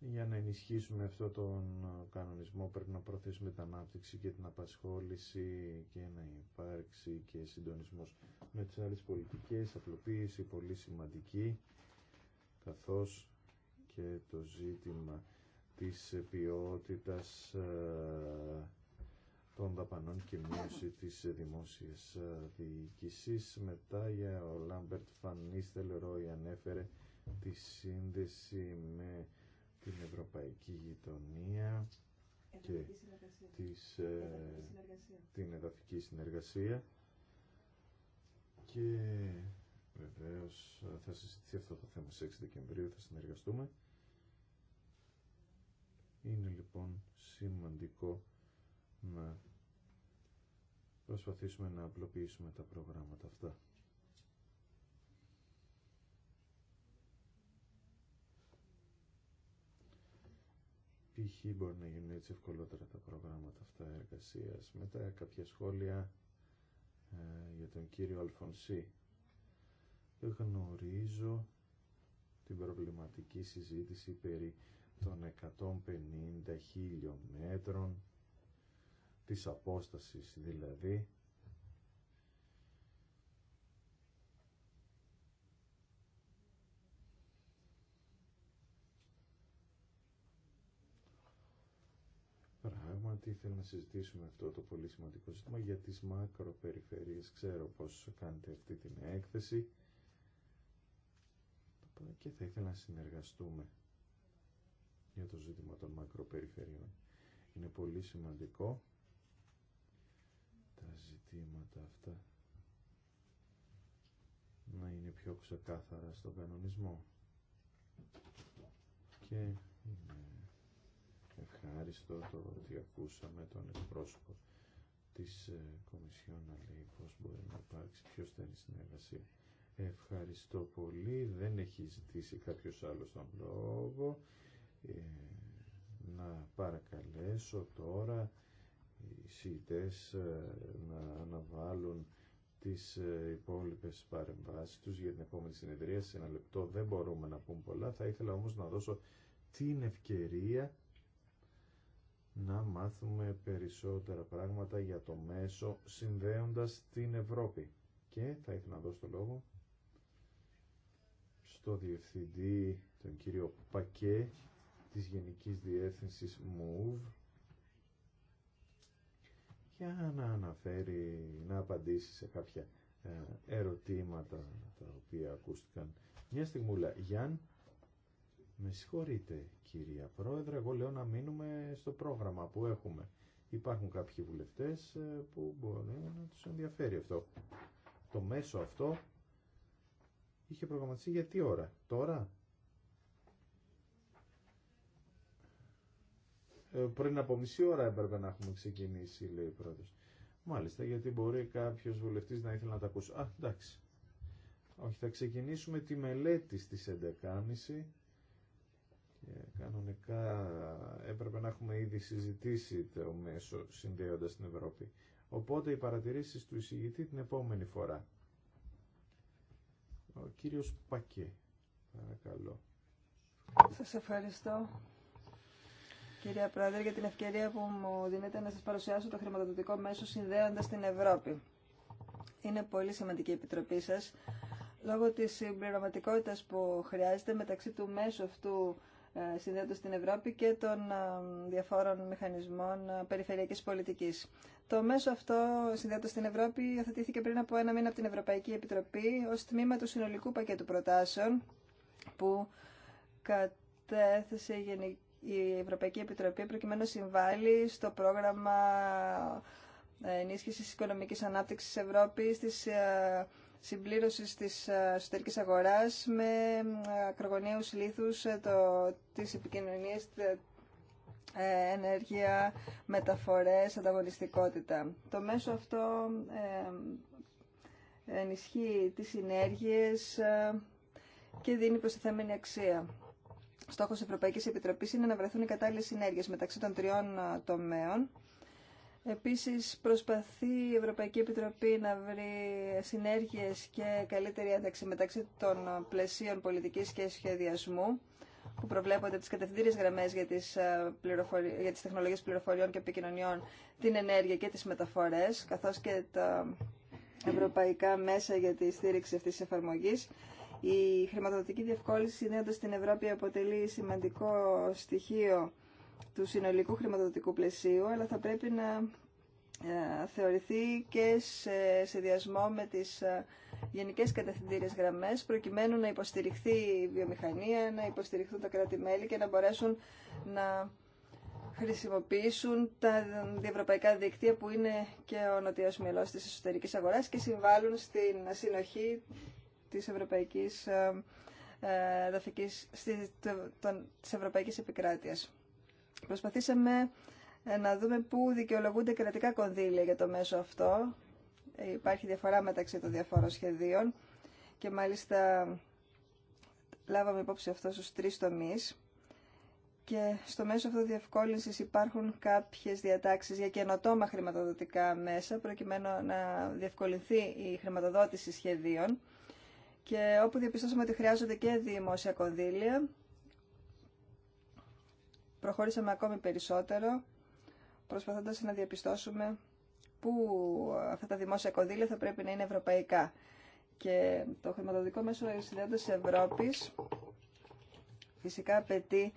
για να ενισχύσουμε αυτό τον κανονισμό πρέπει να προωθήσουμε την ανάπτυξη και την απασχόληση και να υπάρξει και συντονισμός με τις άλλες πολιτικές, απλοποίηση πολύ σημαντική καθώς και το ζήτημα της ποιότητας ε, των δαπανών και μείωση της δημόσιας ε, διοίκησης. Μετά για ο Λάμπερτ Φανίστελ Ρόι ανέφερε τη σύνδεση με την ευρωπαϊκή γειτονία και Της, ε, την εδαφική συνεργασία και βεβαίως θα συζητηθεί αυτό το θέμα σε 6 Δεκεμβρίου, θα συνεργαστούμε. Είναι λοιπόν σημαντικό να προσπαθήσουμε να απλοποιήσουμε τα προγράμματα αυτά. π.χ. μπορεί να γίνουν έτσι ευκολότερα τα προγράμματα αυτά εργασίας. Μετά κάποια σχόλια ε, για τον κύριο Αλφονσί. Γνωρίζω την προβληματική συζήτηση περί των 150 μέτρων, της απόστασης δηλαδή, γιατί θέλω να συζητήσουμε αυτό το πολύ σημαντικό ζήτημα για τις μακροπεριφέρειες. Ξέρω πώς κάνετε αυτή την έκθεση και θα ήθελα να συνεργαστούμε για το ζήτημα των μακροπεριφερειών. Είναι πολύ σημαντικό τα ζητήματα αυτά να είναι πιο ξεκάθαρα στον κανονισμό. Και ευχάριστο το ότι ακούσαμε τον εκπρόσωπο της ε, Κομισιόν να λέει πώς μπορεί να υπάρξει πιο στενή συνεργασία. Ευχαριστώ πολύ. Δεν έχει ζητήσει κάποιος άλλος τον λόγο. Ε, να παρακαλέσω τώρα οι σίτες ε, να αναβάλουν τις ε, υπόλοιπες παρεμβάσεις τους για την επόμενη συνεδρία. Σε ένα λεπτό δεν μπορούμε να πούμε πολλά. Θα ήθελα όμως να δώσω την ευκαιρία να μάθουμε περισσότερα πράγματα για το μέσο συνδέοντας την Ευρώπη. Και θα ήθελα να δώσω το λόγο στο Διευθυντή, τον κύριο Πακέ, της Γενικής Διεύθυνσης ΜΟΥΒ, για να αναφέρει, να απαντήσει σε κάποια ε, ερωτήματα τα οποία ακούστηκαν. Μια στιγμούλα, Γιάν, με συγχωρείτε κυρία Πρόεδρε, εγώ λέω να μείνουμε στο πρόγραμμα που έχουμε. Υπάρχουν κάποιοι βουλευτές ε, που μπορεί να τους ενδιαφέρει αυτό. Το μέσο αυτό είχε προγραμματιστεί για τι ώρα, τώρα. Ε, πριν από μισή ώρα έπρεπε να έχουμε ξεκινήσει, λέει ο πρόεδρος. Μάλιστα, γιατί μπορεί κάποιος βουλευτής να ήθελε να τα ακούσει. Α, εντάξει. Όχι, θα ξεκινήσουμε τη μελέτη στις 11.30 και κανονικά έπρεπε να έχουμε ήδη συζητήσει το μέσο συνδέοντας την Ευρώπη. Οπότε οι παρατηρήσεις του εισηγητή την επόμενη φορά. Ο κύριος Πακέ, παρακαλώ. Σας ευχαριστώ. Κυρία Πρόεδρε, για την ευκαιρία που μου δίνετε να σας παρουσιάσω το χρηματοδοτικό μέσο συνδέοντας την Ευρώπη. Είναι πολύ σημαντική η επιτροπή σας, λόγω της συμπληρωματικότητας που χρειάζεται μεταξύ του μέσου αυτού ε, συνδέοντα στην Ευρώπη και των ε, διαφόρων μηχανισμών ε, περιφερειακής πολιτικής. Το μέσο αυτό συνδέεται στην Ευρώπη υιοθετήθηκε πριν από ένα μήνα από την Ευρωπαϊκή Επιτροπή ως τμήμα του συνολικού πακέτου προτάσεων που κατέθεσε η Ευρωπαϊκή Επιτροπή προκειμένου να συμβάλλει στο πρόγραμμα ενίσχυσης οικονομικής ανάπτυξης Ευρώπης, Συμπλήρωση τη ε, εσωτερική αγορά με ε, ακρογωνιού λίθους ε, το, επικοινωνία ενέργεια, μεταφορές, ανταγωνιστικότητα. Το μέσο αυτό ενισχύει τις συνέργειες και δίνει προστιθέμενη αξία. Στόχος Ευρωπαϊκής Επιτροπής είναι να βρεθούν οι κατάλληλες συνέργειες μεταξύ των τριών τομέων Επίσης προσπαθεί η Ευρωπαϊκή Επιτροπή να βρει συνέργειες και καλύτερη ένταξη μεταξύ των πλαισίων πολιτικής και σχεδιασμού που προβλέπονται τις κατευθυντήριες γραμμές για τις, ε, πληροφορι... για τις τεχνολογίες πληροφοριών και επικοινωνιών, την ενέργεια και τις μεταφορές, καθώς και τα ευρωπαϊκά μέσα για τη στήριξη αυτής της εφαρμογής. Η χρηματοδοτική διευκόλυνση συνέοντας στην Ευρώπη αποτελεί σημαντικό στοιχείο του συνολικού χρηματοδοτικού πλαισίου, αλλά θα πρέπει να ε, θεωρηθεί και σε συνδυασμό με τις ε, γενικές κατευθυντήριες γραμμές προκειμένου να υποστηριχθεί η βιομηχανία, να υποστηριχθούν τα κράτη-μέλη και να μπορέσουν να χρησιμοποιήσουν τα διευρωπαϊκά δίκτυα που είναι και ο νοτιός μυαλός της εσωτερικής αγοράς και συμβάλλουν στην συνοχή της ευρωπαϊκής, ε, το, της ευρωπαϊκής επικράτειας. Προσπαθήσαμε ε, να δούμε πού δικαιολογούνται κρατικά κονδύλια για το μέσο αυτό. Ε, υπάρχει διαφορά μεταξύ των διαφόρων σχεδίων και μάλιστα λάβαμε υπόψη αυτό στους τρεις τομείς και στο μέσο αυτό διευκόλυνσης υπάρχουν κάποιες διατάξεις για καινοτόμα χρηματοδοτικά μέσα προκειμένου να διευκολυνθεί η χρηματοδότηση σχεδίων και όπου διαπιστώσαμε ότι χρειάζονται και δημόσια κονδύλια προχώρησαμε ακόμη περισσότερο, προσπαθώντας να διαπιστώσουμε πού αυτά τα δημόσια κονδύλια θα πρέπει να είναι ευρωπαϊκά. Και το χρηματοδοτικό μέσο συνδέοντας Ευρώπης φυσικά απαιτεί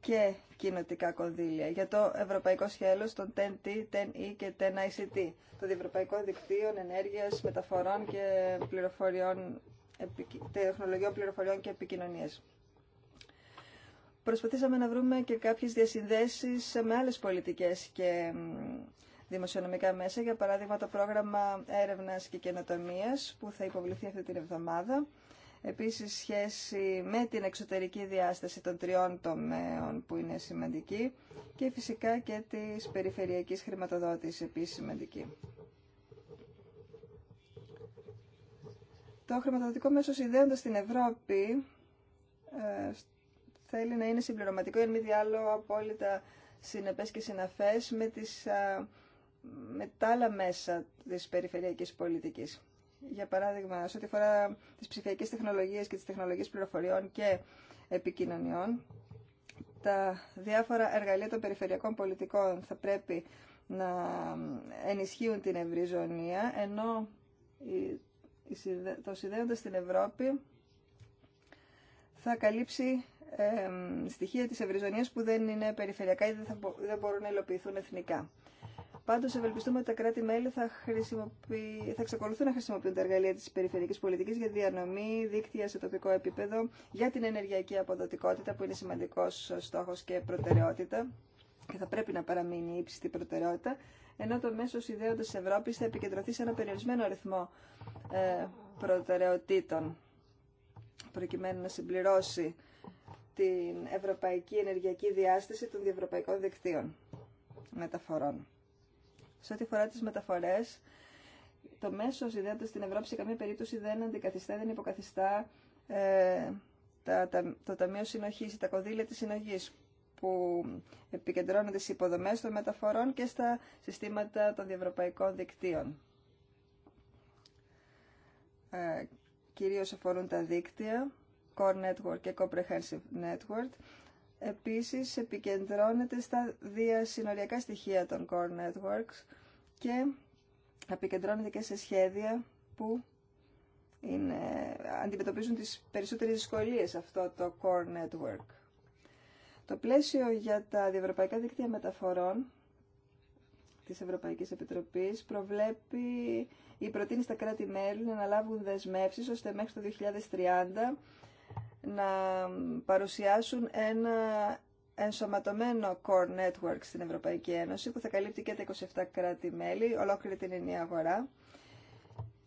και κοινοτικά κονδύλια για το ευρωπαϊκό σχέλος των 10 t 10 e και 10 ict το Διευρωπαϊκό Δικτύο Ενέργειας, Μεταφορών και πληροφοριών, Τεχνολογιών Πληροφοριών και Επικοινωνίας. Προσπαθήσαμε να βρούμε και κάποιες διασυνδέσεις με άλλες πολιτικές και δημοσιονομικά μέσα, για παράδειγμα το πρόγραμμα έρευνας και καινοτομίας που θα υποβληθεί αυτή την εβδομάδα. Επίσης σχέση με την εξωτερική διάσταση των τριών τομέων που είναι σημαντική και φυσικά και της περιφερειακής χρηματοδότησης επίσης σημαντική. Το χρηματοδοτικό μέσο συνδέοντας στην Ευρώπη ε, θέλει να είναι συμπληρωματικό, εν μη διάλογο απόλυτα συνεπές και συναφές με, τις, με τα άλλα μέσα της περιφερειακής πολιτικής. Για παράδειγμα, σε ό,τι αφορά τις ψηφιακές τεχνολογίες και τις τεχνολογίες πληροφοριών και επικοινωνιών, τα διάφορα εργαλεία των περιφερειακών πολιτικών θα πρέπει να ενισχύουν την ευρυζωνία, ενώ το συνδέοντας στην Ευρώπη θα καλύψει στοιχεία της ευρυζωνίας που δεν είναι περιφερειακά ή δεν, θα, δεν μπορούν να υλοποιηθούν εθνικά. Πάντω, ευελπιστούμε ότι τα κράτη-μέλη θα, θα εξακολουθούν να χρησιμοποιούν τα εργαλεία τη περιφερειακή πολιτική για διανομή, δίκτυα σε τοπικό επίπεδο, για την ενεργειακή αποδοτικότητα, που είναι σημαντικό στόχο και προτεραιότητα και θα πρέπει να παραμείνει ύψιστη προτεραιότητα, ενώ το μέσο ιδέοντα τη Ευρώπη θα επικεντρωθεί σε ένα περιορισμένο αριθμό ε, προτεραιοτήτων, προκειμένου να συμπληρώσει την ευρωπαϊκή ενεργειακή διάσταση των διευρωπαϊκών δικτύων μεταφορών. Σε ό,τι αφορά τις μεταφορές, το μέσο ιδέατος στην Ευρώπη σε καμία περίπτωση δεν αντικαθιστά, δεν υποκαθιστά ε, τα, τα, το Ταμείο Συνοχής ή τα κονδύλια της συνοχής που επικεντρώνονται στις υποδομές των μεταφορών και στα συστήματα των διευρωπαϊκών δικτύων. Ε, κυρίως αφορούν τα δίκτυα Core Network και Comprehensive Network. Επίσης επικεντρώνεται στα διασυνοριακά στοιχεία των Core Networks και επικεντρώνεται και σε σχέδια που είναι, αντιμετωπίζουν τις περισσότερες δυσκολίες αυτό το Core Network. Το πλαίσιο για τα διευρωπαϊκά δίκτυα μεταφορών της Ευρωπαϊκής Επιτροπής προβλέπει ή προτείνει στα κράτη-μέλη να αναλάβουν δεσμεύσεις ώστε μέχρι το 2030 να παρουσιάσουν ένα ενσωματωμένο core network στην Ευρωπαϊκή Ένωση που θα καλύπτει και τα 27 κράτη-μέλη, ολόκληρη την ενιαία αγορά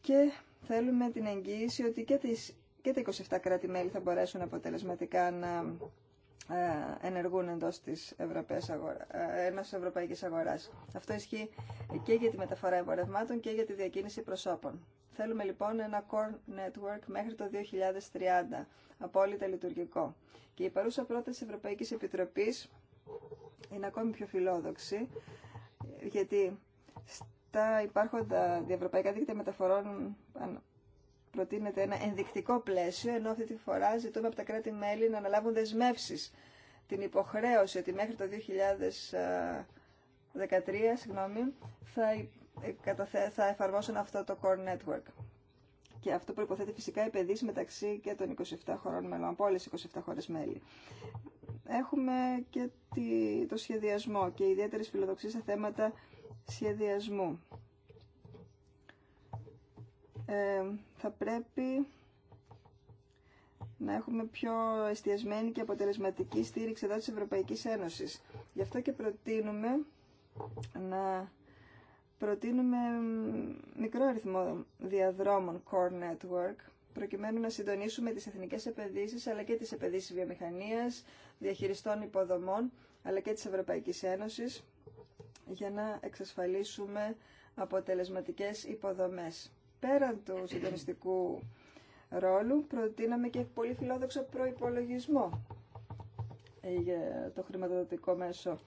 και θέλουμε την εγγύηση ότι και, τις, και τα 27 κράτη-μέλη θα μπορέσουν αποτελεσματικά να ε, ενεργούν εντός της Ευρωπαϊκής, αγορά, ε, ενός ευρωπαϊκής αγοράς. Αυτό ισχύει και για τη μεταφορά εμπορευμάτων και για τη διακίνηση προσώπων. Θέλουμε λοιπόν ένα core network μέχρι το 2030, απόλυτα λειτουργικό. Και η παρούσα πρόταση Ευρωπαϊκής Επιτροπής είναι ακόμη πιο φιλόδοξη, γιατί στα υπάρχοντα διευρωπαϊκά δίκτυα μεταφορών προτείνεται ένα ενδεικτικό πλαίσιο, ενώ αυτή τη φορά ζητούμε από τα κράτη-μέλη να αναλάβουν δεσμεύσεις. Την υποχρέωση ότι μέχρι το 2013 συγγνώμη, θα ε, θα εφαρμόσουν αυτό το Core Network. Και αυτό προποθέτει φυσικά παιδίση μεταξύ και των 27 χωρών μελών, από όλες 27 χώρε μέλη. Έχουμε και το σχεδιασμό και ιδιαίτερε φιλοδοξίε σε θέματα σχεδιασμού. Ε, θα πρέπει να έχουμε πιο εστιασμένη και αποτελεσματική στήριξη εδώ της Ευρωπαϊκής Ένωσης. Γι' αυτό και προτείνουμε να προτείνουμε μικρό αριθμό διαδρόμων Core Network, προκειμένου να συντονίσουμε τις εθνικές επενδύσεις, αλλά και τις επενδύσεις βιομηχανίας, διαχειριστών υποδομών, αλλά και της Ευρωπαϊκής Ένωσης, για να εξασφαλίσουμε αποτελεσματικές υποδομές. Πέραν του συντονιστικού ρόλου, προτείναμε και πολύ φιλόδοξο προϋπολογισμό για το χρηματοδοτικό μέσο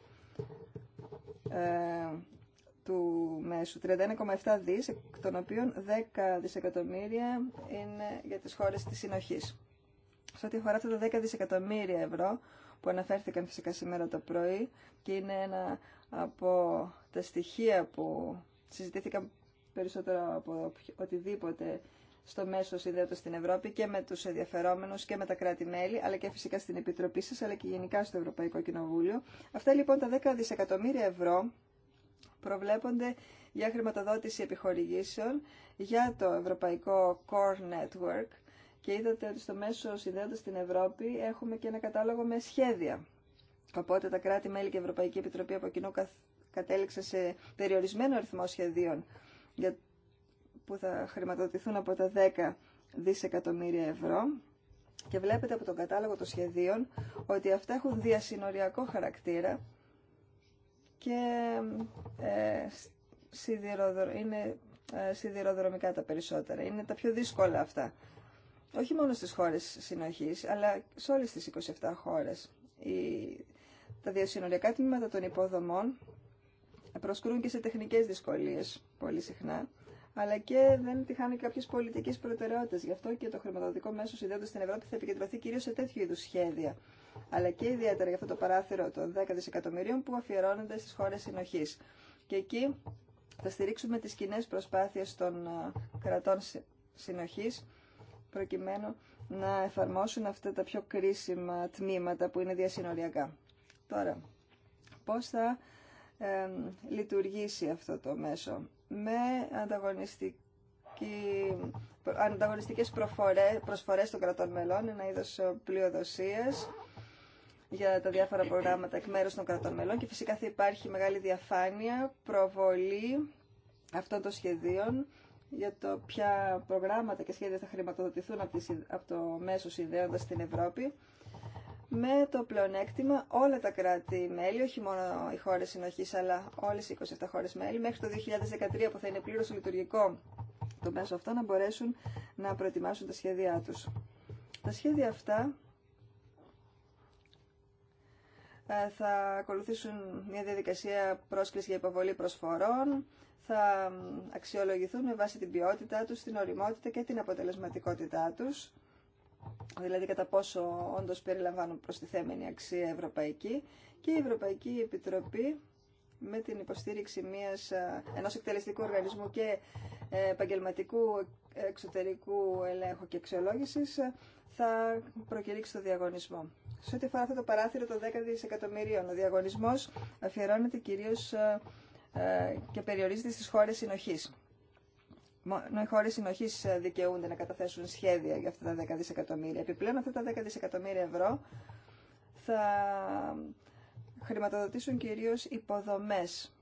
ε, του μέσου, 31,7 δις, εκ των οποίων 10 δισεκατομμύρια είναι για τις χώρες της συνοχής. Σε ό,τι αφορά αυτά τα 10 δισεκατομμύρια ευρώ που αναφέρθηκαν φυσικά σήμερα το πρωί και είναι ένα από τα στοιχεία που συζητήθηκαν περισσότερο από οτιδήποτε στο μέσο συνδέοντο στην Ευρώπη και με τους ενδιαφερόμενους και με τα κράτη-μέλη, αλλά και φυσικά στην Επιτροπή σας, αλλά και γενικά στο Ευρωπαϊκό Κοινοβούλιο. Αυτά λοιπόν τα 10 δισεκατομμύρια ευρώ προβλέπονται για χρηματοδότηση επιχορηγήσεων για το Ευρωπαϊκό Core Network και είδατε ότι στο μέσο συνδέοντα την Ευρώπη έχουμε και ένα κατάλογο με σχέδια. Οπότε τα κράτη-μέλη και η Ευρωπαϊκή Επιτροπή από κοινού κατέληξαν σε περιορισμένο αριθμό σχεδίων που θα χρηματοδοτηθούν από τα 10 δισεκατομμύρια ευρώ. Και βλέπετε από τον κατάλογο των σχεδίων ότι αυτά έχουν διασυνοριακό χαρακτήρα και ε, είναι ε, σιδηροδρομικά τα περισσότερα. Είναι τα πιο δύσκολα αυτά. Όχι μόνο στις χώρες συνοχής, αλλά σε όλες τις 27 χώρες. Τα διασυνοριακά τμήματα των υποδομών προσκρούν και σε τεχνικές δυσκολίες πολύ συχνά, αλλά και δεν τυχάνουν κάποιες πολιτικές προτεραιότητες. Γι' αυτό και το χρηματοδοτικό μέσο συνδέοντας στην Ευρώπη θα επικεντρωθεί κυρίως σε τέτοιου είδους σχέδια αλλά και ιδιαίτερα για αυτό το παράθυρο των 10 δισεκατομμυρίων που αφιερώνονται στις χώρες συνοχής. Και εκεί θα στηρίξουμε τις κοινέ προσπάθειες των ε, κρατών συνοχής προκειμένου να εφαρμόσουν αυτά τα πιο κρίσιμα τμήματα που είναι διασυνοριακά. Τώρα, πώς θα λειτουργήσει αυτό το μέσο. Με ανταγωνιστικές προσφορές των κρατών μελών, ένα είδος ε, πλειοδοσίας, για τα διάφορα προγράμματα εκ μέρους των κρατών μελών και φυσικά θα υπάρχει μεγάλη διαφάνεια, προβολή αυτών των σχεδίων για το ποια προγράμματα και σχέδια θα χρηματοδοτηθούν από το μέσο συνδέοντα στην Ευρώπη με το πλεονέκτημα όλα τα κράτη-μέλη, όχι μόνο οι χώρε συνοχή, αλλά όλε οι 27 χώρε-μέλη, μέχρι το 2013 που θα είναι πλήρω λειτουργικό το μέσο αυτό, να μπορέσουν να προετοιμάσουν τα σχέδιά του. Τα σχέδια αυτά ε, θα ακολουθήσουν μια διαδικασία πρόσκληση για υποβολή προσφορών, θα αξιολογηθούν με βάση την ποιότητά τους, την οριμότητα και την αποτελεσματικότητά τους, δηλαδή κατά πόσο όντως περιλαμβάνουν προστιθέμενη αξία ευρωπαϊκή και η Ευρωπαϊκή Επιτροπή με την υποστήριξη μιας, ε, ενός εκτελεστικού οργανισμού και ε, επαγγελματικού εξωτερικού ελέγχου και αξιολόγηση ε, θα προκηρύξει το διαγωνισμό. Σε ό,τι αφορά αυτό το παράθυρο των 10 δισεκατομμυρίων, ο διαγωνισμό αφιερώνεται κυρίω ε, ε, και περιορίζεται στι χώρε συνοχή. Μόνο οι χώρε συνοχή δικαιούνται να καταθέσουν σχέδια για αυτά τα 10 δισεκατομμύρια. Επιπλέον, αυτά τα 10 δισεκατομμύρια ευρώ θα χρηματοδοτήσουν κυρίως υποδομές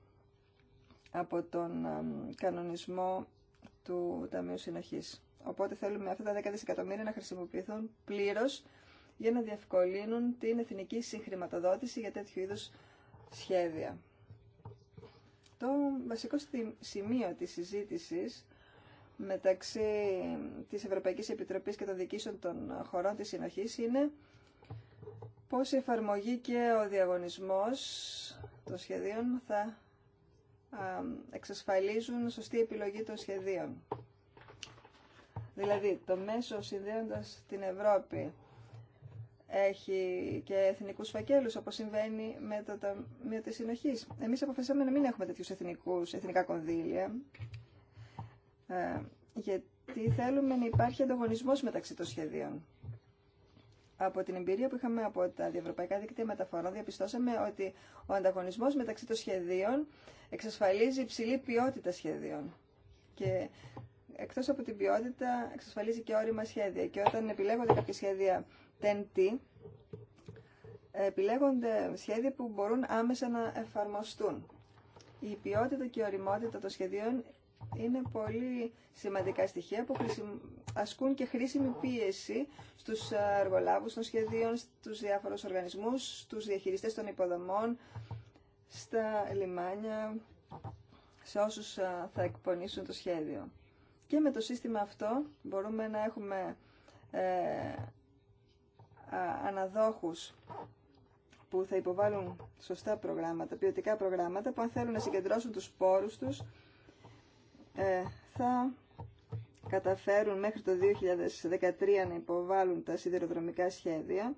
από τον κανονισμό του Ταμείου συνοχή. Οπότε θέλουμε αυτά τα 10 δισεκατομμύρια να χρησιμοποιηθούν πλήρω για να διευκολύνουν την εθνική συγχρηματοδότηση για τέτοιου είδους σχέδια. Το βασικό σημείο της συζήτησης μεταξύ της Ευρωπαϊκής Επιτροπής και των διοικήσεων των χωρών της συνοχής είναι πώς η εφαρμογή και ο διαγωνισμός των σχεδίων θα εξασφαλίζουν σωστή επιλογή των σχεδίων. Δηλαδή, το μέσο συνδέοντας την Ευρώπη έχει και εθνικούς φακέλους, όπως συμβαίνει με το Ταμείο της Συνοχής. Εμείς αποφασίσαμε να μην έχουμε τέτοιους εθνικούς, εθνικά κονδύλια, ε, γιατί θέλουμε να υπάρχει ανταγωνισμός μεταξύ των σχεδίων από την εμπειρία που είχαμε από τα διευρωπαϊκά δίκτυα μεταφορών, διαπιστώσαμε ότι ο ανταγωνισμός μεταξύ των σχεδίων εξασφαλίζει υψηλή ποιότητα σχεδίων. Και εκτός από την ποιότητα, εξασφαλίζει και όριμα σχέδια. Και όταν επιλέγονται κάποια σχέδια TEN-T, επιλέγονται σχέδια που μπορούν άμεσα να εφαρμοστούν. Η ποιότητα και η οριμότητα των σχεδίων είναι πολύ σημαντικά στοιχεία που ασκούν και χρήσιμη πίεση στους εργολάβους των σχεδίων, στους διάφορους οργανισμούς, στους διαχειριστές των υποδομών, στα λιμάνια, σε όσους θα εκπονήσουν το σχέδιο. Και με το σύστημα αυτό μπορούμε να έχουμε ε, αναδόχους που θα υποβάλουν σωστά προγράμματα, ποιοτικά προγράμματα, που αν θέλουν να συγκεντρώσουν τους σπόρους τους, ε, θα καταφέρουν μέχρι το 2013 να υποβάλουν τα σιδηροδρομικά σχέδια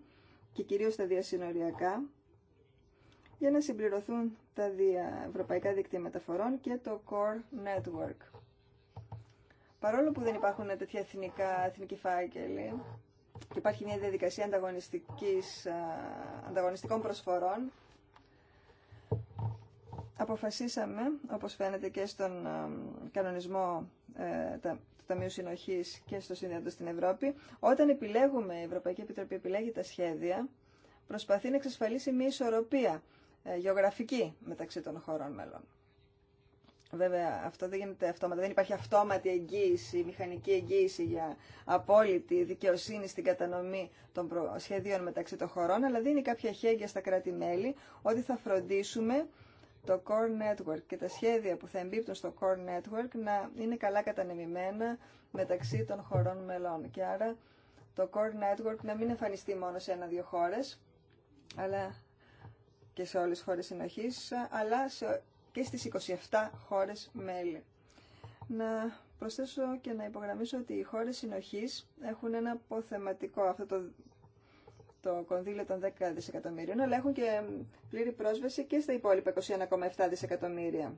και κυρίως τα διασυνοριακά για να συμπληρωθούν τα δια... ευρωπαϊκά δίκτυα μεταφορών και το Core Network. Παρόλο που δεν υπάρχουν τέτοια εθνικά, εθνική φάκελη και υπάρχει μια διαδικασία ανταγωνιστικής, ανταγωνιστικών προσφορών, αποφασίσαμε, όπως φαίνεται και στον ε, κανονισμό ε, του Ταμείου Συνοχής και στο Σύνδεδο στην Ευρώπη, όταν επιλέγουμε, η Ευρωπαϊκή Επιτροπή επιλέγει τα σχέδια, προσπαθεί να εξασφαλίσει μια ισορροπία ε, γεωγραφική μεταξύ των χωρών μελών. Βέβαια, αυτό δεν γίνεται αυτόματα. Δεν υπάρχει αυτόματη εγγύηση, μηχανική εγγύηση για απόλυτη δικαιοσύνη στην κατανομή των σχεδίων μεταξύ των χωρών, αλλά δίνει κάποια χέγγια στα κράτη-μέλη ότι θα φροντίσουμε το Core Network και τα σχέδια που θα εμπίπτουν στο Core Network να είναι καλά κατανεμημένα μεταξύ των χωρών μελών. Και άρα το Core Network να μην εμφανιστεί μόνο σε ένα-δύο χώρες, αλλά και σε όλες τις χώρες συνοχής, αλλά και στις 27 χώρες μέλη. Να προσθέσω και να υπογραμμίσω ότι οι χώρες συνοχής έχουν ένα αποθεματικό, αυτό το το κονδύλιο των 10 δισεκατομμύριων, αλλά έχουν και πλήρη πρόσβαση και στα υπόλοιπα 21,7 δισεκατομμύρια.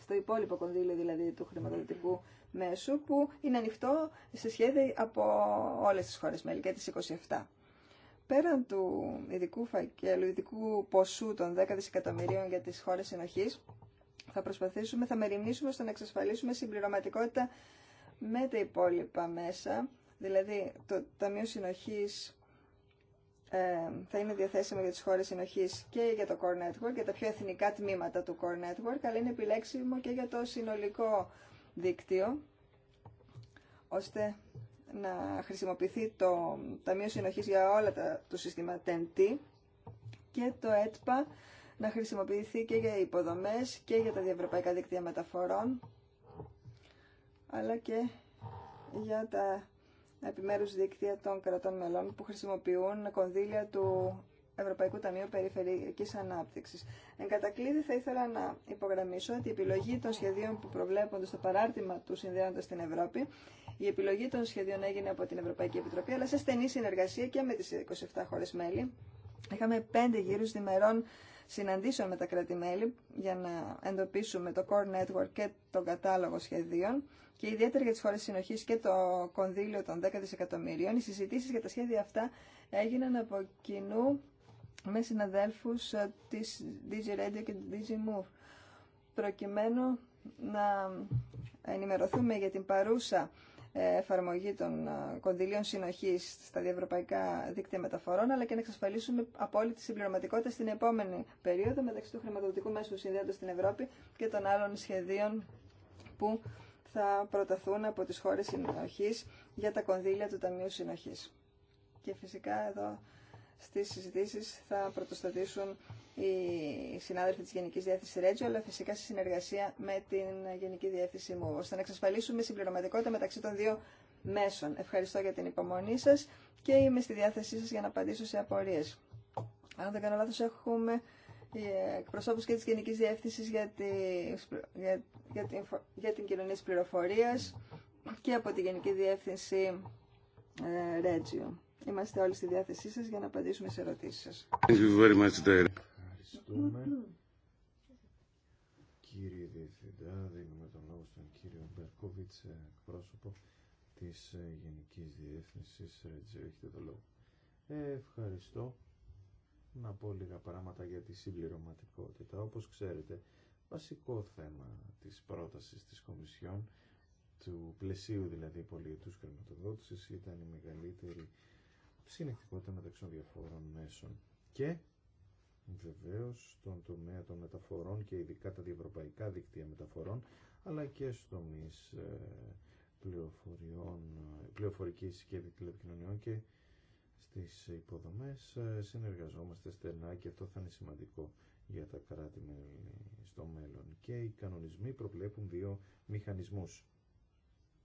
Στο υπόλοιπο κονδύλιο δηλαδή του χρηματοδοτικού μέσου που είναι ανοιχτό σε σχέδια από όλες τις χώρες μέλη και τι 27. Πέραν του ειδικού φακέλου, ειδικού ποσού των 10 δισεκατομμυρίων για τις χώρες συνοχής, θα προσπαθήσουμε, θα μεριμνήσουμε ώστε να εξασφαλίσουμε συμπληρωματικότητα με τα υπόλοιπα μέσα, δηλαδή το Ταμείο Συνοχής ε, θα είναι διαθέσιμο για τις χώρες συνοχής και για το Core Network, για τα πιο εθνικά τμήματα του Core Network, αλλά είναι επιλέξιμο και για το συνολικό δίκτυο, ώστε να χρησιμοποιηθεί το Ταμείο Συνοχής για όλα τα, το σύστημα TEN-T και το ΕΤΠΑ να χρησιμοποιηθεί και για υποδομές και για τα διευρωπαϊκά δίκτυα μεταφορών, αλλά και για τα επιμέρους δίκτυα των κρατών μελών που χρησιμοποιούν κονδύλια του Ευρωπαϊκού Ταμείου Περιφερειακής Ανάπτυξης. Εν κατακλείδη θα ήθελα να υπογραμμίσω ότι η επιλογή των σχεδίων που προβλέπονται στο παράρτημα του Συνδέοντα στην Ευρώπη, η επιλογή των σχεδίων έγινε από την Ευρωπαϊκή Επιτροπή, αλλά σε στενή συνεργασία και με τις 27 χώρες μέλη. Είχαμε πέντε γύρους διμερών συναντήσεων με τα κράτη-μέλη για να εντοπίσουμε το Core Network και τον κατάλογο σχεδίων και ιδιαίτερα για τις χώρες συνοχής και το κονδύλιο των 10 δισεκατομμυρίων. Οι συζητήσεις για τα σχέδια αυτά έγιναν από κοινού με συναδέλφους ε, της DG Radio και της DG Move προκειμένου να ενημερωθούμε για την παρούσα εφαρμογή των ε, κονδυλίων συνοχή στα διευρωπαϊκά δίκτυα μεταφορών, αλλά και να εξασφαλίσουμε απόλυτη συμπληρωματικότητα στην επόμενη περίοδο μεταξύ του χρηματοδοτικού μέσου συνδέοντα στην Ευρώπη και των άλλων σχεδίων που θα προταθούν από τις χώρες συνοχής για τα κονδύλια του Ταμείου Συνοχής. Και φυσικά εδώ στις συζητήσεις θα πρωτοστατήσουν οι συνάδελφοι της Γενικής Διεύθυνσης Ρέτζο, αλλά φυσικά στη συνεργασία με την Γενική Διεύθυνση μου, ώστε να εξασφαλίσουμε συμπληρωματικότητα μεταξύ των δύο μέσων. Ευχαριστώ για την υπομονή σας και είμαι στη διάθεσή σας για να απαντήσω σε απορίες. Αν δεν κάνω λάθος, έχουμε ε, εκπροσώπους και της Γενικής Διεύθυνσης για, τη, για, για, την, για την κοινωνία της πληροφορίας και από τη Γενική Διεύθυνση ε, Ρέτζιου. Είμαστε όλοι στη διάθεσή σας για να απαντήσουμε σε ερωτήσεις σας. Ευχαριστούμε. Κύριε Διευθυντά, δίνουμε τον λόγο στον κύριο Μπερκόβιτς, πρόσωπο της Γενικής Διεύθυνσης Έχετε λόγο. ευχαριστώ. Να πω λίγα πράγματα για τη συμπληρωματικότητα. Όπως ξέρετε, βασικό θέμα της πρότασης της Κομισιόν, του πλαισίου δηλαδή πολιετούς χρηματοδότησης, ήταν η μεγαλύτερη συνεκτικότητα μεταξύ των διαφόρων μέσων και βεβαίω στον τομέα των μεταφορών και ειδικά τα διευρωπαϊκά δίκτυα μεταφορών αλλά και στου τομεί ε, ε, πληροφορική και τηλεπικοινωνιών και στις υποδομές ε, συνεργαζόμαστε στενά και αυτό θα είναι σημαντικό για τα κρατη στο μέλλον και οι κανονισμοί προβλέπουν δύο μηχανισμού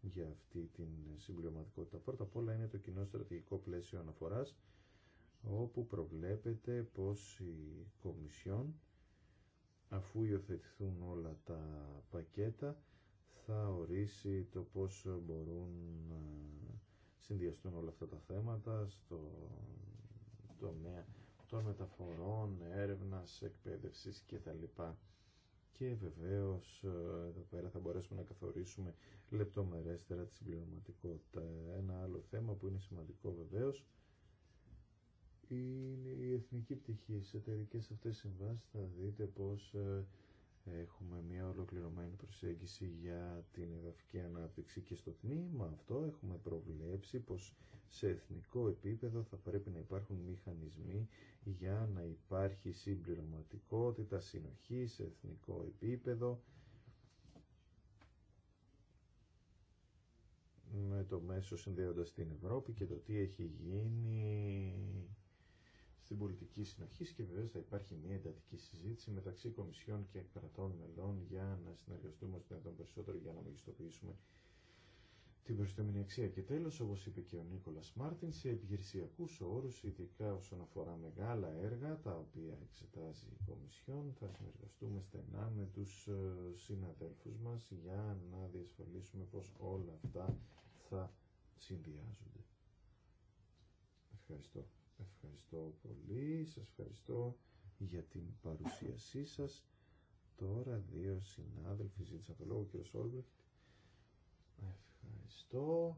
για αυτή την συμπληρωματικότητα. Πρώτα απ' όλα είναι το κοινό στρατηγικό πλαίσιο αναφοράς, όπου προβλέπεται πως η Κομισιόν, αφού υιοθετηθούν όλα τα πακέτα, θα ορίσει το πόσο μπορούν να συνδυαστούν όλα αυτά τα θέματα στο τομέα των μεταφορών, έρευνας, εκπαίδευσης κτλ και βεβαίως ε, εδώ πέρα θα μπορέσουμε να καθορίσουμε λεπτομερέστερα τη συμπληρωματικότητα. Ένα άλλο θέμα που είναι σημαντικό βεβαίως είναι η εθνική πτυχή. Σε εταιρικές αυτές συμβάσεις θα δείτε πως ε, έχουμε μια ολοκληρωμένη προσέγγιση για την εδαφική ανάπτυξη και στο τμήμα αυτό έχουμε προβλέψει πως σε εθνικό επίπεδο θα πρέπει να υπάρχουν μηχανισμοί για να υπάρχει συμπληρωματικότητα, συνοχή σε εθνικό επίπεδο με το μέσο συνδέοντας την Ευρώπη και το τι έχει γίνει στην πολιτική συνοχή και βεβαίω θα υπάρχει μια εντατική συζήτηση μεταξύ Κομισιών και κρατών μελών για να συνεργαστούμε στον δυνατόν περισσότερο για να μεγιστοποιήσουμε την προστιμένη αξία. Και τέλο, όπω είπε και ο Νίκολα Μάρτιν, σε επιχειρησιακού όρου, ειδικά όσον αφορά μεγάλα έργα, τα οποία εξετάζει η Κομισιόν, θα συνεργαστούμε στενά με του ε, συναδέλφους μα για να διασφαλίσουμε πω όλα αυτά θα συνδυάζονται. Ευχαριστώ. Ευχαριστώ πολύ. Σας ευχαριστώ για την παρουσίασή σας. Τώρα δύο συνάδελφοι ζήτησαν το λόγο, κύριο σόλγε. Ευχαριστώ.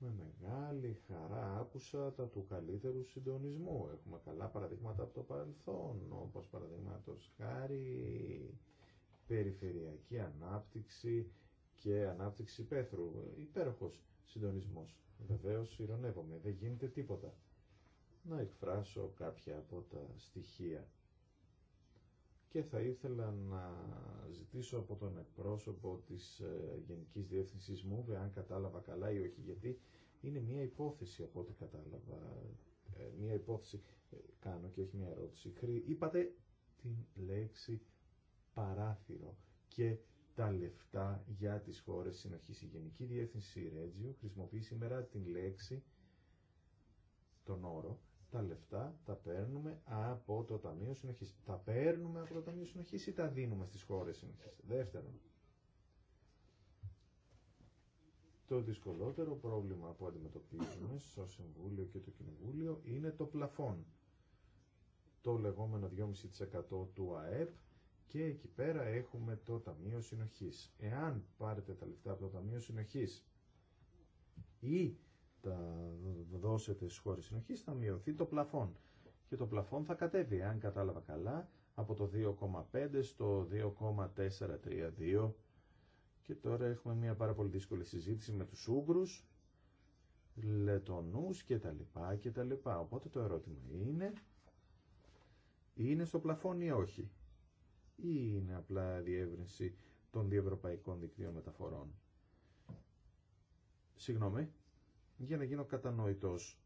Με μεγάλη χαρά άκουσα τα του καλύτερου συντονισμού. Έχουμε καλά παραδείγματα από το παρελθόν, όπως παραδείγματο χάρη περιφερειακή ανάπτυξη και ανάπτυξη πέθρου. Υπέροχος συντονισμός. Βεβαίως ηρωνεύομαι, δεν γίνεται τίποτα να εκφράσω κάποια από τα στοιχεία και θα ήθελα να ζητήσω από τον εκπρόσωπο της ε, Γενικής Διεύθυνσης μου, αν κατάλαβα καλά ή όχι, γιατί είναι μια υπόθεση από ό,τι κατάλαβα. Ε, μια υπόθεση ε, κάνω και όχι μια ερώτηση. Είπατε την λέξη παράθυρο και τα λεφτά για τις χώρες συνοχής. Η Γενική Διεύθυνση Ρέτζιου χρησιμοποιεί σήμερα την λέξη, τον όρο, τα λεφτά τα παίρνουμε από το Ταμείο συνοχή. Τα παίρνουμε από το Ταμείο συνοχή ή τα δίνουμε στις χώρε συνοχή. Δεύτερον, το δυσκολότερο πρόβλημα που αντιμετωπίζουμε στο Συμβούλιο και το Κοινοβούλιο είναι το πλαφόν. Το λεγόμενο 2,5% του ΑΕΠ και εκεί πέρα έχουμε το Ταμείο Συνοχής. Εάν πάρετε τα λεφτά από το Ταμείο Συνοχής ή τα δώσετε στις χώρες συνοχής θα μειωθεί το πλαφόν. Και το πλαφόν θα κατέβει, αν κατάλαβα καλά, από το 2,5 στο 2,432 και τώρα έχουμε μια πάρα πολύ δύσκολη συζήτηση με τους Ούγκρους, Λετονούς και τα λοιπά και τα Οπότε το ερώτημα είναι, είναι στο πλαφόν ή όχι. Ή είναι απλά διεύρυνση των διευρωπαϊκών δικτύων μεταφορών. Συγγνώμη για να γίνω κατανοητός.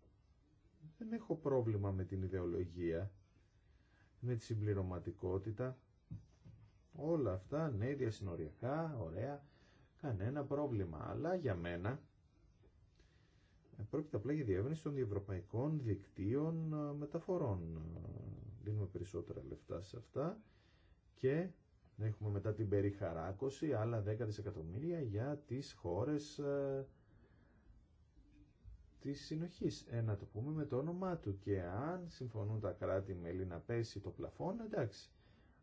Δεν έχω πρόβλημα με την ιδεολογία, με τη συμπληρωματικότητα. Όλα αυτά, ναι, διασυνοριακά, ωραία, κανένα πρόβλημα. Αλλά για μένα πρόκειται απλά για διεύρυνση των ευρωπαϊκών δικτύων ε, μεταφορών. Δίνουμε περισσότερα λεφτά σε αυτά και έχουμε μετά την περιχαράκωση άλλα 10 δισεκατομμύρια για τις χώρες ε, της συνοχής. Ε, να το πούμε με το όνομά του και αν συμφωνούν τα κράτη-μέλη να πέσει το πλαφόν, εντάξει.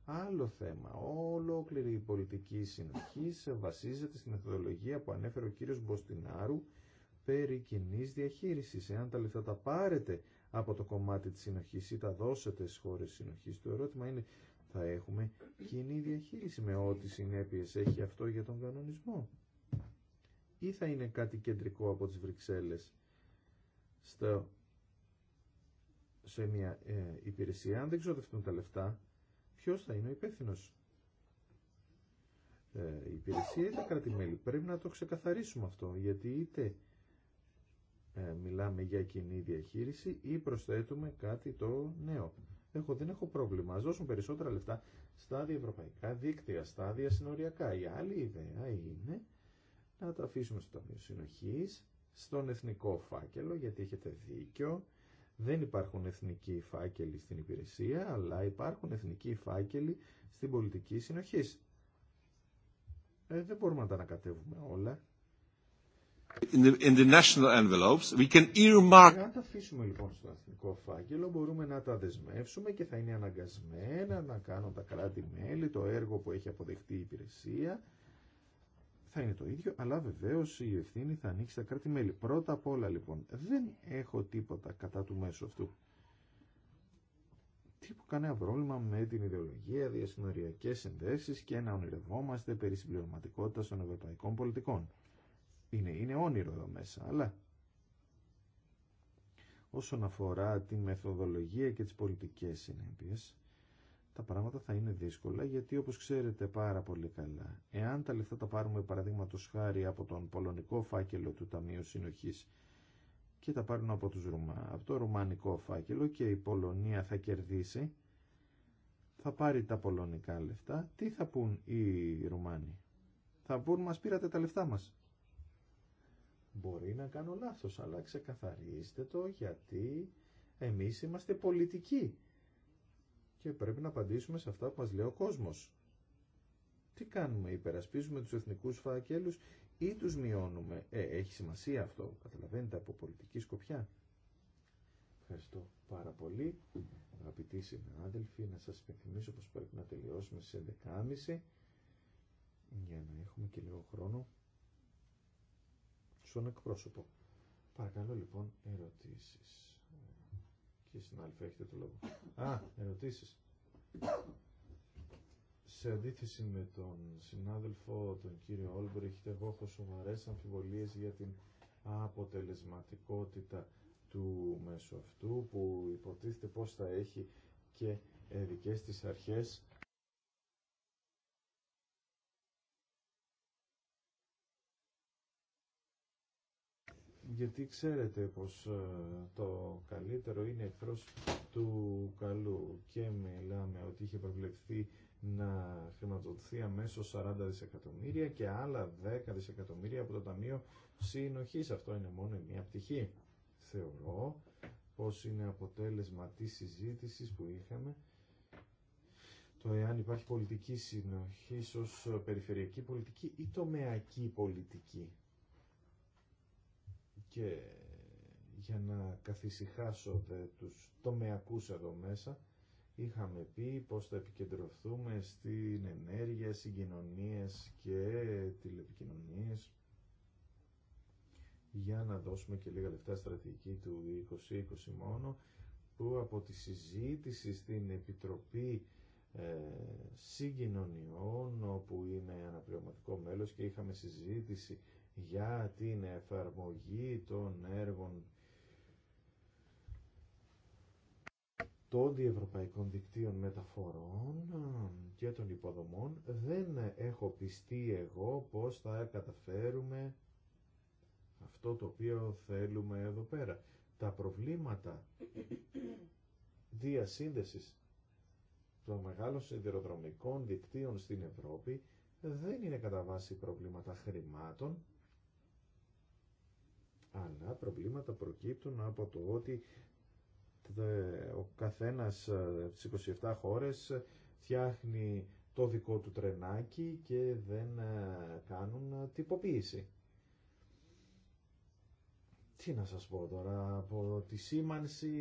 Άλλο θέμα. Ολόκληρη η πολιτική συνοχή βασίζεται στη μεθοδολογία που ανέφερε ο κύριος Μποστινάρου περί κοινή διαχείρισης. Εάν τα λεφτά τα πάρετε από το κομμάτι της συνοχής ή τα δώσετε στις χώρες συνοχής, το ερώτημα είναι θα έχουμε κοινή διαχείριση με ό,τι συνέπειες έχει αυτό για τον κανονισμό ή θα είναι κάτι κεντρικό από τις Βρυξέλλες στο, σε μια ε, υπηρεσία, αν δεν ξοδευτούν τα λεφτά, Ποιο θα είναι ο υπεύθυνο. Ε, η υπηρεσία ή τα κράτη-μέλη. Πρέπει να το ξεκαθαρίσουμε αυτό, γιατί είτε ε, μιλάμε για κοινή διαχείριση ή προσθέτουμε κάτι το νέο. Έχω, δεν έχω πρόβλημα. Ας δώσουν περισσότερα λεφτά στα ευρωπαϊκά δίκτυα, στα συνοριακά. Η άλλη ιδέα δικτυα σταδια συνοριακα η αλλη ιδεα ειναι να τα αφήσουμε στο Ταμείο Συνοχής στον εθνικό φάκελο, γιατί έχετε δίκιο. Δεν υπάρχουν εθνικοί φάκελοι στην υπηρεσία, αλλά υπάρχουν εθνικοί φάκελοι στην πολιτική συνοχή. Ε, δεν μπορούμε να τα ανακατεύουμε όλα. In the, national envelopes, we can earmark... Ε, αν τα αφήσουμε λοιπόν στο εθνικό φάκελο, μπορούμε να τα δεσμεύσουμε και θα είναι αναγκασμένα να κάνουν τα κράτη-μέλη το έργο που έχει αποδεχτεί η υπηρεσία θα είναι το ίδιο, αλλά βεβαίω η ευθύνη θα ανοίξει τα κράτη-μέλη. Πρώτα απ' όλα λοιπόν, δεν έχω τίποτα κατά του μέσου αυτού. Τίποτα κανένα πρόβλημα με την ιδεολογία, διασυνοριακές συνδέσει και να ονειρευόμαστε περί συμπληρωματικότητα των ευρωπαϊκών πολιτικών. Είναι, είναι όνειρο εδώ μέσα, αλλά όσον αφορά τη μεθοδολογία και τις πολιτικές συνέπειες, τα πράγματα θα είναι δύσκολα γιατί όπως ξέρετε πάρα πολύ καλά εάν τα λεφτά τα πάρουμε παραδείγματο χάρη από τον πολωνικό φάκελο του Ταμείου Συνοχής και τα πάρουν από, τους Ρουμα, από το ρουμανικό φάκελο και η Πολωνία θα κερδίσει θα πάρει τα πολωνικά λεφτά τι θα πούν οι Ρουμάνοι θα πούν μας πήρατε τα λεφτά μας μπορεί να κάνω λάθος αλλά ξεκαθαρίστε το γιατί εμείς είμαστε πολιτικοί και πρέπει να απαντήσουμε σε αυτά που μας λέει ο κόσμος. Τι κάνουμε, υπερασπίζουμε τους εθνικούς φάκελους ή τους μειώνουμε. Ε, έχει σημασία αυτό, καταλαβαίνετε, από πολιτική σκοπιά. Ευχαριστώ πάρα πολύ, αγαπητοί συνάδελφοι, να σας υπενθυμίσω πως πρέπει να τελειώσουμε σε 11.30 για να έχουμε και λίγο χρόνο στον εκπρόσωπο. Παρακαλώ λοιπόν ερωτήσεις. Κύριε συνάδελφε, έχετε το λόγο. Α, ερωτήσει. Σε αντίθεση με τον συνάδελφο, τον κύριο Όλμπριχτ, εγώ έχω σοβαρέ αμφιβολίε για την αποτελεσματικότητα του μέσου αυτού που υποτίθεται πως θα έχει και ε, δικές της αρχές γιατί ξέρετε πως ε, το καλύτερο είναι εχθρός του καλού και μιλάμε ότι είχε προβλεφθεί να χρηματοδοθεί αμέσως 40 δισεκατομμύρια και άλλα 10 δισεκατομμύρια από το Ταμείο Συνοχής. Αυτό είναι μόνο μια πτυχή. Θεωρώ πως είναι αποτέλεσμα της συζήτησης που είχαμε το εάν υπάρχει πολιτική συνοχή ως περιφερειακή πολιτική ή τομεακή πολιτική. Και για να καθησυχάσω δε, τους τομεακούς εδώ μέσα, είχαμε πει πώς θα επικεντρωθούμε στην ενέργεια, συγκοινωνίες και τηλεπικοινωνίες για να δώσουμε και λίγα λεφτά στρατηγική του 2020 μόνο που από τη συζήτηση στην Επιτροπή ε, Συγκοινωνιών όπου είμαι αναπληρωματικό μέλος και είχαμε συζήτηση για την εφαρμογή των έργων των διευρωπαϊκών δικτύων μεταφορών και των υποδομών δεν έχω πιστεί εγώ πως θα καταφέρουμε αυτό το οποίο θέλουμε εδώ πέρα. Τα προβλήματα διασύνδεσης των μεγάλων σιδηροδρομικών δικτύων στην Ευρώπη δεν είναι κατά βάση προβλήματα χρημάτων, αλλά προβλήματα προκύπτουν από το ότι ο καθένας ε, στις 27 χώρες φτιάχνει το δικό του τρενάκι και δεν ε, κάνουν ε, τυποποίηση. Τι να σας πω τώρα, από τη σήμανση,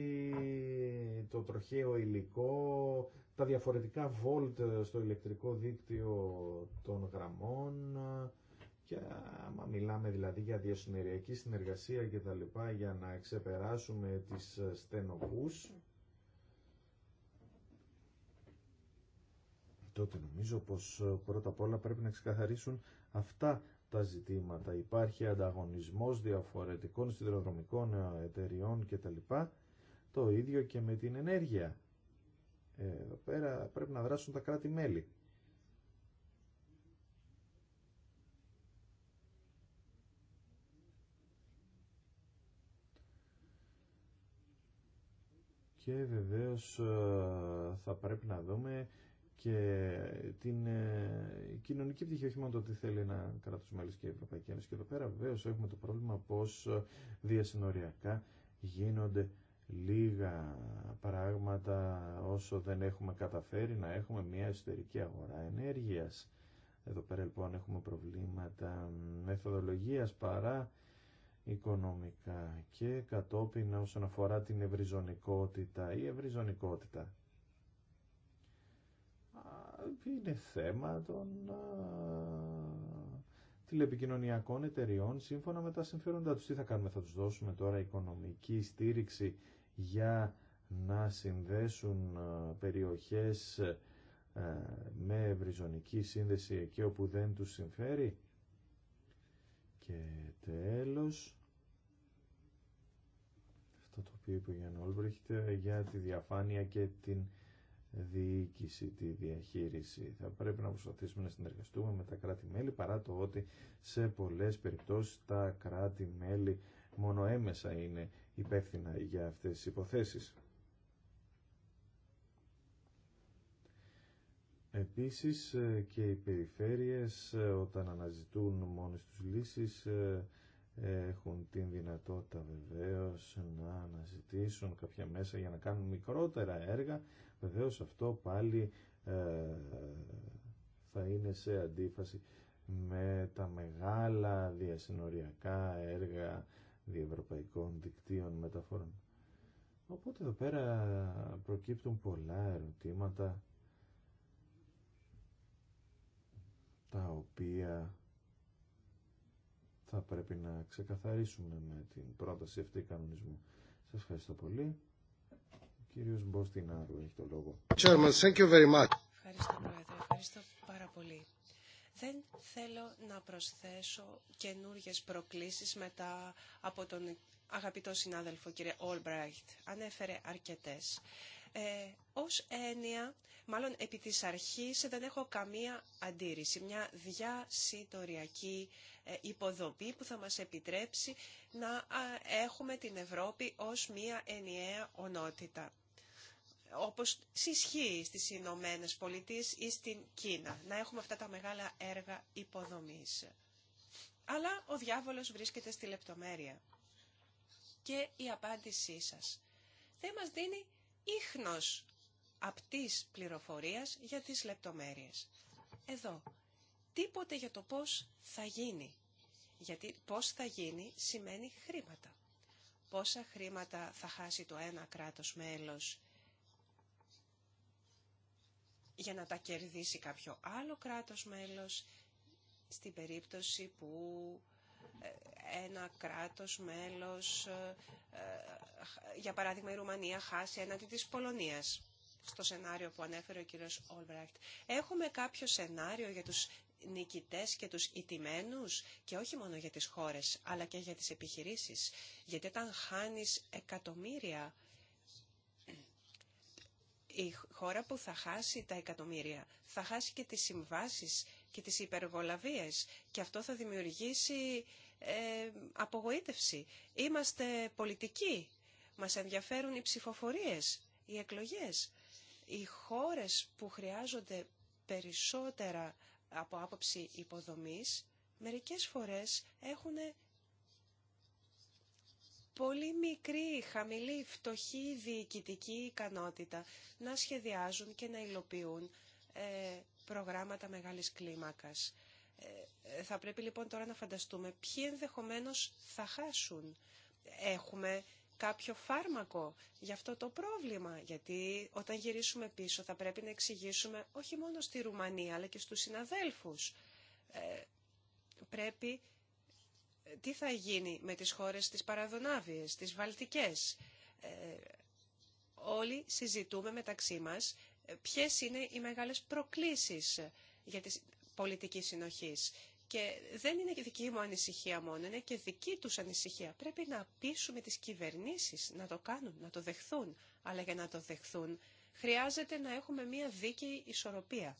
το τροχαίο υλικό, τα διαφορετικά βολτ στο ηλεκτρικό δίκτυο των γραμμών, και άμα μιλάμε δηλαδή για διασυνεριακή συνεργασία και τα λοιπά για να ξεπεράσουμε τις ε, στενοπούς, τότε νομίζω πως ε, πρώτα απ' όλα πρέπει να ξεκαθαρίσουν αυτά τα ζητήματα. Υπάρχει ανταγωνισμός διαφορετικών σιδηροδρομικών ε, εταιριών και τα λοιπά, Το ίδιο και με την ενέργεια. Εδώ πέρα πρέπει να δράσουν τα κράτη-μέλη. και βεβαίως ε, θα πρέπει να δούμε και την ε, κοινωνική πτυχή, όχι μόνο το τι θέλει ένα κράτος μέλη και η Ευρωπαϊκή Ένωση. Και εδώ πέρα βεβαίως έχουμε το πρόβλημα πως ε, διασυνοριακά γίνονται λίγα πράγματα όσο δεν έχουμε καταφέρει να έχουμε μια εσωτερική αγορά ενέργειας. Εδώ πέρα λοιπόν έχουμε προβλήματα μεθοδολογίας παρά οικονομικά και κατόπιν όσον αφορά την ευρυζωνικότητα ή ευρυζωνικότητα. Είναι θέμα των τηλεπικοινωνιακών εταιριών σύμφωνα με τα συμφέροντά τους. Τι θα κάνουμε, θα τους δώσουμε τώρα οικονομική στήριξη για να συνδέσουν περιοχές με ευρυζωνική σύνδεση εκεί όπου δεν τους συμφέρει. Και τέλος, που είπε για τη διαφάνεια και την διοίκηση, τη διαχείριση. Θα πρέπει να προσπαθήσουμε να συνεργαστούμε με τα κράτη-μέλη παρά το ότι σε πολλές περιπτώσεις τα κράτη-μέλη μόνο έμεσα είναι υπεύθυνα για αυτές τις υποθέσεις. Επίσης ε, και οι περιφέρειες ε, όταν αναζητούν μόνες τους λύσεις ε, έχουν την δυνατότητα βεβαίως να αναζητήσουν κάποια μέσα για να κάνουν μικρότερα έργα. Βεβαίως αυτό πάλι ε, θα είναι σε αντίφαση με τα μεγάλα διασυνοριακά έργα διευρωπαϊκών δικτύων μεταφορών. Οπότε εδώ πέρα προκύπτουν πολλά ερωτήματα τα οποία θα πρέπει να ξεκαθαρίσουμε με την πρόταση αυτή κανονισμού. Σας ευχαριστώ πολύ. Ο κύριος Μποστινάρου έχει το λόγο. Chairman, thank you very much. Ευχαριστώ, Πρόεδρε. Ευχαριστώ πάρα πολύ. Δεν θέλω να προσθέσω καινούριε προκλήσεις μετά από τον αγαπητό συνάδελφο κύριε Όλμπραϊτ. Ανέφερε αρκετές. Ε, ως έννοια, μάλλον επί της αρχής δεν έχω καμία αντίρρηση. Μια διασυτοριακή ε, υποδομή που θα μας επιτρέψει να έχουμε την Ευρώπη ως μια ενιαία ονότητα όπως συσχύει στις Ηνωμένε Πολιτείε ή στην Κίνα, να έχουμε αυτά τα μεγάλα έργα υποδομής. Αλλά ο διάβολος βρίσκεται στη λεπτομέρεια. Και η απάντησή σας δεν μας δίνει ίχνος απτής πληροφορίας για τις λεπτομέρειες. Εδώ, τίποτε για το πώς θα γίνει. Γιατί πώς θα γίνει σημαίνει χρήματα. Πόσα χρήματα θα χάσει το ένα κράτος μέλος για να τα κερδίσει κάποιο άλλο κράτος μέλος στην περίπτωση που ε, ένα κράτος μέλος ε, ε, για παράδειγμα, η Ρουμανία χάσει έναντι της Πολωνίας στο σενάριο που ανέφερε ο κύριος Ολβράχτ. Έχουμε κάποιο σενάριο για τους νικητές και τους ιτημένους και όχι μόνο για τις χώρες αλλά και για τις επιχειρήσεις. Γιατί όταν χάνεις εκατομμύρια η χώρα που θα χάσει τα εκατομμύρια θα χάσει και τις συμβάσεις και τις υπεργολαβίες και αυτό θα δημιουργήσει ε, απογοήτευση. Είμαστε πολιτικοί μας ενδιαφέρουν οι ψηφοφορίες, οι εκλογές, οι χώρες που χρειάζονται περισσότερα από άποψη υποδομής, μερικές φορές έχουν πολύ μικρή, χαμηλή, φτωχή διοικητική ικανότητα να σχεδιάζουν και να υλοποιούν ε, προγράμματα μεγάλης κλίμακας. Ε, θα πρέπει λοιπόν τώρα να φανταστούμε ποιοι ενδεχομένως θα χάσουν. Έχουμε κάποιο φάρμακο για αυτό το πρόβλημα. Γιατί όταν γυρίσουμε πίσω θα πρέπει να εξηγήσουμε όχι μόνο στη Ρουμανία αλλά και στους συναδέλφους. Ε, πρέπει ε, τι θα γίνει με τις χώρες της Παραδονάβιες, τις Βαλτικές. Ε, όλοι συζητούμε μεταξύ μας ποιες είναι οι μεγάλες προκλήσεις για τις πολιτική συνοχής. Και δεν είναι και δική μου ανησυχία μόνο, είναι και δική τους ανησυχία. Πρέπει να πείσουμε τις κυβερνήσεις να το κάνουν, να το δεχθούν. Αλλά για να το δεχθούν χρειάζεται να έχουμε μία δίκαιη ισορροπία.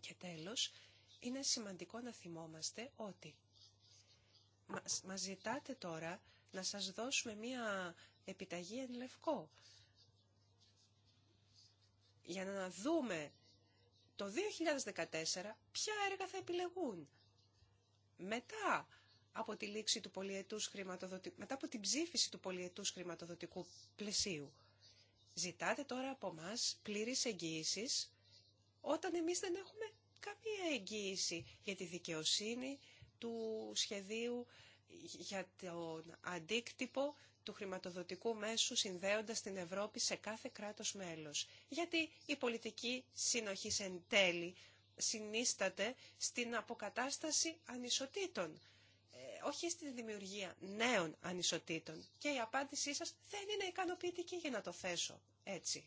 Και τέλος, είναι σημαντικό να θυμόμαστε ότι μας, ζητάτε τώρα να σας δώσουμε μία επιταγή εν λευκό. Για να δούμε το 2014 ποια έργα θα επιλεγούν μετά από τη του χρηματοδοτικού, μετά από την ψήφιση του πολιετούς χρηματοδοτικού πλαισίου. Ζητάτε τώρα από μας πλήρης εγγύησης όταν εμείς δεν έχουμε καμία εγγύηση για τη δικαιοσύνη του σχεδίου, για τον αντίκτυπο του χρηματοδοτικού μέσου συνδέοντας την Ευρώπη σε κάθε κράτος μέλος. Γιατί η πολιτική συνοχή εν τέλει συνίσταται στην αποκατάσταση ανισοτήτων, ε, όχι στην δημιουργία νέων ανισοτήτων. Και η απάντησή σας δεν είναι ικανοποιητική για να το θέσω έτσι.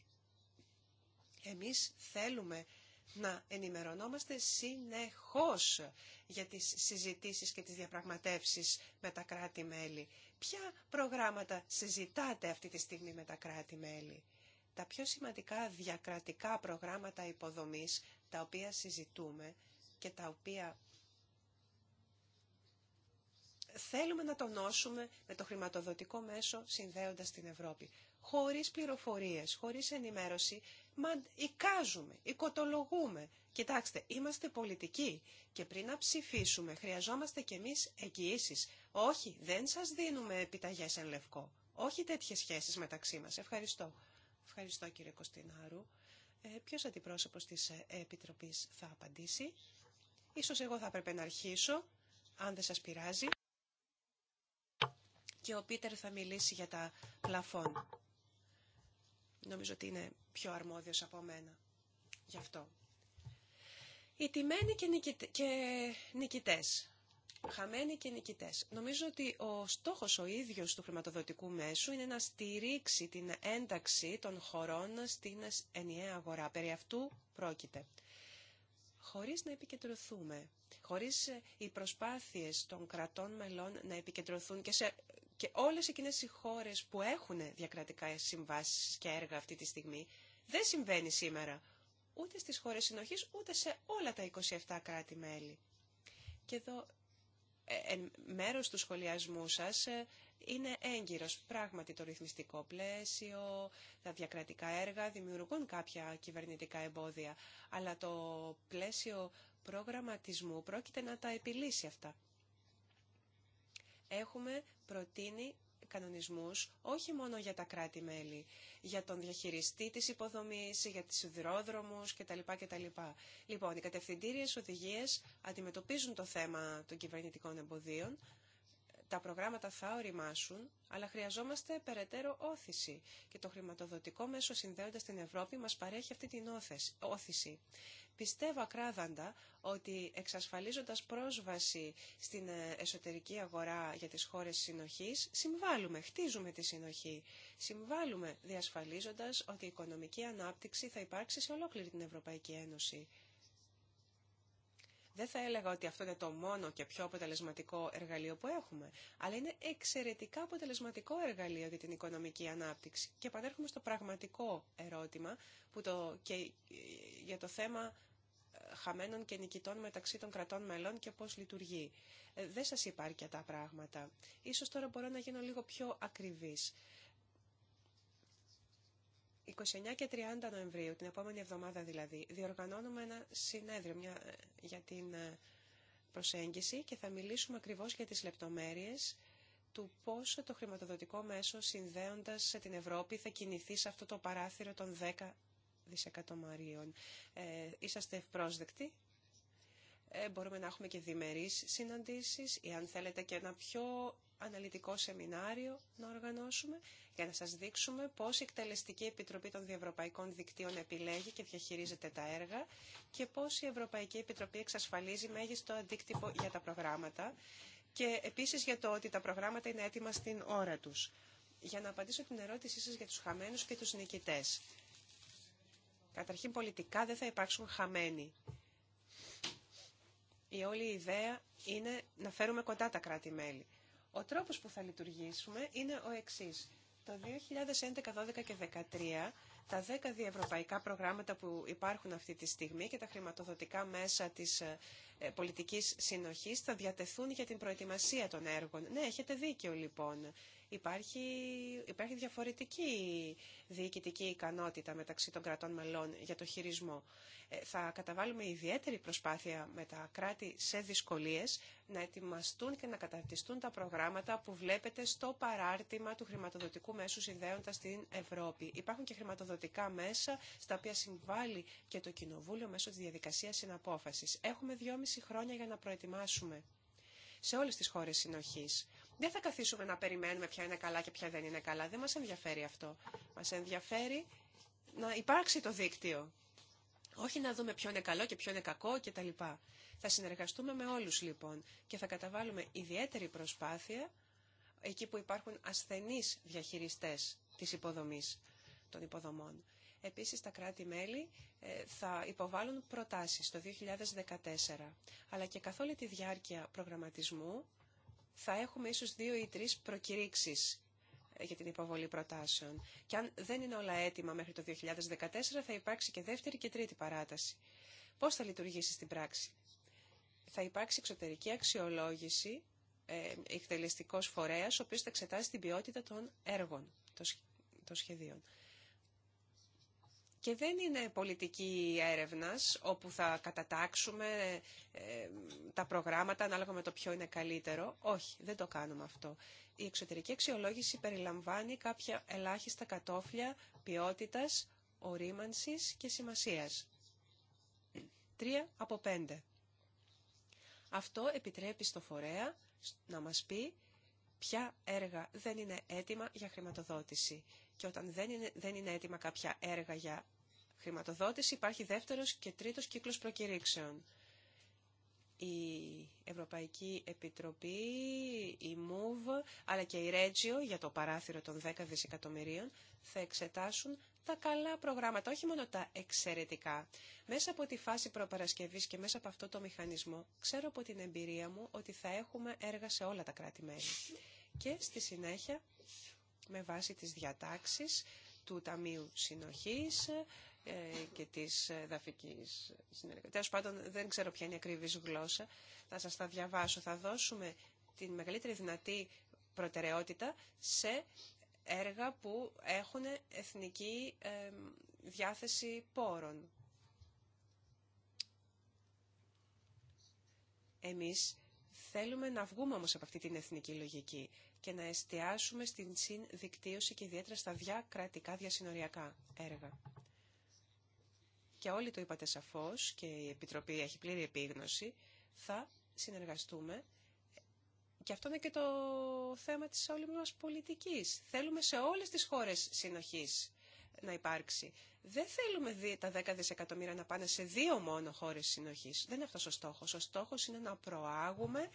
Εμείς θέλουμε να ενημερωνόμαστε συνεχώς για τις συζητήσεις και τις διαπραγματεύσεις με τα κράτη-μέλη. Ποια προγράμματα συζητάτε αυτή τη στιγμή με τα κράτη-μέλη. Τα πιο σημαντικά διακρατικά προγράμματα υποδομής τα οποία συζητούμε και τα οποία θέλουμε να τονώσουμε με το χρηματοδοτικό μέσο συνδέοντας την Ευρώπη. Χωρίς πληροφορίες, χωρίς ενημέρωση, μα εικάζουμε, οικοτολογούμε. Κοιτάξτε, είμαστε πολιτικοί και πριν να ψηφίσουμε χρειαζόμαστε κι εμείς εγγυήσει. Όχι, δεν σας δίνουμε επιταγές εν λευκό. Όχι τέτοιες σχέσεις μεταξύ μας. Ευχαριστώ. Ευχαριστώ κύριε Κωστινάρου. Ε, ποιος αντιπρόσωπος της ε, Επιτροπής θα απαντήσει. Ίσως εγώ θα έπρεπε να αρχίσω, αν δεν σας πειράζει. Και ο Πίτερ θα μιλήσει για τα πλαφόν. Νομίζω ότι είναι πιο αρμόδιος από μένα. Γι' αυτό. Οι τιμένοι και νικητές χαμένοι και νικητέ, Νομίζω ότι ο στόχο ο ίδιο του χρηματοδοτικού μέσου είναι να στηρίξει την ένταξη των χωρών στην ενιαία αγορά. Περί αυτού πρόκειται. Χωρίς να επικεντρωθούμε, χωρίς ε, οι προσπάθειε των κρατών μελών να επικεντρωθούν και σε και όλες εκείνες οι χώρες που έχουν διακρατικά συμβάσεις και έργα αυτή τη στιγμή, δεν συμβαίνει σήμερα ούτε στις χώρες συνοχής, ούτε σε όλα τα 27 κράτη-μέλη. Και εδώ ε, μέρος του σχολιασμού σας ε, είναι έγκυρος. Πράγματι το ρυθμιστικό πλαίσιο, τα διακρατικά έργα δημιουργούν κάποια κυβερνητικά εμπόδια, αλλά το πλαίσιο προγραμματισμού πρόκειται να τα επιλύσει αυτά. Έχουμε προτείνει κανονισμούς όχι μόνο για τα κράτη-μέλη, για τον διαχειριστή της υποδομής, για τις σιδηρόδρομους κτλ. Λοιπόν, οι κατευθυντήριες οδηγίες αντιμετωπίζουν το θέμα των κυβερνητικών εμποδίων, τα προγράμματα θα οριμάσουν, αλλά χρειαζόμαστε περαιτέρω όθηση και το χρηματοδοτικό μέσο συνδέοντας την Ευρώπη μας παρέχει αυτή την όθηση. Πιστεύω ακράδαντα ότι εξασφαλίζοντας πρόσβαση στην ε, εσωτερική αγορά για τις χώρες συνοχής, συμβάλλουμε, χτίζουμε τη συνοχή. Συμβάλλουμε διασφαλίζοντας ότι η οικονομική ανάπτυξη θα υπάρξει σε ολόκληρη την Ευρωπαϊκή Ένωση. Δεν θα έλεγα ότι αυτό είναι το μόνο και πιο αποτελεσματικό εργαλείο που έχουμε, αλλά είναι εξαιρετικά αποτελεσματικό εργαλείο για την οικονομική ανάπτυξη. Και επανέρχομαι στο πραγματικό ερώτημα που το, και ε, για το θέμα χαμένων και νικητών μεταξύ των κρατών μελών και πώς λειτουργεί. Ε, δεν σας είπα αρκετά πράγματα. Ίσως τώρα μπορώ να γίνω λίγο πιο ακριβής. 29 και 30 Νοεμβρίου, την επόμενη εβδομάδα δηλαδή, διοργανώνουμε ένα συνέδριο ε, για την ε, προσέγγιση και θα μιλήσουμε ακριβώς για τις λεπτομέρειες του πώς το χρηματοδοτικό μέσο συνδέοντας σε την Ευρώπη θα κινηθεί σε αυτό το παράθυρο των 10 δισεκατομμαρίων. Ε, είσαστε ευπρόσδεκτοι. Ε, μπορούμε να έχουμε και διμερείς συναντήσεις ή αν θέλετε και ένα πιο αναλυτικό σεμινάριο να οργανώσουμε για να σας δείξουμε πώς η Εκτελεστική Επιτροπή των Διευρωπαϊκών Δικτύων επιλέγει και διαχειρίζεται τα έργα και πώς η Ευρωπαϊκή Επιτροπή εξασφαλίζει μέγιστο αντίκτυπο για τα προγράμματα και επίσης για το ότι τα προγράμματα είναι έτοιμα στην ώρα τους. Για να απαντήσω την ερώτησή σας για τους χαμένους και τους νικητές. Καταρχήν πολιτικά δεν θα υπάρξουν χαμένοι. Η όλη ιδέα είναι να φέρουμε κοντά τα κράτη-μέλη. Ο τρόπος που θα λειτουργήσουμε είναι ο εξής. Το 2011, 2012 και 2013 τα 10 διευρωπαϊκά προγράμματα που υπάρχουν αυτή τη στιγμή και τα χρηματοδοτικά μέσα της ε, πολιτικής συνοχής θα διατεθούν για την προετοιμασία των έργων. Ναι, έχετε δίκιο λοιπόν. Υπάρχει, υπάρχει διαφορετική διοικητική ικανότητα μεταξύ των κρατών μελών για το χειρισμό. Ε, θα καταβάλουμε ιδιαίτερη προσπάθεια με τα κράτη σε δυσκολίες να ετοιμαστούν και να καταρτιστούν τα προγράμματα που βλέπετε στο παράρτημα του χρηματοδοτικού μέσου συνδέοντα στην Ευρώπη. Υπάρχουν και χρηματοδοτικά μέσα στα οποία συμβάλλει και το Κοινοβούλιο μέσω τη διαδικασία συναπόφαση. Έχουμε δυόμιση χρόνια για να προετοιμάσουμε σε όλες τις χώρες συνοχής δεν θα καθίσουμε να περιμένουμε ποια είναι καλά και ποια δεν είναι καλά. Δεν μας ενδιαφέρει αυτό. Μας ενδιαφέρει να υπάρξει το δίκτυο. Όχι να δούμε ποιο είναι καλό και ποιο είναι κακό κτλ. Θα συνεργαστούμε με όλους λοιπόν και θα καταβάλουμε ιδιαίτερη προσπάθεια εκεί που υπάρχουν ασθενείς διαχειριστές της υποδομής των υποδομών. Επίσης, τα κράτη-μέλη ε, θα υποβάλουν προτάσεις το 2014, αλλά και καθ' όλη τη διάρκεια προγραμματισμού θα έχουμε ίσως δύο ή τρεις προκηρύξεις ε, για την υποβολή προτάσεων. Και αν δεν είναι όλα έτοιμα μέχρι το 2014, θα υπάρξει και δεύτερη και τρίτη παράταση. Πώς θα λειτουργήσει στην πράξη. Θα υπάρξει εξωτερική αξιολόγηση, ε, εκτελεστικός φορέας, ο οποίος θα εξετάσει την ποιότητα των έργων, των σχεδίων. Και δεν είναι πολιτική έρευνας όπου θα κατατάξουμε ε, τα προγράμματα ανάλογα με το ποιο είναι καλύτερο. Όχι, δεν το κάνουμε αυτό. Η εξωτερική αξιολόγηση περιλαμβάνει κάποια ελάχιστα κατόφλια ποιότητας, ορίμανσης και σημασίας. Τρία από πέντε. Αυτό επιτρέπει στο φορέα να μας πει ποια έργα δεν είναι έτοιμα για χρηματοδότηση και όταν δεν είναι, δεν έτοιμα κάποια έργα για χρηματοδότηση, υπάρχει δεύτερος και τρίτος κύκλος προκηρύξεων. Η Ευρωπαϊκή Επιτροπή, η ΜΟΥΒ, αλλά και η Ρέτζιο για το παράθυρο των 10 δισεκατομμυρίων θα εξετάσουν τα καλά προγράμματα, όχι μόνο τα εξαιρετικά. Μέσα από τη φάση προπαρασκευής και μέσα από αυτό το μηχανισμό, ξέρω από την εμπειρία μου ότι θα έχουμε έργα σε όλα τα κράτη-μέλη. Και στη συνέχεια με βάση τις διατάξεις του Ταμείου Συνοχής ε, και της ε, δαφικής συνεργασίας. Τέλος πάντων δεν ξέρω ποια είναι η ακριβής γλώσσα. Θα σας τα διαβάσω. Θα δώσουμε την μεγαλύτερη δυνατή προτεραιότητα σε έργα που έχουν εθνική ε, διάθεση πόρων. Εμείς θέλουμε να βγούμε όμως από αυτή την εθνική λογική και να εστιάσουμε στην συνδικτύωση και ιδιαίτερα στα διακρατικά διασυνοριακά έργα. Και όλοι το είπατε σαφώς και η Επιτροπή έχει πλήρη επίγνωση, θα συνεργαστούμε και αυτό είναι και το θέμα της όλη μας πολιτικής. Θέλουμε σε όλες τις χώρες συνοχής να υπάρξει. Δεν θέλουμε τα 10 δισεκατομμύρια να πάνε σε δύο μόνο χώρες συνοχής. Δεν είναι αυτός ο στόχος. Ο στόχος είναι να προάγουμε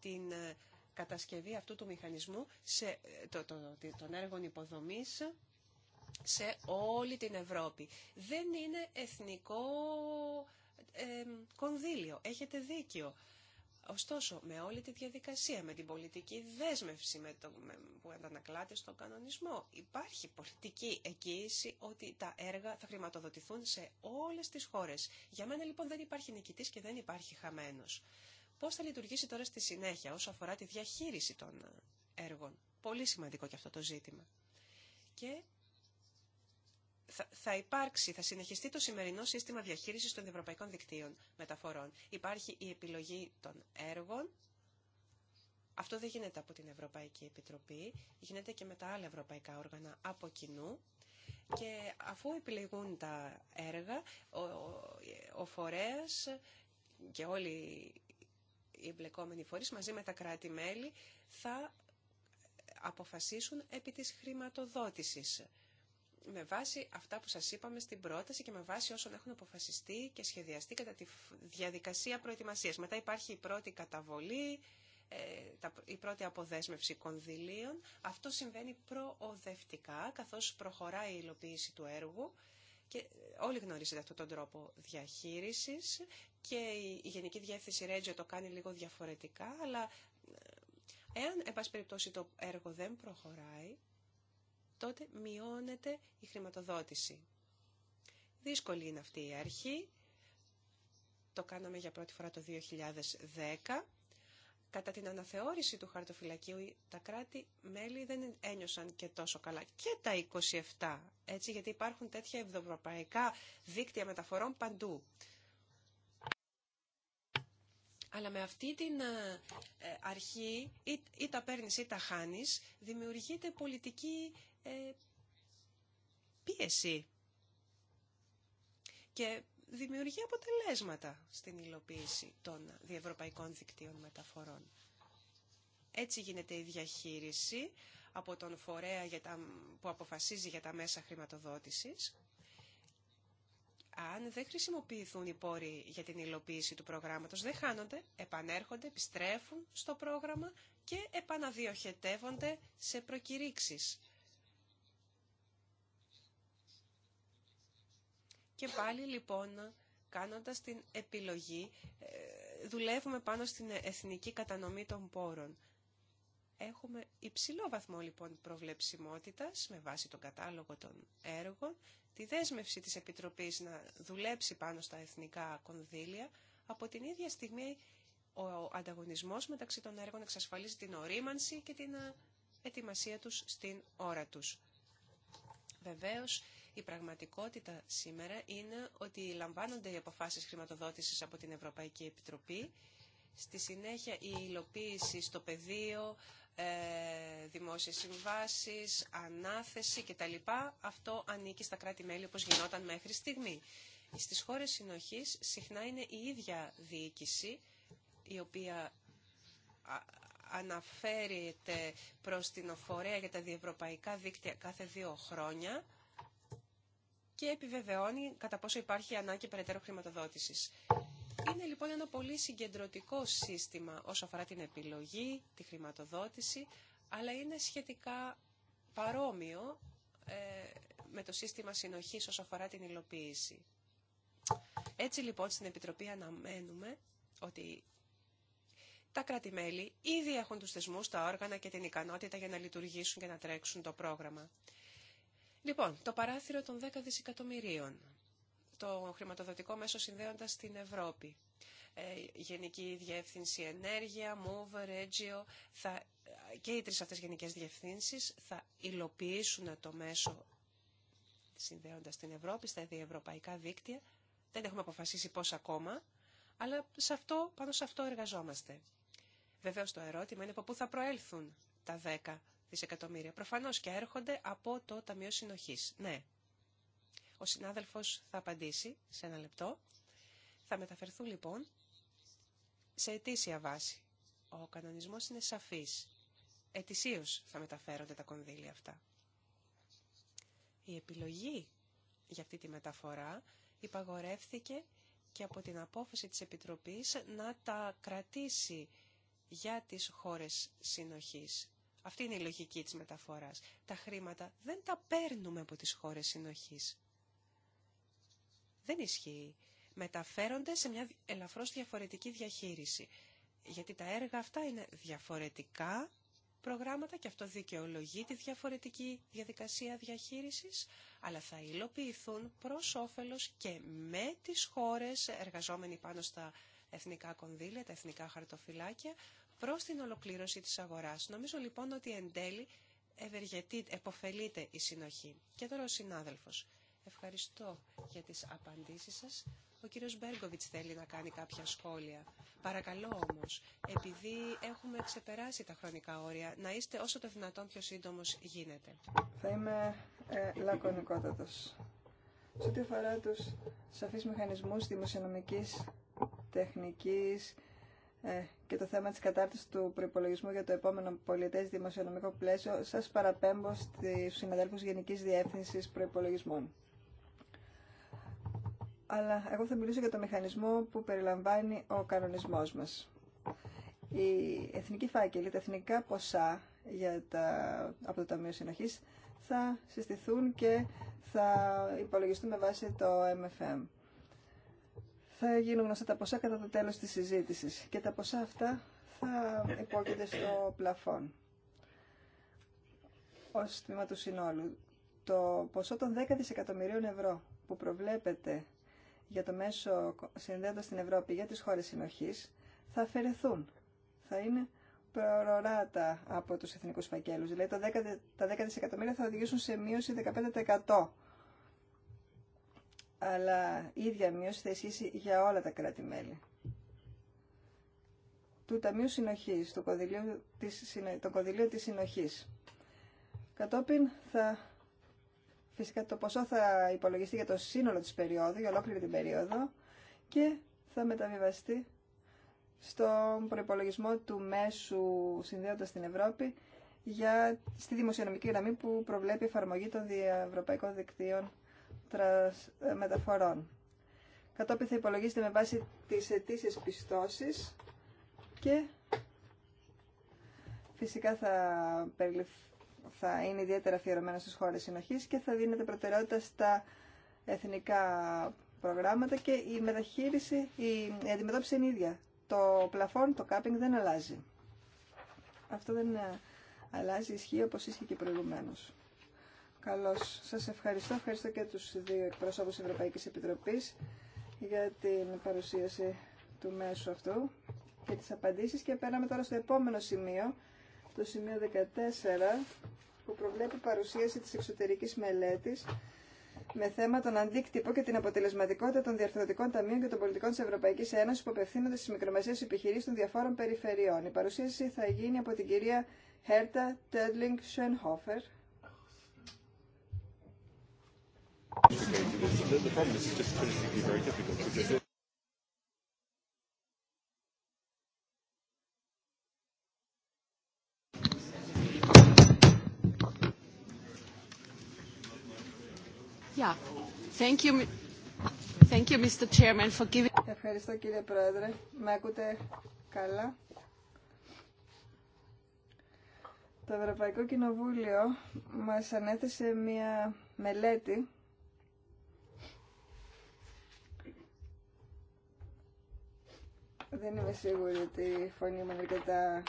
την ε, κατασκευή αυτού του μηχανισμού, σε, το, το, των έργων υποδομής σε όλη την Ευρώπη. Δεν είναι εθνικό ε, κονδύλιο. Έχετε δίκιο. Ωστόσο, με όλη τη διαδικασία, με την πολιτική δέσμευση με το, με, που αντανακλάται στον κανονισμό, υπάρχει πολιτική εγγύηση ότι τα έργα θα χρηματοδοτηθούν σε όλες τις χώρες. Για μένα λοιπόν δεν υπάρχει νικητής και δεν υπάρχει χαμένος. Πώς θα λειτουργήσει τώρα στη συνέχεια όσο αφορά τη διαχείριση των ε, έργων. Πολύ σημαντικό και αυτό το ζήτημα. Και θα υπάρξει, θα συνεχιστεί το σημερινό σύστημα διαχείρισης των ευρωπαϊκών δικτύων μεταφορών. Υπάρχει η επιλογή των έργων. Αυτό δεν γίνεται από την Ευρωπαϊκή Επιτροπή, γίνεται και με τα άλλα ευρωπαϊκά όργανα από κοινού. Και αφού επιλεγούν τα έργα, ο, ο, φορέας και όλοι οι εμπλεκόμενοι φορείς μαζί με τα κράτη-μέλη θα αποφασίσουν επί της χρηματοδότησης με βάση αυτά που σας είπαμε στην πρόταση και με βάση όσων έχουν αποφασιστεί και σχεδιαστεί κατά τη διαδικασία προετοιμασίας. Μετά υπάρχει η πρώτη καταβολή, ε, η πρώτη αποδέσμευση κονδυλίων. Αυτό συμβαίνει προοδευτικά καθώς προχωράει η υλοποίηση του έργου όλοι γνωρίζετε αυτόν τον τρόπο διαχείρισης και η Γενική Διεύθυνση Ρέτζιο το κάνει λίγο διαφορετικά, αλλά ε, εάν, εν πάση περιπτώσει, το έργο δεν προχωράει, τότε μειώνεται η χρηματοδότηση. Δύσκολη είναι αυτή η αρχή. Το κάναμε για πρώτη φορά το 2010 Κατά την αναθεώρηση του χαρτοφυλακίου, τα κράτη-μέλη δεν ένιωσαν και τόσο καλά. Και τα 27, έτσι, γιατί υπάρχουν τέτοια ευρωπαϊκά δίκτυα μεταφορών παντού. Αλλά με αυτή την ε, ε, αρχή, ή, τα παίρνεις ή τα χάνεις, δημιουργείται πολιτική ε, πίεση. Και δημιουργεί αποτελέσματα στην υλοποίηση των διευρωπαϊκών δικτύων μεταφορών. Έτσι γίνεται η διαχείριση από τον φορέα για που αποφασίζει για τα μέσα χρηματοδότησης. Αν δεν χρησιμοποιηθούν οι πόροι για την υλοποίηση του προγράμματος, δεν χάνονται, επανέρχονται, επιστρέφουν στο πρόγραμμα και επαναδιοχετεύονται σε προκηρύξεις. Και πάλι λοιπόν κάνοντας την επιλογή ε, δουλεύουμε πάνω στην εθνική κατανομή των πόρων. Έχουμε υψηλό βαθμό λοιπόν προβλεψιμότητας με βάση τον κατάλογο των έργων, τη δέσμευση της Επιτροπής να δουλέψει πάνω στα εθνικά κονδύλια. Από την ίδια στιγμή ο ανταγωνισμός μεταξύ των έργων εξασφαλίζει την ορίμανση και την ε, ετοιμασία τους στην ώρα τους. Βεβαίως η πραγματικότητα σήμερα είναι ότι λαμβάνονται οι αποφάσεις χρηματοδότησης από την Ευρωπαϊκή Επιτροπή. Στη συνέχεια η υλοποίηση στο πεδίο, ε, δημόσιες συμβάσεις, ανάθεση κτλ. Αυτό ανήκει στα κράτη-μέλη όπως γινόταν μέχρι στιγμή. Στις χώρες συνοχής συχνά είναι η ίδια διοίκηση η οποία αναφέρεται προς την οφορέα για τα διευρωπαϊκά δίκτυα κάθε δύο χρόνια και επιβεβαιώνει κατά πόσο υπάρχει ανάγκη περαιτέρω χρηματοδότησης. Είναι λοιπόν ένα πολύ συγκεντρωτικό σύστημα όσο αφορά την επιλογή, τη χρηματοδότηση, αλλά είναι σχετικά παρόμοιο ε, με το σύστημα συνοχής όσο αφορά την υλοποίηση. Έτσι λοιπόν στην Επιτροπή αναμένουμε ότι τα κράτη-μέλη ήδη έχουν τους θεσμούς, τα όργανα και την ικανότητα για να λειτουργήσουν και να τρέξουν το πρόγραμμα. Λοιπόν, το παράθυρο των 10 δισεκατομμυρίων. Το χρηματοδοτικό μέσο συνδέοντας την Ευρώπη. Ε, Γενική Διεύθυνση Ενέργεια, MOVE, Regio θα, και οι τρεις αυτές γενικές διευθύνσεις θα υλοποιήσουν το μέσο συνδέοντας την Ευρώπη στα διευρωπαϊκά δίκτυα. Δεν έχουμε αποφασίσει πώς ακόμα, αλλά σε αυτό, πάνω σε αυτό εργαζόμαστε. Βεβαίως το ερώτημα είναι από πού θα προέλθουν τα δισεκατομμύρια. Προφανώς και έρχονται από το Ταμείο Συνοχής. Ναι. Ο συνάδελφος θα απαντήσει σε ένα λεπτό. Θα μεταφερθούν λοιπόν σε ετήσια βάση. Ο κανονισμός είναι σαφής. Ετησίω θα μεταφέρονται τα κονδύλια αυτά. Η επιλογή για αυτή τη μεταφορά υπαγορεύθηκε και από την απόφαση της Επιτροπής να τα κρατήσει για τις χώρες συνοχής. Αυτή είναι η λογική της μεταφοράς. Τα χρήματα δεν τα παίρνουμε από τις χώρες συνοχής. Δεν ισχύει. Μεταφέρονται σε μια ελαφρώς διαφορετική διαχείριση. Γιατί τα έργα αυτά είναι διαφορετικά προγράμματα και αυτό δικαιολογεί τη διαφορετική διαδικασία διαχείρισης, αλλά θα υλοποιηθούν προς όφελος και με τις χώρες εργαζόμενοι πάνω στα εθνικά κονδύλια, τα εθνικά χαρτοφυλάκια, προς την ολοκλήρωση της αγοράς. Νομίζω λοιπόν ότι εν τέλει εποφελείται η συνοχή. Και τώρα ο συνάδελφος. Ευχαριστώ για τις απαντήσεις σας. Ο κύριος Μπέργκοβιτς θέλει να κάνει κάποια σχόλια. Παρακαλώ όμως, επειδή έχουμε ξεπεράσει τα χρονικά όρια, να είστε όσο το δυνατόν πιο σύντομος γίνεται. Θα είμαι ε, λακωνικότατος. Σε ό,τι αφορά τους σαφείς μηχανισμούς δημοσιονομικής τεχνικής ε, και το θέμα της κατάρτισης του προϋπολογισμού για το επόμενο πολιτές δημοσιονομικό πλαίσιο, σας παραπέμπω στους συναδέλφους Γενικής Διεύθυνσης Προϋπολογισμών. Αλλά εγώ θα μιλήσω για το μηχανισμό που περιλαμβάνει ο κανονισμός μας. Οι εθνικοί φάκελοι, τα εθνικά ποσά για τα, από το Ταμείο Συνοχής θα συστηθούν και θα υπολογιστούν με βάση το MFM θα γίνουν γνωστά τα ποσά κατά το τέλος της συζήτησης και τα ποσά αυτά θα υπόκειται στο πλαφόν ως τμήμα του συνόλου. Το ποσό των 10 δισεκατομμυρίων ευρώ που προβλέπεται για το μέσο συνδέοντα στην Ευρώπη για τις χώρες συνοχής θα αφαιρεθούν. Θα είναι προοράτα από τους εθνικούς φακέλους. Δηλαδή τα 10 δισεκατομμύρια θα οδηγήσουν σε μείωση 15% αλλά η ίδια μείωση θα ισχύσει για όλα τα κράτη-μέλη. Του Ταμείου Συνοχής, του κονδυλίου της, το κονδυλίο της Συνοχής. Κατόπιν θα, φυσικά το ποσό θα υπολογιστεί για το σύνολο της περίοδου, για ολόκληρη την περίοδο και θα μεταβιβαστεί στον προϋπολογισμό του μέσου συνδέοντας την Ευρώπη για, στη δημοσιονομική γραμμή που προβλέπει εφαρμογή των διευρωπαϊκών δικτύων ε, μεταφορών. Κατόπιν θα υπολογίσετε με βάση τις αιτήσει πιστώσεις και φυσικά θα, θα είναι ιδιαίτερα αφιερωμένα στις χώρες συνοχής και θα δίνεται προτεραιότητα στα εθνικά προγράμματα και η μεταχείριση, η αντιμετώπιση είναι ίδια. Το πλαφόν, το κάπινγκ δεν αλλάζει. Αυτό δεν ε, αλλάζει, ισχύει όπως ίσχυε και προηγουμένως. Καλώς. Σας ευχαριστώ. Ευχαριστώ και τους δύο εκπροσώπους Ευρωπαϊκής Επιτροπής για την παρουσίαση του μέσου αυτού και τις απαντήσεις. Και πέραμε τώρα στο επόμενο σημείο, το σημείο 14, που προβλέπει παρουσίαση της εξωτερικής μελέτης με θέμα τον αντίκτυπο και την αποτελεσματικότητα των διαρθρωτικών ταμείων και των πολιτικών τη Ευρωπαϊκή Ένωση που απευθύνονται στι μικρομεσαίε επιχειρήσει των διαφόρων περιφερειών. Η παρουσίαση θα γίνει από την κυρία Χέρτα Τέντλινγκ Σενχόφερ, Ευχαριστώ κύριε Πρόεδρε. Με ακούτε καλά. Το Ευρωπαϊκό Κοινοβούλιο μας ανέθεσε μία μελέτη Δεν είμαι σίγουρη ότι η φωνή μου είναι αρκετά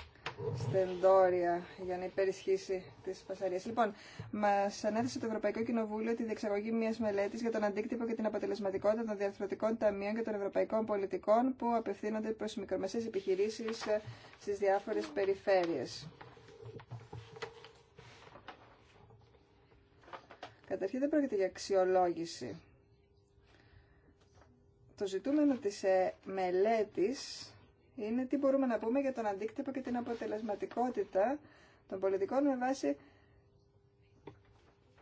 στεντόρια για να υπερισχύσει τι πασαρίε. Λοιπόν, μα ανέθεσε το Ευρωπαϊκό Κοινοβούλιο τη διεξαγωγή μια μελέτη για τον αντίκτυπο και την αποτελεσματικότητα των διαρθρωτικών ταμείων και των ευρωπαϊκών πολιτικών που απευθύνονται προ μικρομεσαίε επιχειρήσει στι διάφορε περιφέρειε. Καταρχήν δεν πρόκειται για αξιολόγηση το ζητούμενο της ε, μελέτης είναι τι μπορούμε να πούμε για τον αντίκτυπο και την αποτελεσματικότητα των πολιτικών με βάση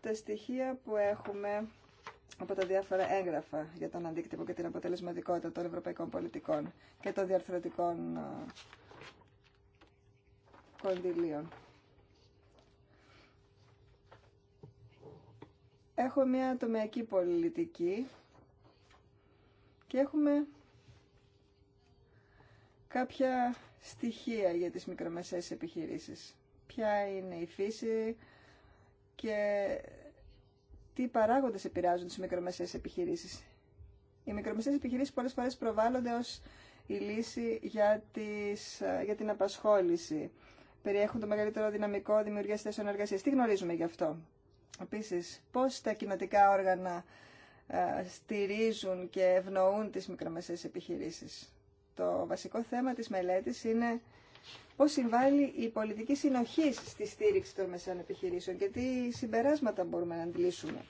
τα στοιχεία που έχουμε από τα διάφορα έγγραφα για τον αντίκτυπο και την αποτελεσματικότητα των ευρωπαϊκών πολιτικών και των διαρθρωτικών ε, κονδυλίων. Έχω μια τομεακή πολιτική και έχουμε κάποια στοιχεία για τις μικρομεσαίες επιχειρήσεις. Ποια είναι η φύση και τι παράγοντες επηρεάζουν τις μικρομεσαίες επιχειρήσεις. Οι μικρομεσαίες επιχειρήσεις πολλές φορές προβάλλονται ως η λύση για, τις, για την απασχόληση. Περιέχουν το μεγαλύτερο δυναμικό δημιουργία θέσεων εργασία. Τι γνωρίζουμε γι' αυτό. Επίση, πώ τα κοινοτικά όργανα ε, στηρίζουν και ευνοούν τις μικρομεσαίες επιχειρήσεις. Το βασικό θέμα της μελέτης είναι πώς συμβάλλει η πολιτική συνοχή στη στήριξη των μεσαίων επιχειρήσεων και τι συμπεράσματα μπορούμε να αντλήσουμε.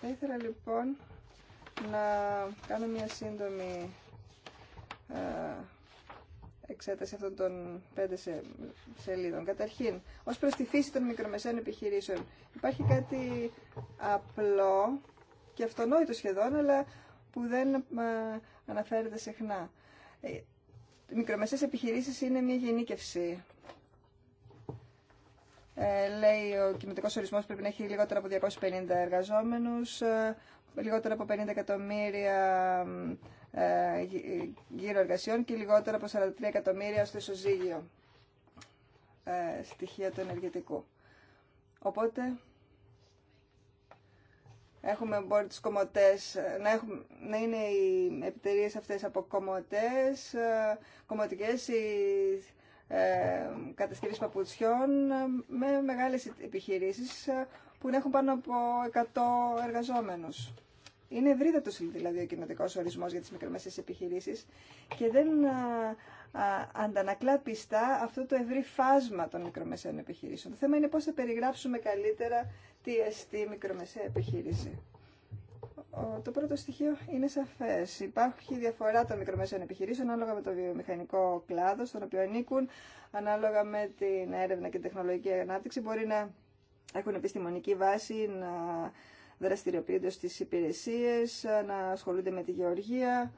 Θα ήθελα λοιπόν να κάνω μια σύντομη ε, εξέταση αυτών των πέντε σελίδων. Καταρχήν, ως προς τη φύση των μικρομεσαίων επιχειρήσεων, υπάρχει κάτι απλό και αυτονόητο σχεδόν, αλλά που δεν αναφέρεται συχνά. Οι ε, μικρομεσαίες επιχειρήσεις είναι μια γενίκευση. Ε, λέει ο κινητικός ορισμός πρέπει να έχει λιγότερο από 250 εργαζόμενους, λιγότερο από 50 εκατομμύρια ε, ε, γύρω εργασιών και λιγότερο από 43 εκατομμύρια στο ισοζύγιο ε, στοιχεία του ενεργητικού. Οπότε έχουμε μπορεί τις κομμωτές, να, έχουμε, να είναι οι επιτερίες αυτές από κομμωτές, κομμωτικές, ή ε, κατασκευής παπουτσιών με μεγάλες επιχειρήσεις που έχουν πάνω από 100 εργαζόμενου. Είναι ευρύτατο δηλαδή ο κοινοτικό ορισμό για τι μικρομεσαίε επιχειρήσει και δεν αντανακλά πιστά αυτό το ευρύ φάσμα των μικρομεσαίων επιχειρήσεων. Το θέμα είναι πώ θα περιγράψουμε καλύτερα τι εστί μικρομεσαία επιχείρηση. Το πρώτο στοιχείο είναι σαφέ. Υπάρχει διαφορά των μικρομεσαίων επιχειρήσεων ανάλογα με το βιομηχανικό κλάδο στον οποίο ανήκουν, ανάλογα με την έρευνα και την τεχνολογική ανάπτυξη. Μπορεί να έχουν επιστημονική βάση να δραστηριοποιούνται στις υπηρεσίες, να ασχολούνται με τη γεωργία,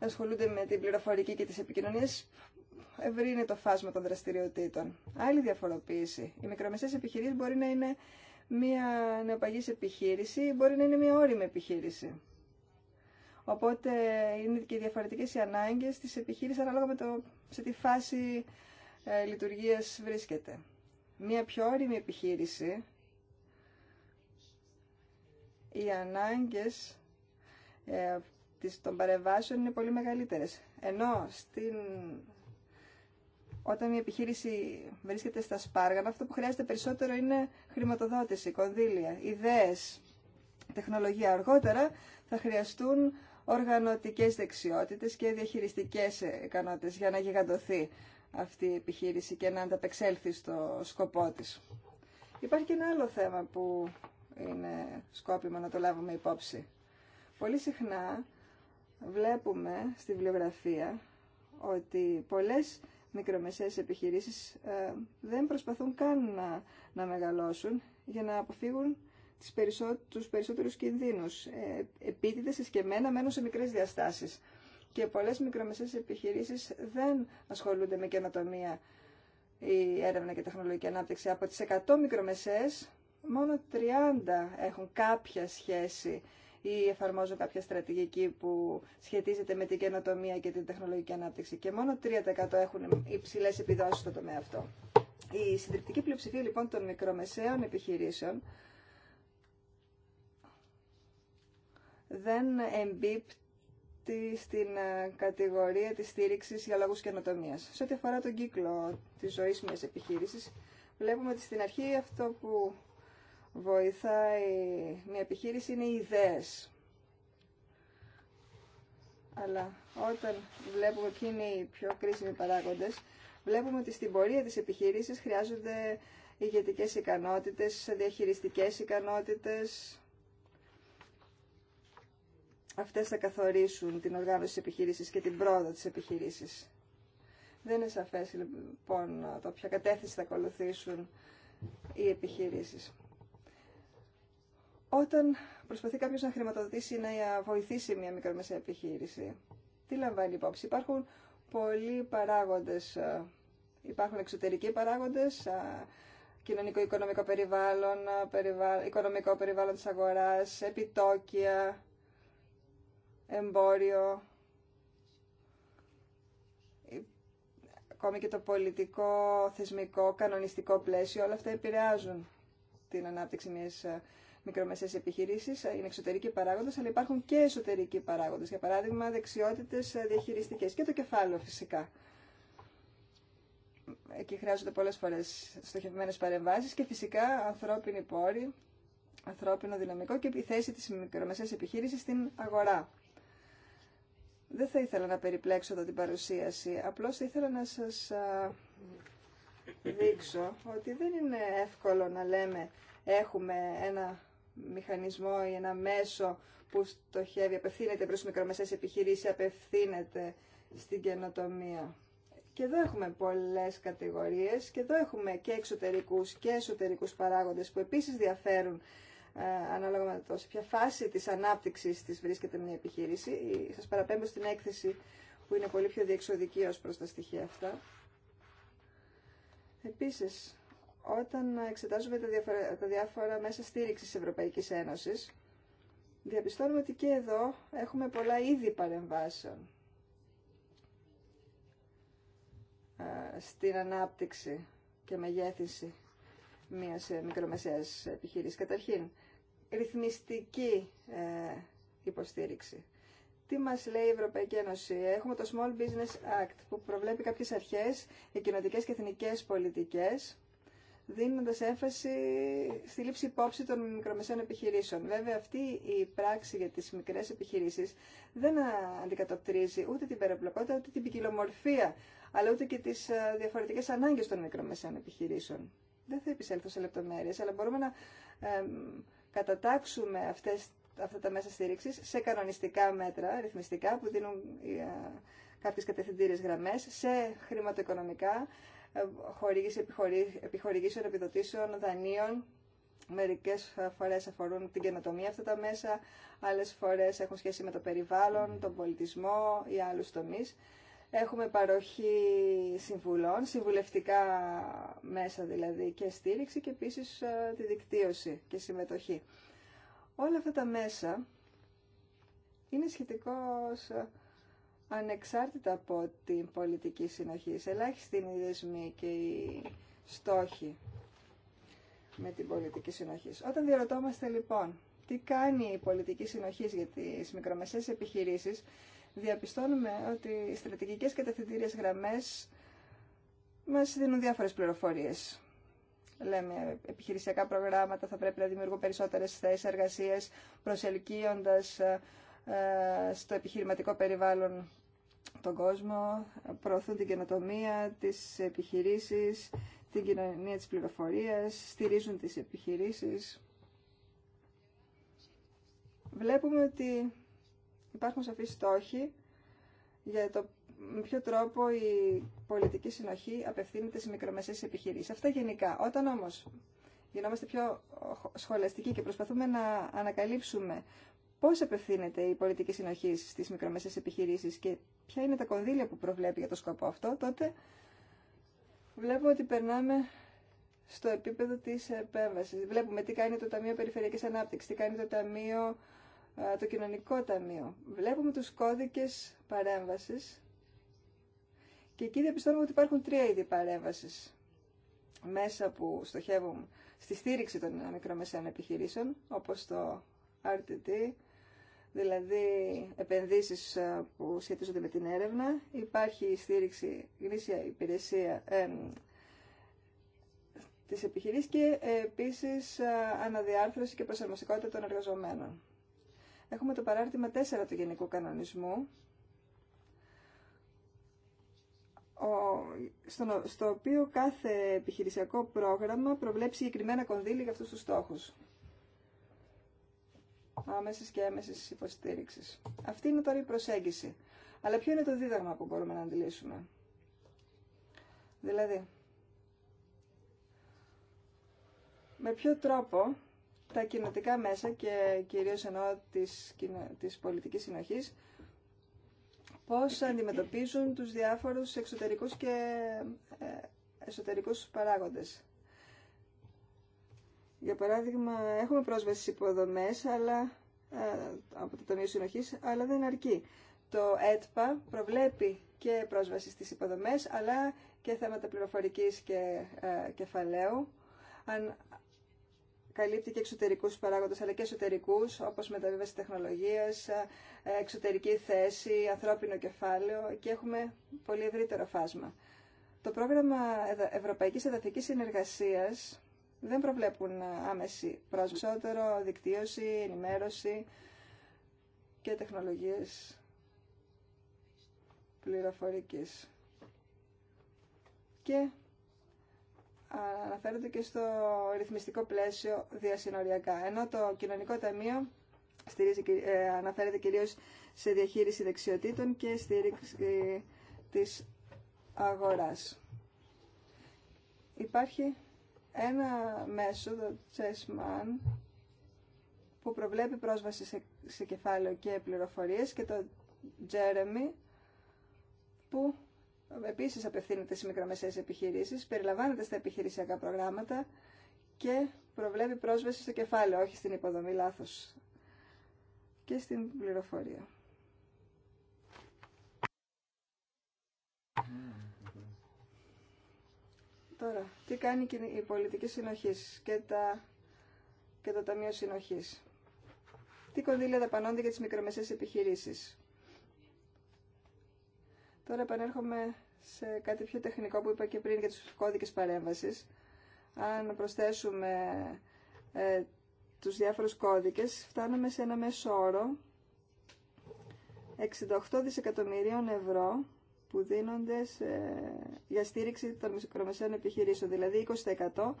να ασχολούνται με την πληροφορική και τις επικοινωνίες. Ευρύ είναι το φάσμα των δραστηριοτήτων. Άλλη διαφοροποίηση. Οι μικρομεσαίες επιχειρήσεις μπορεί να είναι μια νεοπαγής επιχείρηση ή μπορεί να είναι μια όριμη επιχείρηση. Οπότε είναι και διαφορετικές οι ανάγκες της επιχείρησης ανάλογα με το σε τι φάση ε, λειτουργίας βρίσκεται μια πιο όρημη επιχείρηση, οι ανάγκες ε, των παρεμβάσεων είναι πολύ μεγαλύτερες. Ενώ στην... όταν η επιχείρηση βρίσκεται στα σπάργανα, αυτό που χρειάζεται περισσότερο είναι χρηματοδότηση, κονδύλια, ιδέες, τεχνολογία. Αργότερα θα χρειαστούν οργανωτικές δεξιότητες και διαχειριστικές ικανότητες για να γιγαντωθεί αυτή η επιχείρηση και να ανταπεξέλθει στο σκοπό της. Υπάρχει και ένα άλλο θέμα που είναι σκόπιμο να το λάβουμε υπόψη. Πολύ συχνά βλέπουμε στη βιβλιογραφία ότι πολλές μικρομεσαίες επιχειρήσεις ε, δεν προσπαθούν καν να, να μεγαλώσουν για να αποφύγουν τις περισσότερους κινδύνους. Ε, επίτηδες εσκεμμένα μένουν σε μικρές διαστάσεις και πολλές μικρομεσαίες επιχειρήσεις δεν ασχολούνται με καινοτομία η έρευνα και τεχνολογική ανάπτυξη. Από τις 100 μικρομεσαίες, μόνο 30 έχουν κάποια σχέση ή εφαρμόζουν κάποια στρατηγική που σχετίζεται με την καινοτομία και την τεχνολογική ανάπτυξη. Και μόνο 3% έχουν υψηλέ επιδόσει στο τομέα αυτό. Η συντριπτική πλειοψηφία λοιπόν των μικρομεσαίων επιχειρήσεων δεν εμπίπτει στην ε, κατηγορία της στήριξης για λόγους καινοτομίας. Σε ό,τι αφορά τον κύκλο της ζωής μιας επιχείρησης, βλέπουμε ότι στην αρχή αυτό που βοηθάει μια επιχείρηση είναι οι ιδέες. Αλλά όταν βλέπουμε ποιοι είναι οι πιο κρίσιμοι παράγοντες, βλέπουμε ότι στην πορεία της επιχείρησης χρειάζονται ηγετικές ικανότητες, διαχειριστικές ικανότητες, αυτές θα καθορίσουν την οργάνωση της επιχείρησης και την πρόοδο της επιχείρησης. Δεν είναι σαφές λοιπόν το ποια κατεύθυνση θα ακολουθήσουν οι επιχειρήσεις. Όταν προσπαθεί κάποιος να χρηματοδοτήσει ή να βοηθήσει μια μικρομεσαία επιχείρηση, τι λαμβάνει υπόψη. Υπάρχουν πολλοί παράγοντες. Ε, υπάρχουν εξωτερικοί παράγοντες, ε, κοινωνικό-οικονομικό περιβάλλον, ε, περιβάλλον, οικονομικό περιβάλλον της αγοράς, επιτόκια, εμπόριο, ε, ακόμη και το πολιτικό, θεσμικό, κανονιστικό πλαίσιο, όλα αυτά επηρεάζουν την ανάπτυξη μιας ε, μικρομεσαίες επιχειρήσεις, ε, είναι εξωτερική παράγοντες, αλλά υπάρχουν και εσωτερικοί παράγοντες. Για παράδειγμα, δεξιότητες διαχειριστικές και το κεφάλαιο φυσικά. Εκεί χρειάζονται πολλές φορές στοχευμένες παρεμβάσεις και φυσικά ανθρώπινη πόρη, ανθρώπινο δυναμικό και η θέση της μικρομεσαίας επιχείρησης στην αγορά. Δεν θα ήθελα να περιπλέξω εδώ την παρουσίαση, απλώς θα ήθελα να σας δείξω ότι δεν είναι εύκολο να λέμε έχουμε ένα μηχανισμό ή ένα μέσο που στοχεύει, απευθύνεται προς μικρομεσαίες επιχειρήσεις, απευθύνεται στην καινοτομία. Και εδώ έχουμε πολλές κατηγορίες και εδώ έχουμε και εξωτερικούς και εσωτερικούς παράγοντες που επίσης διαφέρουν ε, ανάλογα με το σε ποια φάση της ανάπτυξης της βρίσκεται μια επιχείρηση. Σας παραπέμπω στην έκθεση που είναι πολύ πιο διεξοδική ως προς τα στοιχεία αυτά. Επίσης, όταν εξετάζουμε τα, διαφορα, τα διάφορα μέσα στήριξης Ευρωπαϊκής Ένωσης, διαπιστώνουμε ότι και εδώ έχουμε πολλά είδη παρεμβάσεων ε, στην ανάπτυξη και μεγέθυνση μιας ε, μικρομεσαίας επιχείρησης. Καταρχήν, ρυθμιστική ε, υποστήριξη. Τι μας λέει η Ευρωπαϊκή Ένωση. Έχουμε το Small Business Act που προβλέπει κάποιες αρχές για κοινοτικές και εθνικές πολιτικές δίνοντας έμφαση στη λήψη υπόψη των μικρομεσαίων επιχειρήσεων. Βέβαια, αυτή η πράξη για τις μικρές επιχειρήσεις δεν αντικατοπτρίζει ούτε την περιπλοκότητα, ούτε την ποικιλομορφία, αλλά ούτε και τις ε, διαφορετικές ανάγκες των μικρομεσαίων επιχειρήσεων. Δεν θα επισέλθω σε λεπτομέρειες, αλλά μπορούμε να ε, κατατάξουμε αυτές, αυτά τα μέσα στήριξης σε κανονιστικά μέτρα, ρυθμιστικά, που δίνουν ε, κάποιε κατευθυντήριες γραμμές, σε χρηματοοικονομικά, ε, χορήγηση επιχορηγήσεων, επιδοτήσεων, δανείων, Μερικές φορέ αφορούν την καινοτομία αυτά τα μέσα, άλλες φορές έχουν σχέση με το περιβάλλον, τον πολιτισμό ή άλλου τομεί. Έχουμε παροχή συμβουλών, συμβουλευτικά μέσα δηλαδή και στήριξη και επίσης ε, τη δικτύωση και συμμετοχή. Όλα αυτά τα μέσα είναι σχετικώς ε, ανεξάρτητα από την πολιτική συνοχή. Ελάχιστη είναι οι δεσμοί και οι στόχοι με την πολιτική συνοχή. Όταν διαρωτόμαστε λοιπόν τι κάνει η πολιτική συνοχή για τις μικρομεσαίες επιχειρήσεις, διαπιστώνουμε ότι οι στρατηγικές κατευθυντήριες γραμμές μας δίνουν διάφορες πληροφορίες. Λέμε, επιχειρησιακά προγράμματα θα πρέπει να δημιουργούν περισσότερες θέσεις εργασίας, προσελκύοντας ε, ε, στο επιχειρηματικό περιβάλλον τον κόσμο, προωθούν την καινοτομία, τις επιχειρήσεις, την κοινωνία της πληροφορίας, στηρίζουν τις επιχειρήσεις. Βλέπουμε ότι Υπάρχουν σαφείς στόχοι για το με ποιο τρόπο η πολιτική συνοχή απευθύνεται στις μικρομεσαίες επιχειρήσεις. Αυτά γενικά. Όταν όμως γινόμαστε πιο σχολαστικοί και προσπαθούμε να ανακαλύψουμε πώς απευθύνεται η πολιτική συνοχή στις μικρομεσαίες επιχειρήσεις και ποια είναι τα κονδύλια που προβλέπει για το σκοπό αυτό, τότε βλέπουμε ότι περνάμε στο επίπεδο της επέμβασης. Βλέπουμε τι κάνει το Ταμείο Περιφερειακής Ανάπτυξης, τι κάνει το Ταμείο το κοινωνικό ταμείο. Βλέπουμε τους κώδικες παρέμβασης και εκεί διαπιστώνουμε ότι υπάρχουν τρία είδη παρέμβασης. Μέσα που στοχεύουν στη στήριξη των μικρομεσαίων επιχειρήσεων, όπως το RTT, δηλαδή επενδύσεις που σχετίζονται με την έρευνα. Υπάρχει η στήριξη γνήσια υπηρεσία ε, της επιχειρήσης και επίσης αναδιάρθρωση και προσαρμοστικότητα των εργαζομένων έχουμε το παράρτημα 4 του Γενικού Κανονισμού, στο οποίο κάθε επιχειρησιακό πρόγραμμα προβλέπει συγκεκριμένα κονδύλια για αυτούς τους στόχους. Άμεση και έμεσης υποστήριξη. Αυτή είναι τώρα η προσέγγιση. Αλλά ποιο είναι το δίδαγμα που μπορούμε να αντιλήσουμε. Δηλαδή, με ποιο τρόπο τα κοινοτικά μέσα και κυρίως ενώ της, της πολιτικής συνοχής πώς αντιμετωπίζουν τους διάφορους εξωτερικούς και ε, εσωτερικούς παράγοντες. Για παράδειγμα, έχουμε πρόσβαση στις υποδομές αλλά, ε, από το Ταμείο Συνοχής, αλλά δεν αρκεί. Το ΕΤΠΑ προβλέπει και πρόσβαση στις υποδομές, αλλά και θέματα πληροφορικής και ε, κεφαλαίου. Αν καλύπτει και εξωτερικούς παράγοντες αλλά και εσωτερικούς όπως μεταβίβαση τεχνολογίας, εξωτερική θέση, ανθρώπινο κεφάλαιο και έχουμε πολύ ευρύτερο φάσμα. Το πρόγραμμα Ευρωπαϊκής Εδαφικής Συνεργασίας δεν προβλέπουν άμεση πρόσβαση, δικτύωση, ενημέρωση και τεχνολογίες πληροφορικής. Και αναφέρονται και στο ρυθμιστικό πλαίσιο διασυνοριακά. Ενώ το κοινωνικό ταμείο ε, αναφέρεται κυρίως σε διαχείριση δεξιοτήτων και στήριξη της αγοράς. Υπάρχει ένα μέσο, το Chessman, που προβλέπει πρόσβαση σε, σε κεφάλαιο και πληροφορίες και το Jeremy που επίσης απευθύνεται σε μικρομεσαίες επιχειρήσεις, περιλαμβάνεται στα επιχειρησιακά προγράμματα και προβλέπει πρόσβαση στο κεφάλαιο, όχι στην υποδομή, λάθος, και στην πληροφορία. Τώρα, τι κάνει η πολιτική συνοχής και, το Ταμείο Συνοχής. Τι κονδύλια δαπανώνται για τις μικρομεσαίες επιχειρήσεις. Τώρα επανέρχομαι σε κάτι πιο τεχνικό που είπα και πριν για τους κώδικες παρέμβασης. Αν προσθέσουμε ε, τους διάφορους κώδικες, φτάνουμε σε ένα μέσο όρο 68 δισεκατομμυρίων ευρώ που δίνονται για στήριξη των μικρομεσαίων επιχειρήσεων, δηλαδή 20%,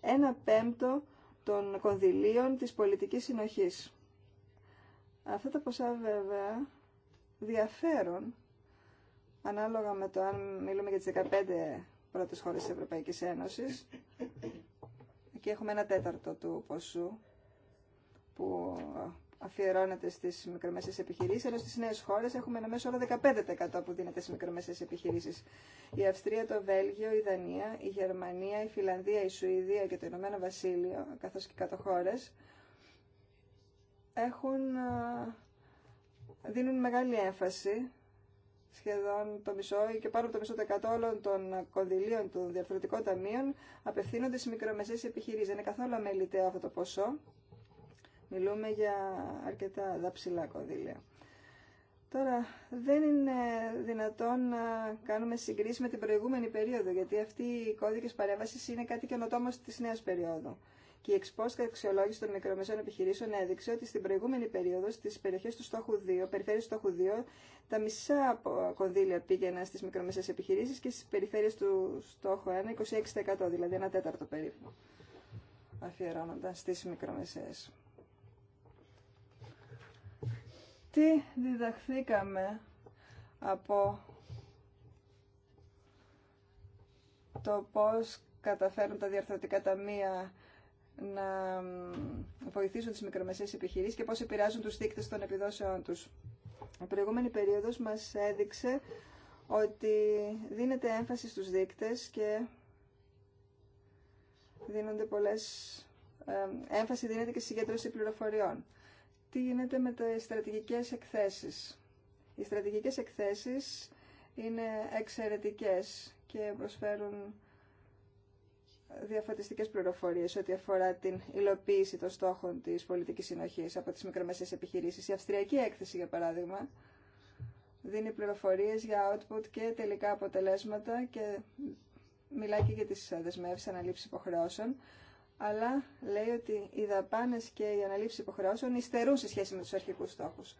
ένα πέμπτο των κονδυλίων της πολιτικής συνοχής. Αυτά τα ποσά βέβαια διαφέρουν ανάλογα με το αν μιλούμε για τις 15 πρώτες χώρες της Ευρωπαϊκής Ένωσης, εκεί έχουμε ένα τέταρτο του ποσού που αφιερώνεται στις μικρομεσαίες επιχειρήσεις, ενώ στις νέες χώρες έχουμε ένα μέσο όρο 15% που δίνεται στις μικρομεσαίες επιχειρήσεις. Η Αυστρία, το Βέλγιο, η Δανία, η Γερμανία, η Φιλανδία, η Σουηδία και το Ηνωμένο Βασίλειο, καθώς και κάτω χώρες, έχουν, δίνουν μεγάλη έμφαση σχεδόν το μισό ή και πάνω από το μισό δεκατό όλων των κονδυλίων των διαρθρωτικών ταμείων απευθύνονται σε μικρομεσαίες επιχειρήσεις. Δεν είναι καθόλου αμεληταίο αυτό το ποσό. Μιλούμε για αρκετά δαψιλά κονδύλια. Τώρα, δεν είναι δυνατόν να κάνουμε συγκρίση με την προηγούμενη περίοδο, γιατί αυτοί οι κώδικες παρέμβασης είναι κάτι καινοτόμο της νέας περίοδου και η εξπόστα αξιολόγηση των μικρομεσαίων επιχειρήσεων έδειξε ότι στην προηγούμενη περίοδο στι περιοχέ του στόχου 2, περιφέρειε του στόχου 2, τα μισά κονδύλια πήγαιναν στι μικρομεσαίε επιχειρήσει και στι περιφέρειε του στόχου 1, 26%, δηλαδή ένα τέταρτο περίπου αφιερώνονταν στι μικρομεσαίες. Τι διδαχθήκαμε από το πώς καταφέρουν τα διαρθρωτικά ταμεία να βοηθήσουν τις μικρομεσαίες επιχειρήσεις και πώς επηρεάζουν τους δείκτες των επιδόσεών τους. Η προηγούμενη περίοδος μας έδειξε ότι δίνεται έμφαση στους δείκτες και δίνονται πολλές, ε, έμφαση δίνεται και συγκέντρωση πληροφοριών. Τι γίνεται με τις στρατηγικές εκθέσεις. Οι στρατηγικές εκθέσεις είναι εξαιρετικές και προσφέρουν διαφωτιστικές πληροφορίες ό,τι αφορά την υλοποίηση των στόχων της πολιτικής συνοχής από τις μικρομεσαίες επιχειρήσεις. Η αυστριακή έκθεση, για παράδειγμα, δίνει πληροφορίες για output και τελικά αποτελέσματα και μιλάει και για τις δεσμεύσεις αναλήψεις υποχρεώσεων, αλλά λέει ότι οι δαπάνε και η αναλήψη υποχρεώσεων υστερούν σε σχέση με τους αρχικούς στόχους.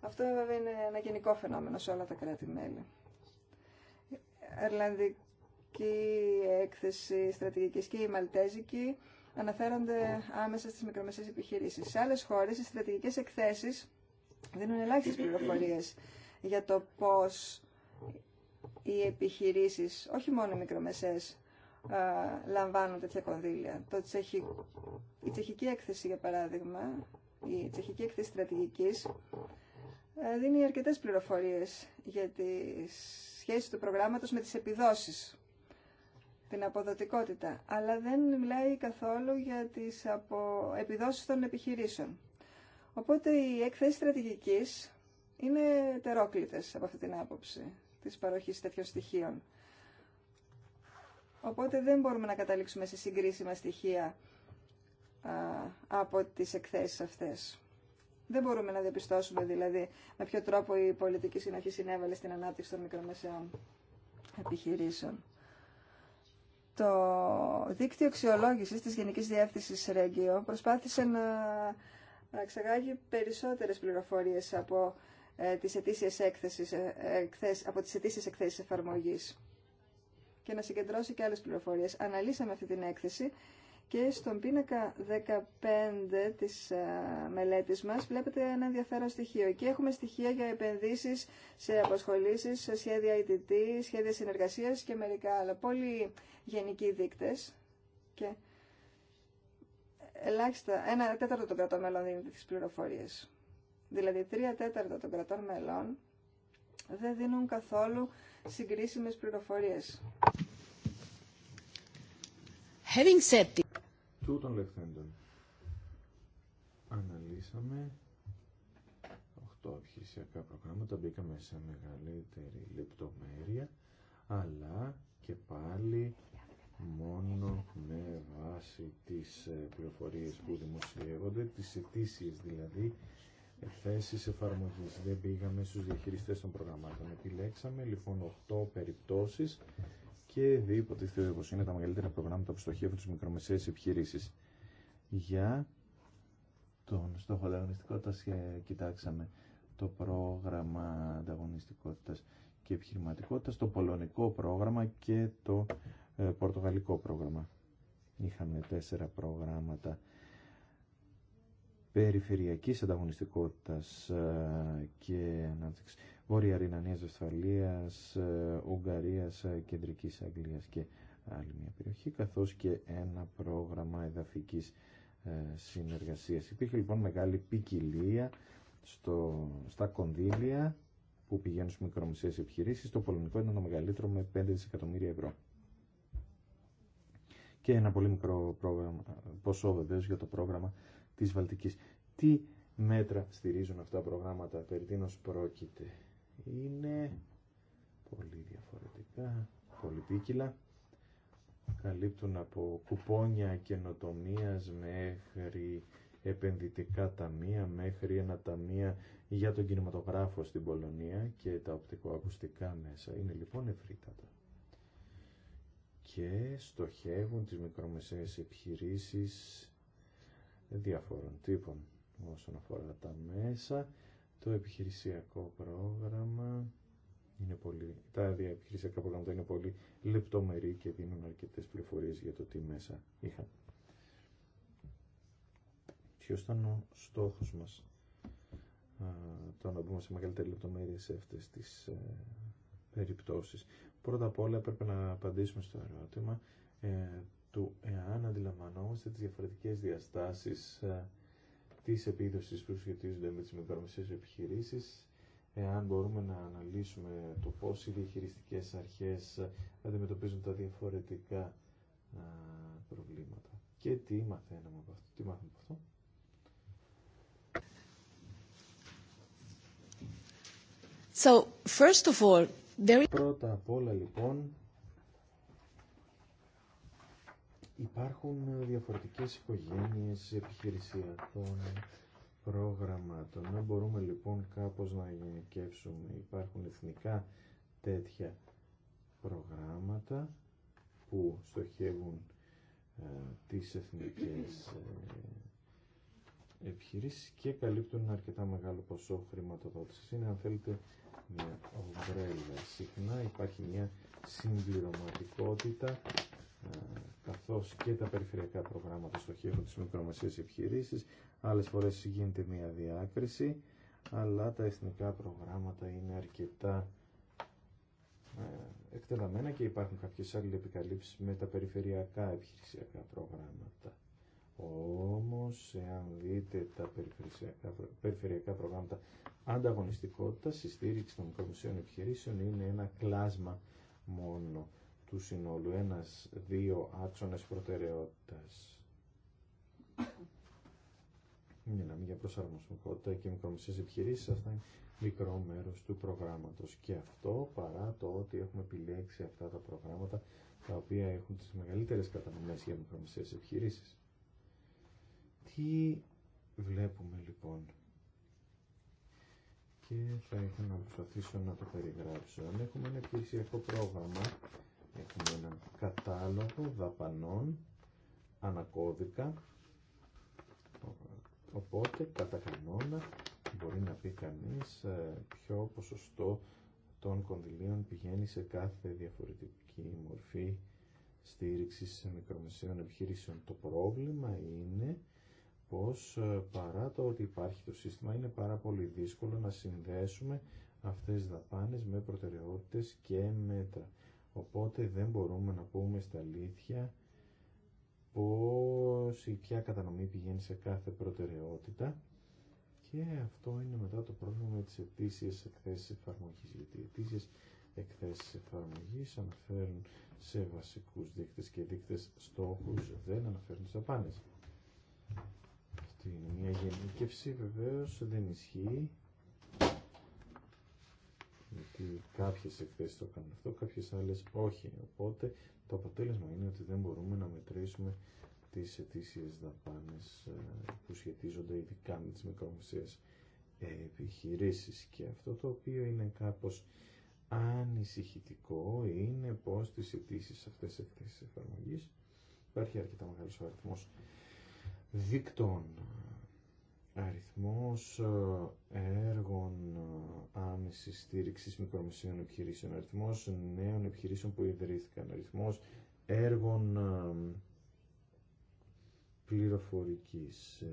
Αυτό βέβαια είναι ένα γενικό φαινόμενο σε όλα τα κράτη-μέλη η έκθεση στρατηγικής και η Μαλτέζικη αναφέρονται άμεσα στις μικρομεσαίες επιχειρήσεις. Σε άλλες χώρες οι στρατηγικές εκθέσεις δίνουν ελάχιστες πληροφορίες για το πώς οι επιχειρήσεις, όχι μόνο οι μικρομεσαίες, λαμβάνουν τέτοια κονδύλια. Το τσεχι... Η τσεχική έκθεση, για παράδειγμα, η τσεχική έκθεση στρατηγικής, δίνει αρκετές πληροφορίες για τη σχέση του προγράμματος με τις επιδόσεις την αποδοτικότητα, αλλά δεν μιλάει καθόλου για τις απο... επιδόσεις των επιχειρήσεων. Οπότε οι εκθέσεις στρατηγικής είναι τερόκλητες από αυτή την άποψη της παροχής τέτοιων στοιχείων. Οπότε δεν μπορούμε να καταλήξουμε σε συγκρίσιμα στοιχεία α, από τις εκθέσεις αυτές. Δεν μπορούμε να διαπιστώσουμε δηλαδή με ποιο τρόπο η πολιτική συνοχή συνέβαλε στην ανάπτυξη των μικρομεσαίων επιχειρήσεων. Το δίκτυο αξιολόγηση της Γενικής Διεύθυνσης ΡΕΓΚΙΟ προσπάθησε να εξαγάγει περισσότερες πληροφορίες από ε, τις ετήσιες έκθεσεις, ε, από τις εκθέσεις εφαρμογής και να συγκεντρώσει και άλλες πληροφορίες. Αναλύσαμε αυτή την έκθεση και στον πίνακα 15 της ε, μελέτης μας βλέπετε ένα ενδιαφέρον στοιχείο. Εκεί έχουμε στοιχεία για επενδύσεις σε αποσχολήσεις, σε σχέδια ITT, σχέδια συνεργασίας και μερικά άλλα. Πολύ γενικοί δείκτες και ελάχιστα ένα τέταρτο των κρατών μελών δίνει τις πληροφορίες. Δηλαδή τρία τέταρτα των κρατών μελών δεν δίνουν καθόλου συγκρίσιμες πληροφορίες. Having said τούτων λεχθέντων. Αναλύσαμε 8 επιχειρησιακά προγράμματα, μπήκαμε σε μεγαλύτερη λεπτομέρεια, αλλά και πάλι μόνο με βάση τις ε, πληροφορίες που δημοσιεύονται, τις αιτήσει δηλαδή, θέσεις εφαρμογής. Δεν πήγαμε στους διαχειριστές των προγραμμάτων. Επιλέξαμε λοιπόν 8 περιπτώσεις και δι' υποτίθεται πως είναι τα μεγαλύτερα προγράμματα που στοχεύουν τις μικρομεσαίες επιχειρήσεις. Για τον στόχο ανταγωνιστικότητας ε, κοιτάξαμε το πρόγραμμα ανταγωνιστικότητας και επιχειρηματικότητας, το πολωνικό πρόγραμμα και το ε, πορτογαλικό πρόγραμμα. Είχαμε τέσσερα προγράμματα περιφερειακής ανταγωνιστικότητας ε, και ανάπτυξης Βόρεια Ρινανία Βεσφαλία, ε, Ουγγαρίας, ε, Κεντρική Αγγλία και άλλη μια περιοχή, καθώ και ένα πρόγραμμα εδάφική ε, συνεργασία. Υπήρχε λοιπόν μεγάλη ποικιλία στο, στα κονδύλια που πηγαίνουν στι μικρομεσαίε επιχειρήσει. Το πολωνικό ήταν το μεγαλύτερο με 5 δισεκατομμύρια ευρώ. Και ένα πολύ μικρό πρόγραμμα, ποσό βεβαίω για το πρόγραμμα τη Βαλτική. Τι μέτρα στηρίζουν αυτά τα προγράμματα, περί τίνος πρόκειται είναι πολύ διαφορετικά, πολύ Καλύπτουν από κουπόνια καινοτομία μέχρι επενδυτικά ταμεία, μέχρι ένα ταμείο για τον κινηματογράφο στην Πολωνία και τα οπτικοακουστικά μέσα. Είναι λοιπόν ευρύτατα. Και στοχεύουν τις μικρομεσαίες επιχειρήσεις διαφόρων τύπων όσον αφορά τα μέσα το επιχειρησιακό πρόγραμμα είναι πολύ, τα επιχειρησιακά προγράμματα είναι πολύ λεπτομερή και δίνουν αρκετές πληροφορίες για το τι μέσα είχαν. Ποιο ήταν ο στόχος μας το να μπούμε σε μεγαλύτερη λεπτομέρεια σε αυτές τις ε, περιπτώσεις. Πρώτα απ' όλα έπρεπε να απαντήσουμε στο ερώτημα ε, του εάν αντιλαμβανόμαστε τις διαφορετικές διαστάσεις ε, της επίδοσης που σχετίζονται με τις μικρομεσαίες επιχειρήσεις, εάν μπορούμε να αναλύσουμε το πώς οι διαχειριστικές αρχές αντιμετωπίζουν τα διαφορετικά προβλήματα. Και τι μαθαίνουμε από αυτό. Τι μάθαμε από αυτό. So, first of all, there... Πρώτα απ' όλα λοιπόν Υπάρχουν ε, διαφορετικές οικογένειες επιχειρησιακών προγραμμάτων. Να μπορούμε λοιπόν κάπως να γενικεύσουμε. Υπάρχουν εθνικά τέτοια προγράμματα που στοχεύουν ε, τις εθνικές ε, επιχειρήσεις και καλύπτουν ένα αρκετά μεγάλο ποσό χρηματοδότησης. Είναι αν θέλετε μια ομπρέλα. Συχνά υπάρχει μια συμπληρωματικότητα καθώς και τα περιφερειακά προγράμματα στοχεύουν τις μικρομεσαίες επιχειρήσεις. Άλλες φορές γίνεται μια διάκριση, αλλά τα εθνικά προγράμματα είναι αρκετά ε, εκτεταμένα και υπάρχουν κάποιες άλλες επικαλύψεις με τα περιφερειακά επιχειρησιακά προγράμματα. Όμως, εάν δείτε τα περιφερειακά, προγράμματα ανταγωνιστικότητα, η στήριξη των μικρομεσαίων επιχειρήσεων είναι ένα κλάσμα μόνο του συνόλου. Ένας, δύο άξονες προτεραιότητας. Μιλάμε για προσαρμοσμικότητα και μικρομεσαίε επιχειρήσει Αυτά είναι μικρό μέρος του προγράμματος. Και αυτό παρά το ότι έχουμε επιλέξει αυτά τα προγράμματα τα οποία έχουν τις μεγαλύτερες κατανομές για μικρομεσαίε επιχειρήσει. Τι βλέπουμε λοιπόν και θα ήθελα να προσπαθήσω να το περιγράψω. έχουμε ένα επιχειρησιακό πρόγραμμα Έχουμε έναν κατάλογο δαπανών ανακώδικα οπότε κατά κανόνα μπορεί να πει κανείς ε, ποιο ποσοστό των κονδυλίων πηγαίνει σε κάθε διαφορετική μορφή στήριξης μικρομεσαίων επιχειρήσεων. Το πρόβλημα είναι πως ε, παρά το ότι υπάρχει το σύστημα είναι πάρα πολύ δύσκολο να συνδέσουμε αυτές τις δαπάνες με προτεραιότητες και μέτρα. Οπότε δεν μπορούμε να πούμε στα αλήθεια πώς η ποια κατανομή πηγαίνει σε κάθε προτεραιότητα και αυτό είναι μετά το πρόβλημα με τις αιτήσει εκθέσεις εφαρμογής. Γιατί οι ετήσιες εκθέσεις εφαρμογής αναφέρουν σε βασικούς δείκτες και δείκτες στόχους, δεν αναφέρουν τις απάνες. Αυτή είναι μια γενίκευση, βεβαίως δεν ισχύει γιατί κάποιες εκθέσεις το κάνουν αυτό, κάποιες άλλες όχι. Οπότε το αποτέλεσμα είναι ότι δεν μπορούμε να μετρήσουμε τις αιτήσιες δαπάνες ε, που σχετίζονται ειδικά με τις μικρομεσαίες επιχειρήσεις. Και αυτό το οποίο είναι κάπως ανησυχητικό είναι πως τις αιτήσει αυτές τις εκθέσεις εφαρμογής υπάρχει αρκετά μεγάλος αριθμός δίκτων αριθμός ε, έργων ε, άμεσης στήριξης μικρομεσαίων επιχειρήσεων, αριθμός νέων επιχειρήσεων που ιδρύθηκαν, αριθμός έργων ε, πληροφορικής.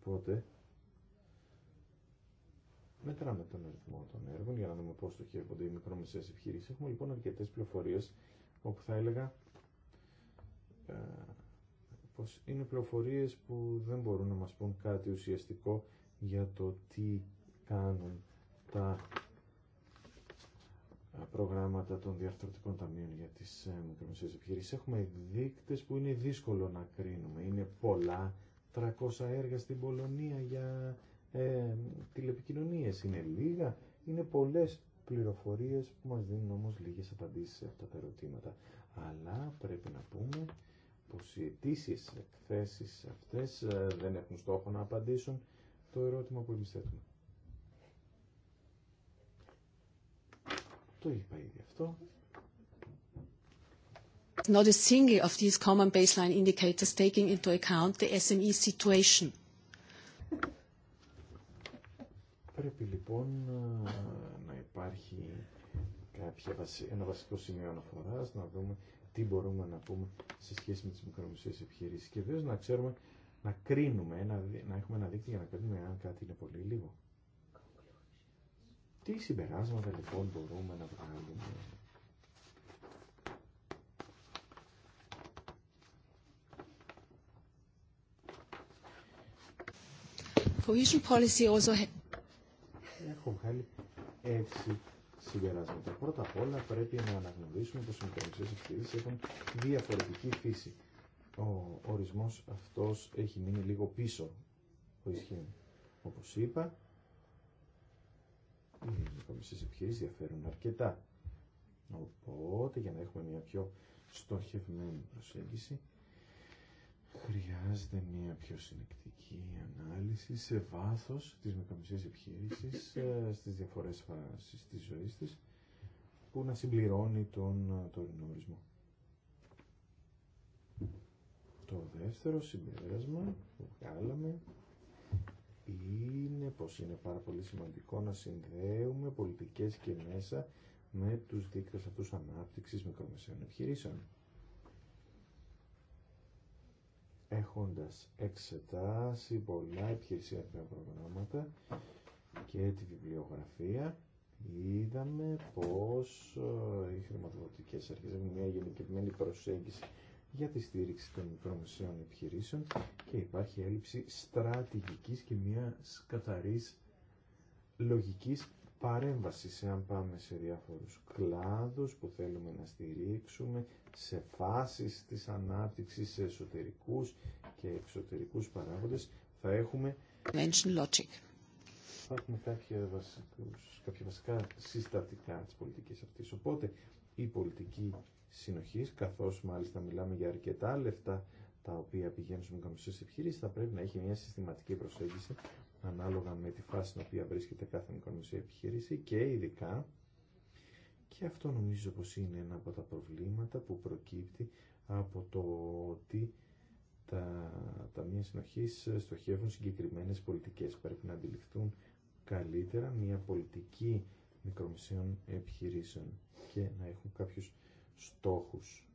Οπότε, μετράμε τον αριθμό των έργων για να δούμε πώς στοχεύονται οι μικρομεσαίες επιχειρήσεις. Έχουμε λοιπόν αρκετές πληροφορίες όπου θα έλεγα πως είναι πληροφορίες που δεν μπορούν να μας πούν κάτι ουσιαστικό για το τι κάνουν τα ε, προγράμματα των διαρθρωτικών ταμείων για τις ε, μικρομεσαίες επιχειρήσεις. Έχουμε δείκτες που είναι δύσκολο να κρίνουμε. Είναι πολλά, 300 έργα στην Πολωνία για ε, τηλεπικοινωνίες. Είναι λίγα, είναι πολλές πληροφορίες που μας δίνουν όμως λίγες απαντήσεις σε αυτά τα ερωτήματα. Αλλά πρέπει να πούμε που οι αιτήσεις εκθέσεις αυτές ε, δεν έχουν στόχο να απαντήσουν το ερώτημα που εμείς θέτουμε. Το είπα ήδη αυτό. Not a single of these common baseline indicators taking into account the SME situation. Πρέπει λοιπόν ε, να υπάρχει κάποια, ένα βασικό σημείο αναφοράς, να δούμε τι μπορούμε να πούμε σε σχέση με τις μικρομεσαίες επιχειρήσεις και βέβαια να ξέρουμε να κρίνουμε, να, να έχουμε ένα δίκτυο για να κρίνουμε αν κάτι είναι πολύ λίγο. Τι συμπεράσματα λοιπόν μπορούμε να βγάλουμε. Έχω βγάλει έτσι συμπεράσματα. Πρώτα απ' όλα πρέπει να αναγνωρίσουμε πως οι μικρομεσαίες επιχειρήσεις έχουν διαφορετική φύση. Ο ορισμός αυτός έχει μείνει λίγο πίσω που ισχύει. Όπως είπα, οι μικρομεσαίες επιχειρήσεις διαφέρουν αρκετά. Οπότε για να έχουμε μια πιο στοχευμένη προσέγγιση Χρειάζεται μια πιο συνεκτική ανάλυση σε βάθος της μικρομεσαίας επιχείρησης, ε, στις διαφορές φάσεις της ζωής της, που να συμπληρώνει τον ε, τωρινό ορισμό. Το δεύτερο συμπέρασμα που βγάλαμε είναι πως είναι πάρα πολύ σημαντικό να συνδέουμε πολιτικές και μέσα με τους δείκτες αυτούς ανάπτυξης μικρομεσαίων επιχειρήσεων έχοντας εξετάσει πολλά επιχειρησιακά προγράμματα και τη βιβλιογραφία είδαμε πως ε, οι χρηματοδοτικές αρχές έχουν μια γενικευμένη προσέγγιση για τη στήριξη των μικρομεσαίων επιχειρήσεων και υπάρχει έλλειψη στρατηγικής και μια καθαρής λογικής σε εάν πάμε σε διάφορους κλάδους που θέλουμε να στηρίξουμε, σε φάσεις της ανάπτυξης, σε εσωτερικούς και εξωτερικούς παράγοντες, θα έχουμε... Θα έχουμε κάποια, βασικούς, κάποια βασικά συστατικά της πολιτικής αυτής. Οπότε, η πολιτική συνοχής, καθώς μάλιστα μιλάμε για αρκετά λεφτά τα οποία πηγαίνουν στους μικρομεσαίες επιχειρήσεις, θα πρέπει να έχει μια συστηματική προσέγγιση ανάλογα με τη φάση στην οποία βρίσκεται κάθε μικρομεσαία επιχείρηση και ειδικά και αυτό νομίζω πως είναι ένα από τα προβλήματα που προκύπτει από το ότι τα ταμεία συνοχής στοχεύουν συγκεκριμένες πολιτικές. Πρέπει να αντιληφθούν καλύτερα μια πολιτική μικρομεσαίων επιχειρήσεων και να έχουν κάποιους στόχους.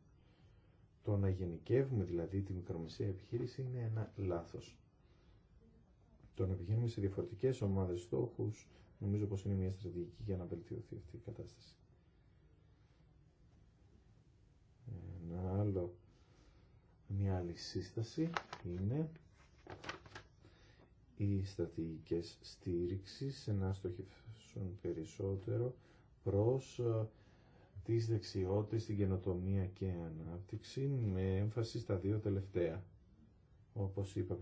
Το να γενικεύουμε δηλαδή τη μικρομεσαία επιχείρηση είναι ένα λάθος το να πηγαίνουμε σε διαφορετικές ομάδες στόχου. νομίζω πως είναι μια στρατηγική για να βελτιωθεί αυτή η κατάσταση. Ένα άλλο, μια άλλη σύσταση είναι οι στρατηγικές στήριξης να στοχεύσουν περισσότερο προς ε, τις δεξιότητες, στην καινοτομία και ανάπτυξη με έμφαση στα δύο τελευταία. Όπως είπα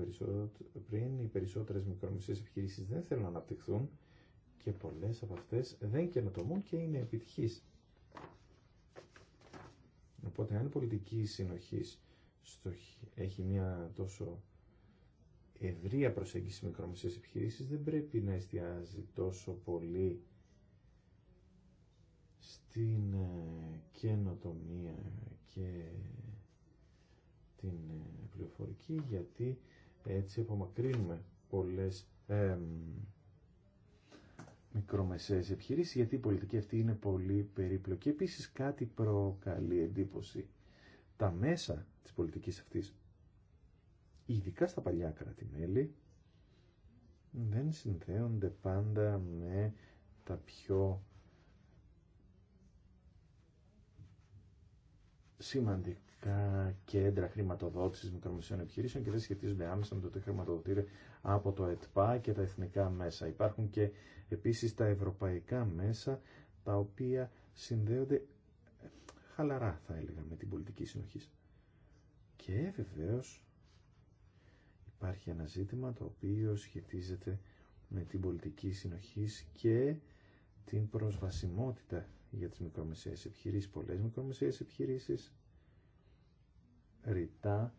πριν, οι περισσότερες μικρομεσαίες επιχειρήσεις δεν θέλουν να αναπτυχθούν και πολλές από αυτές δεν καινοτομούν και είναι επιτυχείς. Οπότε αν η πολιτική συνοχή έχει μια τόσο ευρεία προσέγγιση μικρομεσαίες επιχειρήσεις δεν πρέπει να εστιάζει τόσο πολύ στην ε, καινοτομία και την ε, πληροφορική γιατί έτσι απομακρύνουμε πολλές ε, μικρομεσαίες επιχειρήσεις γιατί η πολιτική αυτή είναι πολύ περίπλοκη. Επίσης κάτι προκαλεί εντύπωση. Τα μέσα της πολιτικής αυτής, ειδικά στα παλιά κράτη-μέλη, δεν συνδέονται πάντα με τα πιο σημαντικά τα κέντρα χρηματοδότηση μικρομεσαίων επιχειρήσεων και δεν σχετίζονται άμεσα με το τι χρηματοδοτείται από το ΕΤΠΑ και τα εθνικά μέσα. Υπάρχουν και επίσης τα ευρωπαϊκά μέσα τα οποία συνδέονται χαλαρά θα έλεγα με την πολιτική συνοχή. Και βεβαίω υπάρχει ένα ζήτημα το οποίο σχετίζεται με την πολιτική συνοχή και την προσβασιμότητα για τις μικρομεσαίες επιχειρήσεις. Πολλές μικρομεσαίες επιχειρήσεις ρητά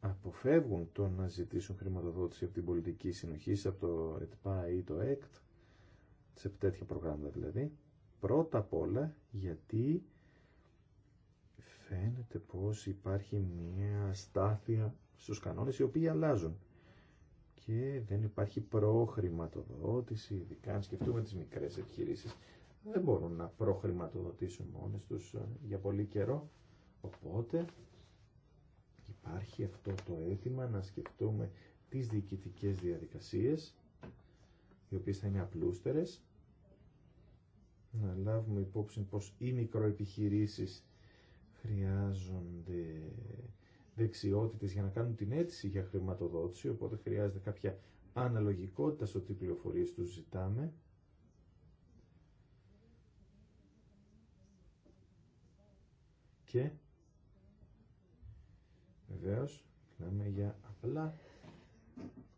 αποφεύγουν το να ζητήσουν χρηματοδότηση από την πολιτική συνοχή, από το ΕΤΠΑ ή το ΕΚΤ, σε τέτοια προγράμματα δηλαδή, πρώτα απ' όλα γιατί φαίνεται πως υπάρχει μία στάθεια στους κανόνες οι οποίοι αλλάζουν και δεν υπάρχει προχρηματοδότηση, ειδικά αν σκεφτούμε τις μικρές επιχειρήσεις, δεν μπορούν να προχρηματοδοτήσουν μόνες τους ε, για πολύ καιρό Οπότε υπάρχει αυτό το αίτημα να σκεφτούμε τις διοικητικές διαδικασίες, οι οποίες θα είναι απλούστερες, να λάβουμε υπόψη πως οι μικροεπιχειρήσεις χρειάζονται δεξιότητες για να κάνουν την αίτηση για χρηματοδότηση, οπότε χρειάζεται κάποια αναλογικότητα στο τι πληροφορίες τους ζητάμε. Και βεβαίως μιλάμε για απλά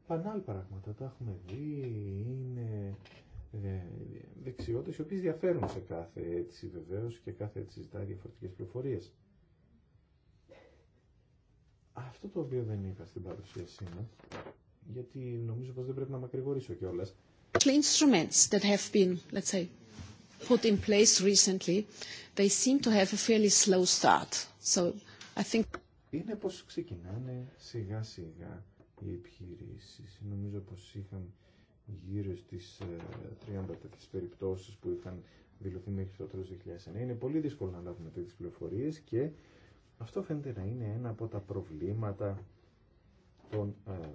πανάλ πράγματα. Τα έχουμε δει, είναι ε, δεξιότητες οι οποίες διαφέρουν σε κάθε αίτηση βεβαίω και κάθε αίτηση ζητάει διαφορετικές πληροφορίες. Αυτό το οποίο δεν είπα στην παρουσίασή μου, γιατί νομίζω πως δεν πρέπει να μακρηγορήσω κιόλα. The instruments that have been, let's say, put in place recently, they seem to have a fairly slow start. So I think είναι πως ξεκινάνε σιγά σιγά οι επιχειρήσεις. Νομίζω πως είχαν γύρω στις 30 ε, τέτοιες περιπτώσεις που είχαν δηλωθεί μέχρι το τέλος 2009. Είναι πολύ δύσκολο να λάβουμε τέτοιες πληροφορίες και αυτό φαίνεται να είναι ένα από τα προβλήματα των ε,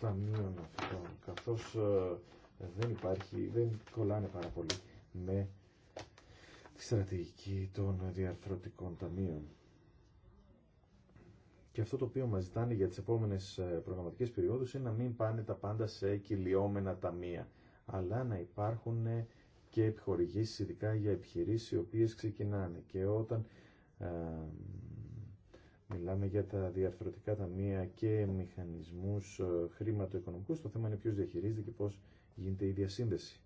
ταμείων αυτών, καθώς ε, δεν υπάρχει, δεν κολλάνε πάρα πολύ με στρατηγική των διαρθρωτικών ταμείων. Και αυτό το οποίο μας ζητάνε για τις επόμενες ε, προγραμματικές περιόδους είναι να μην πάνε τα πάντα σε κυλιόμενα ταμεία, αλλά να υπάρχουν ε, και επιχορηγήσεις ειδικά για επιχειρήσεις οι οποίες ξεκινάνε. Και όταν ε, μιλάμε για τα διαρθρωτικά ταμεία και μηχανισμούς χρηματοοικονομικούς, το θέμα είναι ποιος διαχειρίζεται και πώς γίνεται η διασύνδεση.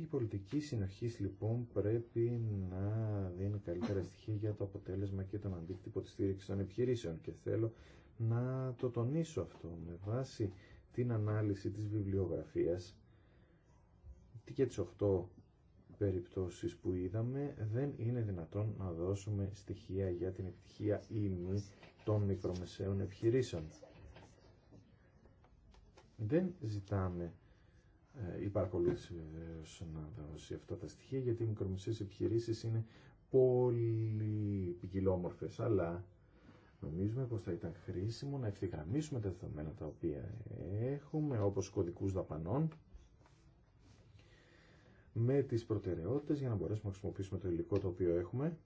Η πολιτική συνοχή λοιπόν πρέπει να δίνει καλύτερα στοιχεία για το αποτέλεσμα και τον αντίκτυπο της στήριξη των επιχειρήσεων και θέλω να το τονίσω αυτό με βάση την ανάλυση της βιβλιογραφίας και τις 8 περιπτώσεις που είδαμε δεν είναι δυνατόν να δώσουμε στοιχεία για την επιτυχία ή μη των μικρομεσαίων επιχειρήσεων. Δεν ζητάμε η ε, παρακολούθηση ε, να δώσει αυτά τα στοιχεία γιατί οι μικρομεσαίες επιχειρήσεις είναι πολύ ποικιλόμορφες αλλά νομίζουμε πως θα ήταν χρήσιμο να ευθυγραμμίσουμε τα δεδομένα τα οποία έχουμε όπως κωδικούς δαπανών με τις προτεραιότητες για να μπορέσουμε να χρησιμοποιήσουμε το υλικό το οποίο έχουμε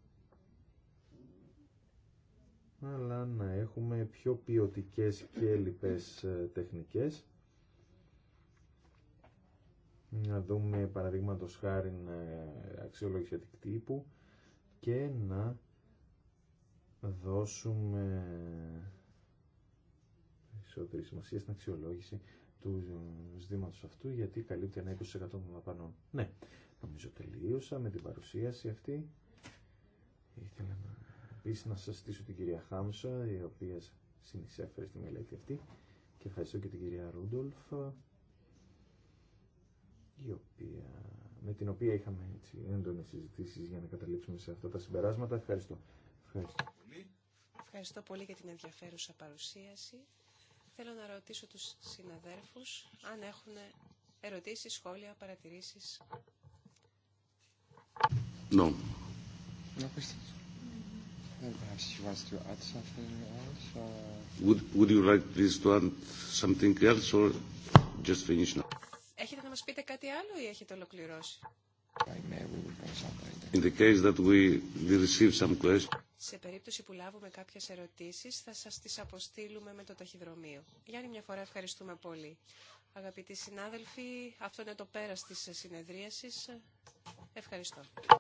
αλλά να έχουμε πιο ποιοτικές και λοιπές ε, τεχνικές να δούμε παραδείγματο χάρη ε, αξιολόγηση τύπου και να δώσουμε περισσότερη σημασία στην αξιολόγηση του ζητήματος αυτού γιατί καλύπτει ένα 20% των δαπανών. Ναι, νομίζω τελείωσα με την παρουσίαση αυτή. Ήθελα να επίσης να σας στήσω την κυρία Χάμσα η οποία συνεισέφερε στη μελέτη αυτή και ευχαριστώ και την κυρία Ρούντολφ η οποία, με την οποία είχαμε έτσι, έντονες συζητήσεις για να καταλήξουμε σε αυτά τα συμπεράσματα. Ευχαριστώ. Ευχαριστώ πολύ. Ευχαριστώ πολύ για την ενδιαφέρουσα παρουσίαση. Θέλω να ρωτήσω τους συναδέρφους αν έχουν ερωτήσεις, σχόλια, παρατηρήσεις. No. Would, would you like please to add something else or just finish now? Έχετε να μας πείτε κάτι άλλο ή έχετε ολοκληρώσει. In the case that we receive some questions. Σε περίπτωση που λάβουμε κάποιες ερωτήσεις θα σας τις αποστείλουμε με το ταχυδρομείο. Για μια φορά ευχαριστούμε πολύ. Αγαπητοί συνάδελφοι, αυτό είναι το πέρας της συνεδρίασης. Ευχαριστώ.